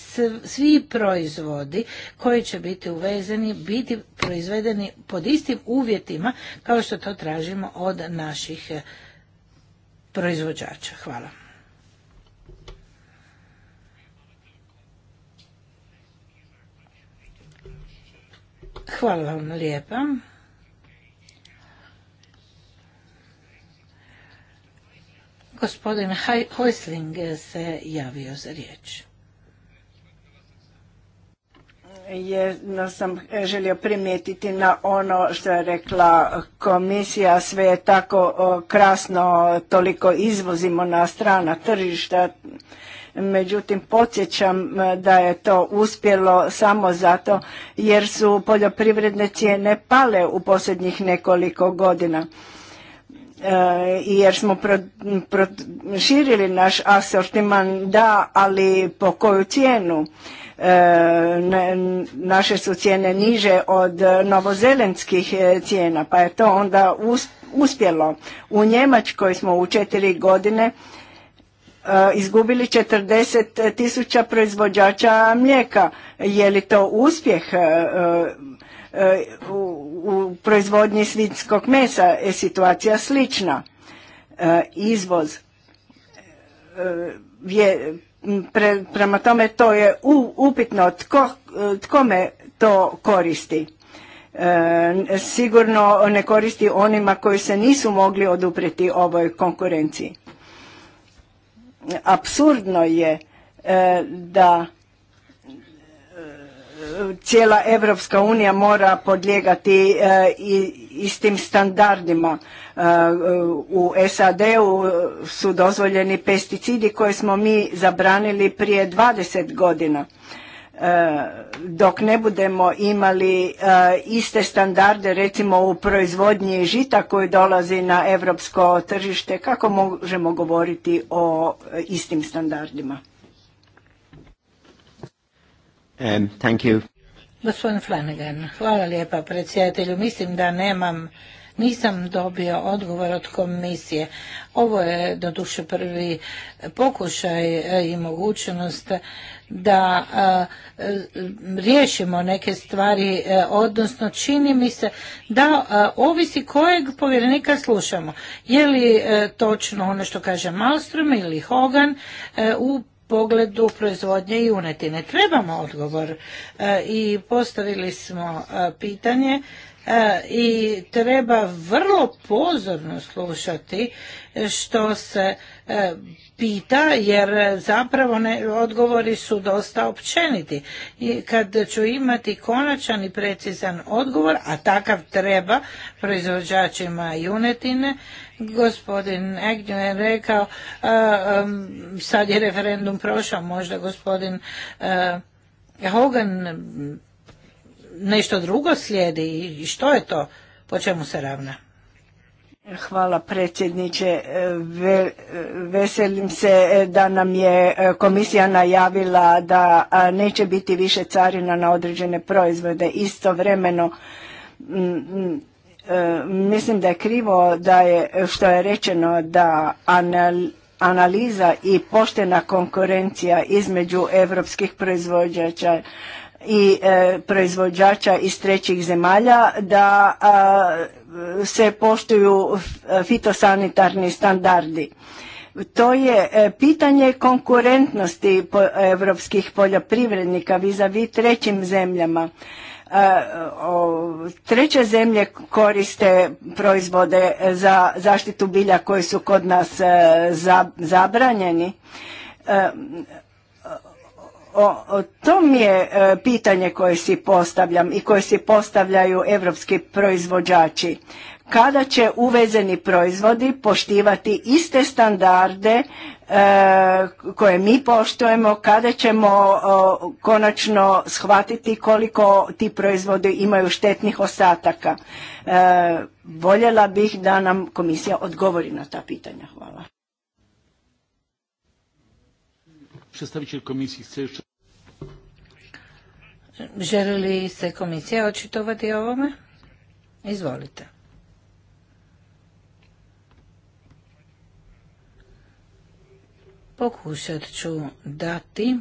svi proizvodi koji će biti uvezeni biti proizvedeni pod istim uvjetima kao što to tražimo od naših eh, proizvođača. Hvala. Hvala vam lijepa. Gospodin Hojsling se javio za riječ. Jedno sam želio primijetiti na ono što je rekla komisija, sve je tako krasno, toliko izvozimo na strana tržišta, međutim podsjećam e, da je to uspjelo samo zato jer su poljoprivredne cijene pale u posljednjih nekoliko godina Eh, jer smo proširili naš asortiman, da, ali po koju cijenu? Eh, naše su cijene niže od novozelenskih eh, cijena, pa je to onda uspjelo. U Njemačkoj smo u četiri godine izgubili 40 tisuća proizvođača mlijeka. Je li to uspjeh? E, u proizvodnji svinjskog mesa je situacija slična. E, izvoz e, je prema tome to je upitno tko, me to koristi. sigurno ne koristi onima koji se nisu mogli odupreti ovoj konkurenciji. Apsurdno je da cijela Evropska unija mora podlijegati e, istim standardima. E, u SAD-u su dozvoljeni pesticidi koje smo mi zabranili prije 20 godina. E, dok ne budemo imali iste standarde recimo u proizvodnji žita koji dolazi na europsko tržište, kako možemo govoriti o istim standardima? Um, Gospodin Flanagan, hvala lijepa predsjedatelju. Mislim da nemam, nisam dobio odgovor od komisije. Ovo je doduše prvi pokušaj i mogućnost da e, riješimo neke stvari, e, odnosno čini mi se da ovisi kojeg povjerenika slušamo. Je li e, točno ono što kaže Malstrom ili Hogan u pogledu proizvodnje junetine. Trebamo odgovor e, i postavili smo e, pitanje e, i treba vrlo pozorno slušati što se pita jer zapravo odgovori su dosta općeniti. I kad ću imati konačan i precizan odgovor, a takav treba proizvođačima junetine, Gospodin Egnju je rekao, um, sad je referendum prošao, možda gospodin Hogan nešto drugo slijedi i što je to, po čemu se ravna? Hvala predsjedniče. E, veselim se e, da nam je e, komisija najavila da neće biti više carina na određene proizvode. Istovremeno Mislim da je krivo da je, što je rečeno da analiza i poštena konkurencija između europskih proizvođača i e, proizvođača iz trećih zemalja da se poštuju fitosanitarni standardi. To je e, pitanje konkurentnosti po, evropskih poljoprivrednika vis a vis trećim zemljama treće zemlje koriste proizvode za zaštitu bilja koji su kod nas e, zabranjeni. E, o, tom mi je e, pitanje koje si postavljam i koje si postavljaju evropski proizvođači kada će uvezeni proizvodi poštivati iste standarde e, koje mi poštujemo, kada ćemo konačno shvatiti koliko ti proizvodi imaju štetnih ostataka. E, voljela bih da nam komisija odgovori na ta pitanja. Hvala. komisije Želi li se komisija očitovati ovome? Izvolite. Pokušat ću dati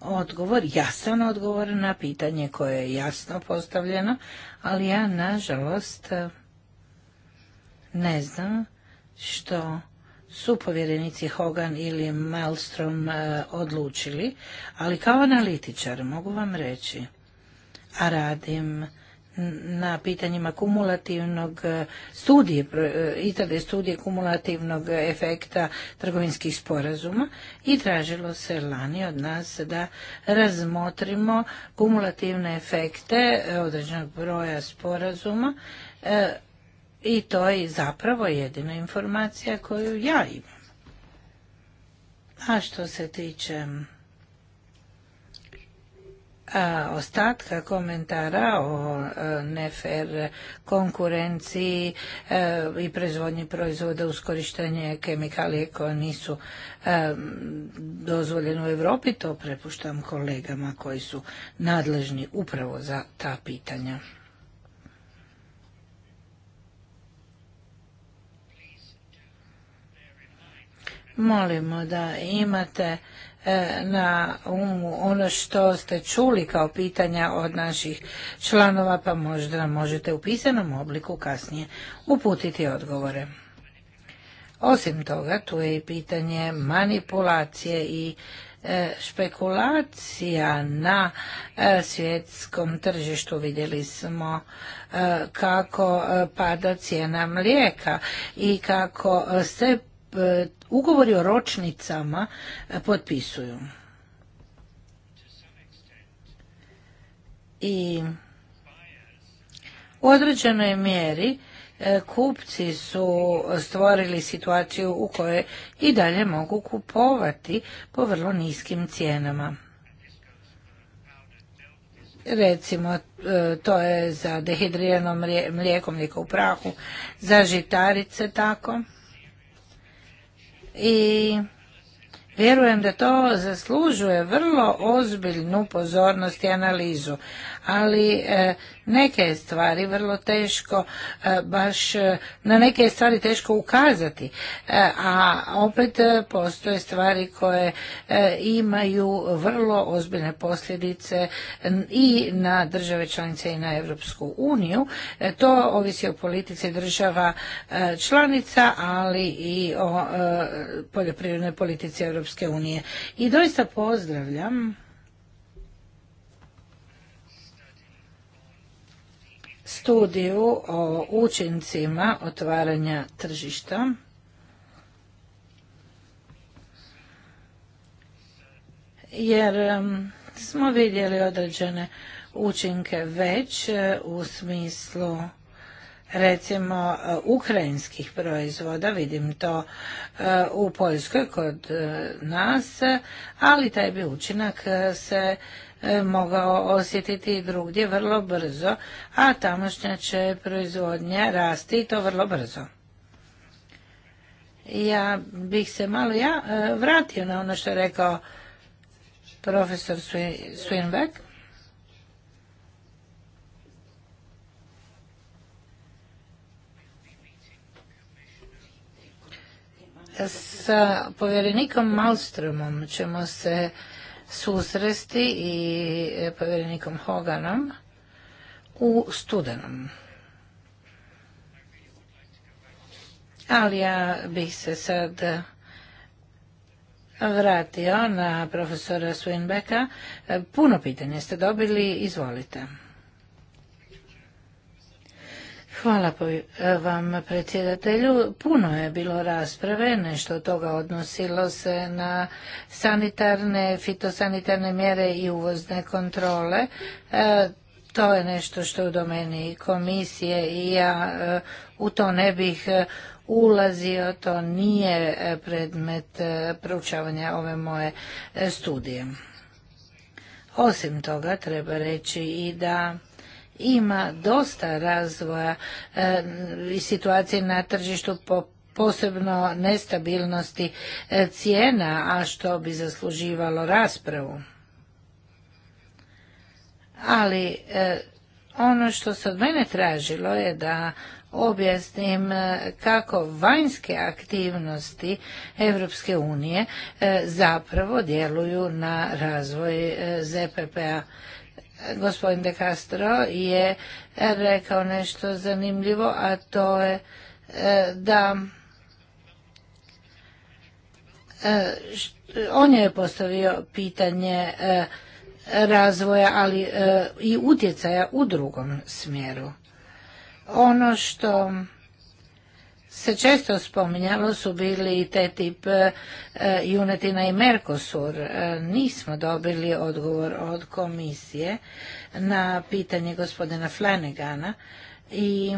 odgovor, jasan odgovor na pitanje koje je jasno postavljeno, ali ja nažalost ne znam što su povjerenici Hogan ili Malstrom e, odlučili, ali kao analitičar mogu vam reći, a radim na pitanjima kumulativnog e, studije, e, studije kumulativnog efekta trgovinskih sporazuma i tražilo se lani od nas da razmotrimo kumulativne efekte e, određenog broja sporazuma i to je zapravo jedina informacija koju ja imam. A što se tiče ostatka komentara o e, nefer konkurenciji e, i proizvodnji proizvoda uz korištenje kemikalije koje nisu e, dozvoljene u Europi, to prepuštam kolegama koji su nadležni upravo za ta pitanja. Molimo da imate E, na umu ono što ste čuli kao pitanja od naših članova, pa možda možete u pisanom obliku kasnije uputiti odgovore. Osim toga, tu je i pitanje manipulacije i e, špekulacija na e, svjetskom tržištu. Vidjeli smo kako pada cijena mlijeka i kako se E, ugovori o ročnicama e, potpisuju. I u određenoj mjeri e, kupci su stvorili situaciju u kojoj i dalje mogu kupovati po vrlo niskim cijenama. Recimo, to je za dehidrirano mlijeko, mlijeko u prahu, za žitarice tako i Vjerujem da to zaslužuje vrlo ozbiljnu pozornost i analizu, ali eh, neke stvari vrlo teško, e, baš e, na neke stvari teško ukazati, e, a opet postoje stvari koje imaju vrlo ozbiljne posljedice i na države članice i na Europsku uniju. To ovisi o politici država članica, ali i o poljoprivrednoj politici Europske unije. I doista pozdravljam studiju o učincima otvaranja tržišta. Jer smo vidjeli određene učinke već e, u smislu recimo e, ukrajinskih proizvoda, vidim to e, u Poljskoj kod nas, ali taj bi učinak se E, mogao osjetiti i drugdje vrlo brzo, a tamošnja će proizvodnja rasti i to vrlo brzo. Ja bih se malo ja e, vratio na ono što je rekao profesor Swinbeck. sa povjerenikom Malstromom ćemo se susresti i e, povjerenikom Hoganom u studenom. Ali ja bih se sad vratio na profesora Swinbecka. E, puno pitanja ste dobili, izvolite. Hvala e, vam predsjedatelju. Puno je bilo rasprave, nešto toga odnosilo se na sanitarne, fitosanitarne mjere i uvozne kontrole. E, to je nešto što je u domeni komisije i ja e, u to ne bih ulazio, to nije predmet proučavanja ove moje studije. Osim toga treba reći i da ima dosta razvoja e, i situacije na tržištu po posebno nestabilnosti e, cijena, a što bi zasluživalo raspravu. Ali e, ono što se od mene tražilo je da objasnim kako vanjske aktivnosti Europske unije zapravo djeluju na razvoj ZPP-a gospodin De Castro je rekao nešto zanimljivo, a to je e, da e, on je postavio pitanje e, razvoja, ali i utjecaja u drugom smjeru. Ono što se često spominjalo su bili i te tip e, e, Junetina i Merkosur. E, nismo dobili odgovor od komisije na pitanje gospodina Flanegana i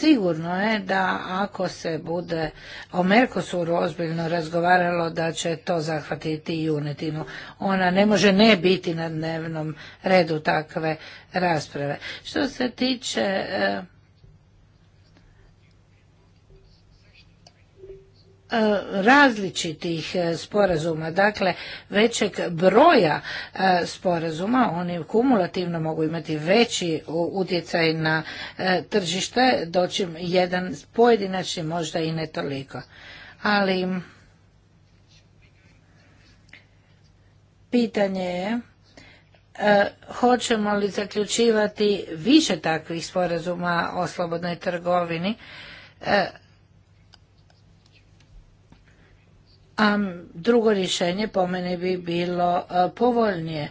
Sigurno je da ako se bude o Merkosuru ozbiljno razgovaralo da će to zahvatiti i unetinu. Ona ne može ne biti na dnevnom redu takve rasprave. Što se tiče e, E, različitih e, sporazuma, dakle većeg broja e, sporazuma, oni kumulativno mogu imati veći utjecaj na tržište, doći jedan pojedinačni možda i ne toliko. Ali pitanje je hoćemo li zaključivati više takvih sporazuma o slobodnoj trgovini a drugo rješenje po meni bi bilo e, povoljnije.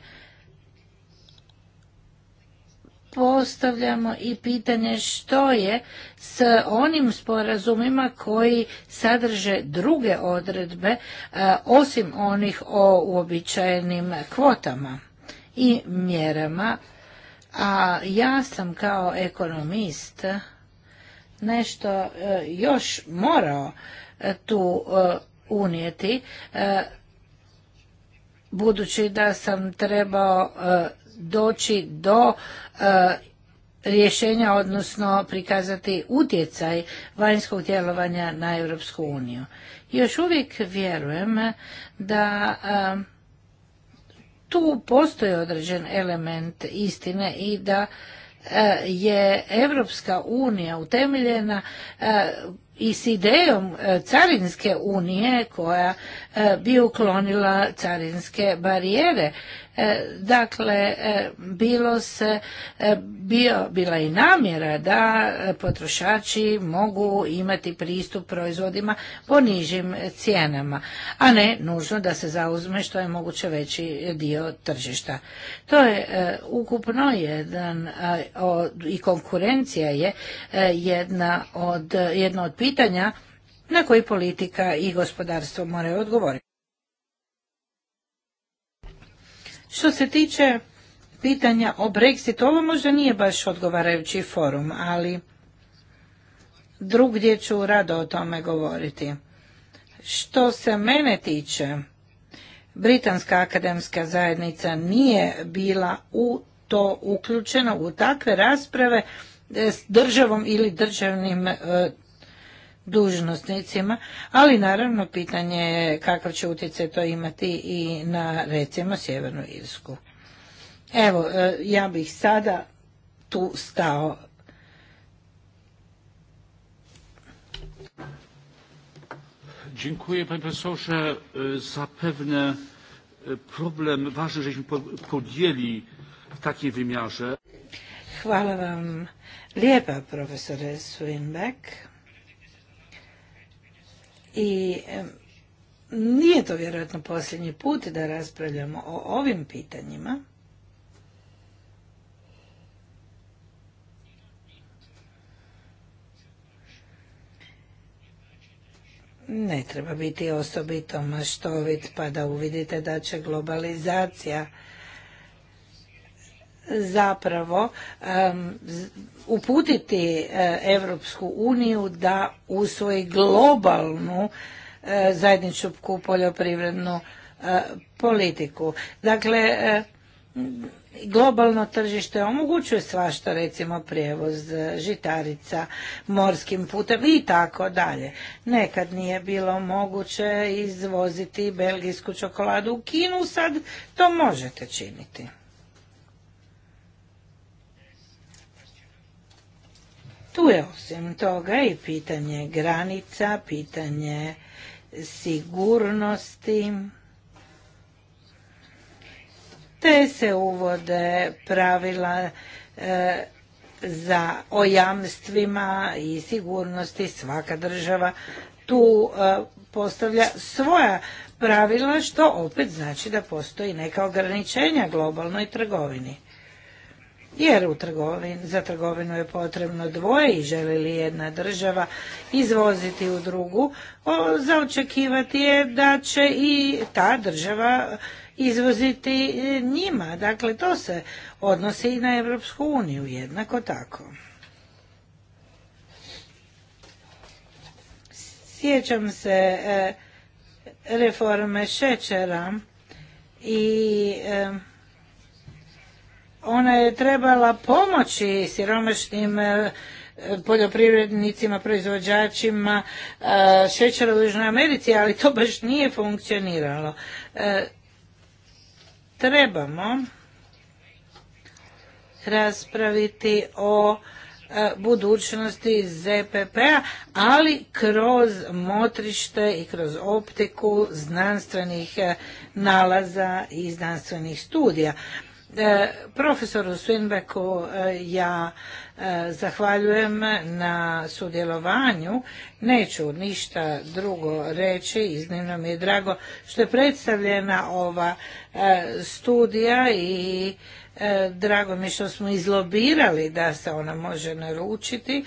Postavljamo i pitanje što je s onim sporazumima koji sadrže druge odredbe e, osim onih o uobičajenim kvotama i mjerama. A ja sam kao ekonomist nešto e, još morao tu unijeti e, budući da sam trebao e, doći do e, rješenja, odnosno prikazati utjecaj vanjskog djelovanja na Europsku uniju. Još uvijek vjerujem da tu postoji određen element istine i da je Europska unija utemeljena i s idejom e, carinske unije koja E, bi uklonila carinske barijere. E, dakle, e, bilo se, bio, bila i namjera da potrošači mogu imati pristup proizvodima po nižim cijenama, a ne nužno da se zauzme što je moguće veći dio tržišta. To je ukupno jedan i konkurencija je jedna od, jedno od pitanja na koji politika i gospodarstvo moraju odgovoriti. Što se tiče pitanja o Brexitu, ovo možda nije baš odgovarajući forum, ali drugdje ću rado o tome govoriti. Što se mene tiče, Britanska akademska zajednica nije bila u to uključena u takve rasprave s državom ili državnim e, dužnostnicima, ali naravno pitanje je kakav će utjecaj to imati i na recimo Sjevernu Irsku. Evo, e, ja bih sada tu stao. Dziękuję panie profesorze. E, zapewne e, problem ważny, żeśmy podjęli w takim wymiarze. Hvala vam lijepa profesore Swinbeck. I nije to vjerojatno posljednji put da raspravljamo o ovim pitanjima. Ne treba biti osobito maštovit pa da uvidite da će globalizacija zapravo uputiti Europsku uniju da usvoji globalnu e, zajedničku poljoprivrednu e, politiku. Dakle, e, globalno tržište omogućuje svašta, recimo prijevoz žitarica morskim putem i tako dalje. Nekad nije bilo moguće izvoziti belgijsku čokoladu u Kinu, sad to možete činiti. Tu je osim toga i pitanje granica, pitanje sigurnosti, te se uvode pravila e, za o jamstvima i sigurnosti svaka država tu e, postavlja svoja pravila što opet znači da postoji neka ograničenja globalnoj trgovini jer u za trgovinu je potrebno dvoje i želi li jedna država izvoziti u drugu, zaočekivati je da će i ta država izvoziti e, njima. Dakle, to se odnosi i na Europsku uniju jednako tako. Sjećam se e, reforme šećera i e, ona je trebala pomoći siromašnim e, poljoprivrednicima, proizvođačima e, šećera u Južnoj Americi, ali to baš nije funkcioniralo. E, trebamo raspraviti o budućnosti ZPP-a, ali kroz motrište i kroz optiku znanstvenih nalaza i znanstvenih studija. E, profesoru Svinbeku e, ja e, zahvaljujem na sudjelovanju. Neću ništa drugo reći, iznimno mi je drago što je predstavljena ova studija i drago mi što smo izlobirali da se ona može naručiti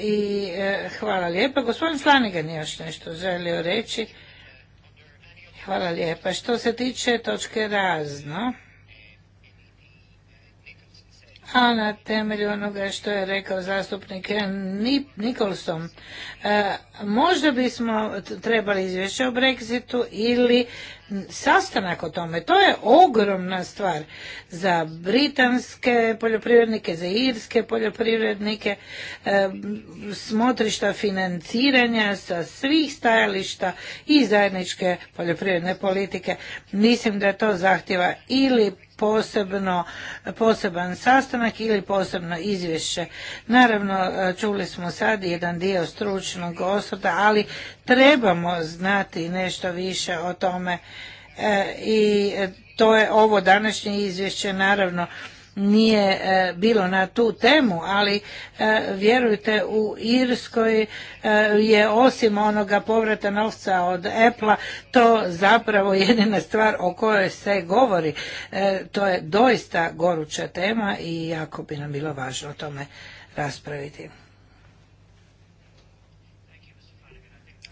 i hvala lijepa. Gospodin Slanigan je još nešto želio reći. Hvala lijepa. Što se tiče točke razno, a na temelju onoga što je rekao zastupnik Nikolson, e, možda bismo trebali izvješće o Brexitu ili sastanak o tome. To je ogromna stvar za britanske poljoprivrednike, za irske poljoprivrednike, e, smotrišta financiranja sa svih stajališta i zajedničke poljoprivredne politike. Mislim da to zahtjeva ili posebno, poseban sastanak ili posebno izvješće. Naravno, e, čuli smo sad jedan dio stručnog osvrta, ali trebamo znati nešto više o tome e, i to je ovo današnje izvješće naravno nije e, bilo na tu temu, ali e, vjerujte u Irskoj je osim onoga povrata novca od Epla to zapravo jedina stvar o kojoj se govori. To je doista goruća tema i jako bi nam bilo važno o tome raspraviti.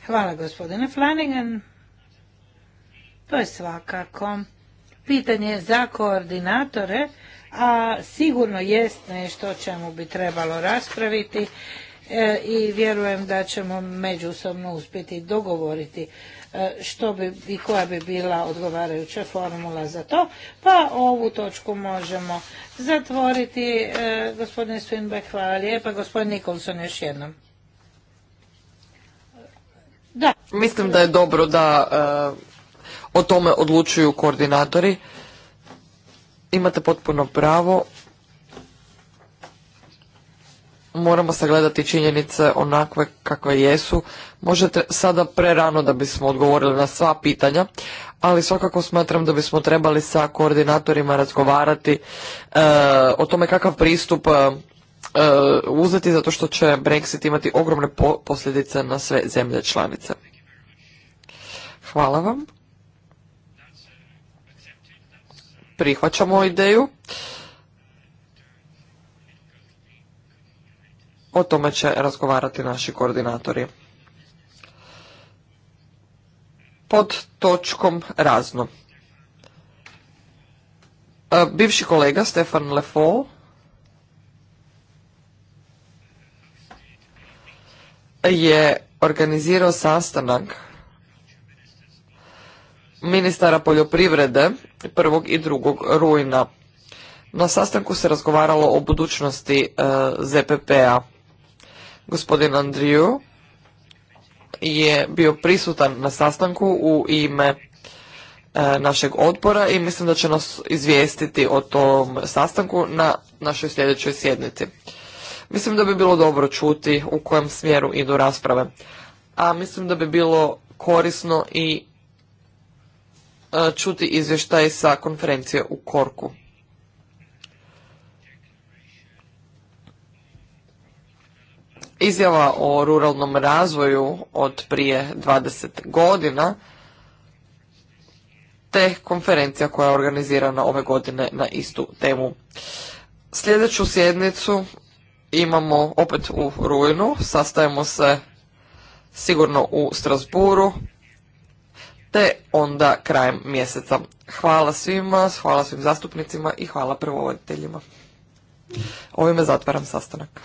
Hvala gospodine Flaningen. To je svakako pitanje za koordinatore, a sigurno jest nešto o čemu bi trebalo raspraviti e, i vjerujem da ćemo međusobno uspjeti dogovoriti e, što bi i koja bi bila odgovarajuća formula za to. Pa ovu točku možemo zatvoriti. E, gospodine Swinbeck, hvala lijepa. Gospodin Nikolson još jednom. Da. Mislim da je dobro da e, o tome odlučuju koordinatori. Imate potpuno pravo. Moramo sagledati činjenice onakve kakve jesu. Možete sada prerano da bismo odgovorili na sva pitanja, ali svakako smatram da bismo trebali sa koordinatorima razgovarati e, o tome kakav pristup e, E, uzeti zato što će Brexit imati ogromne posljedice na sve zemlje članice. Hvala vam. Prihvaćamo ideju. O tome će razgovarati naši koordinatori. Pod točkom razno. E, bivši kolega Stefan Lefol je organizirao sastanak ministara poljoprivrede 1. i 2. rujna. Na sastanku se razgovaralo o budućnosti e, ZPP-a. Gospodin Andriju je bio prisutan na sastanku u ime e, našeg odbora i mislim da će nas izvijestiti o tom sastanku na našoj sljedećoj sjednici. Mislim da bi bilo dobro čuti u kojem smjeru idu rasprave. A mislim da bi bilo korisno i e, čuti izvještaj sa konferencije u Korku. Izjava o ruralnom razvoju od prije 20 godina te konferencija koja je organizirana ove godine na istu temu. Sljedeću sjednicu imamo opet u rujnu, sastajemo se sigurno u Strasburu, te onda krajem mjeseca. Hvala svima, hvala svim zastupnicima i hvala prevoditeljima. Ovime zatvaram sastanak.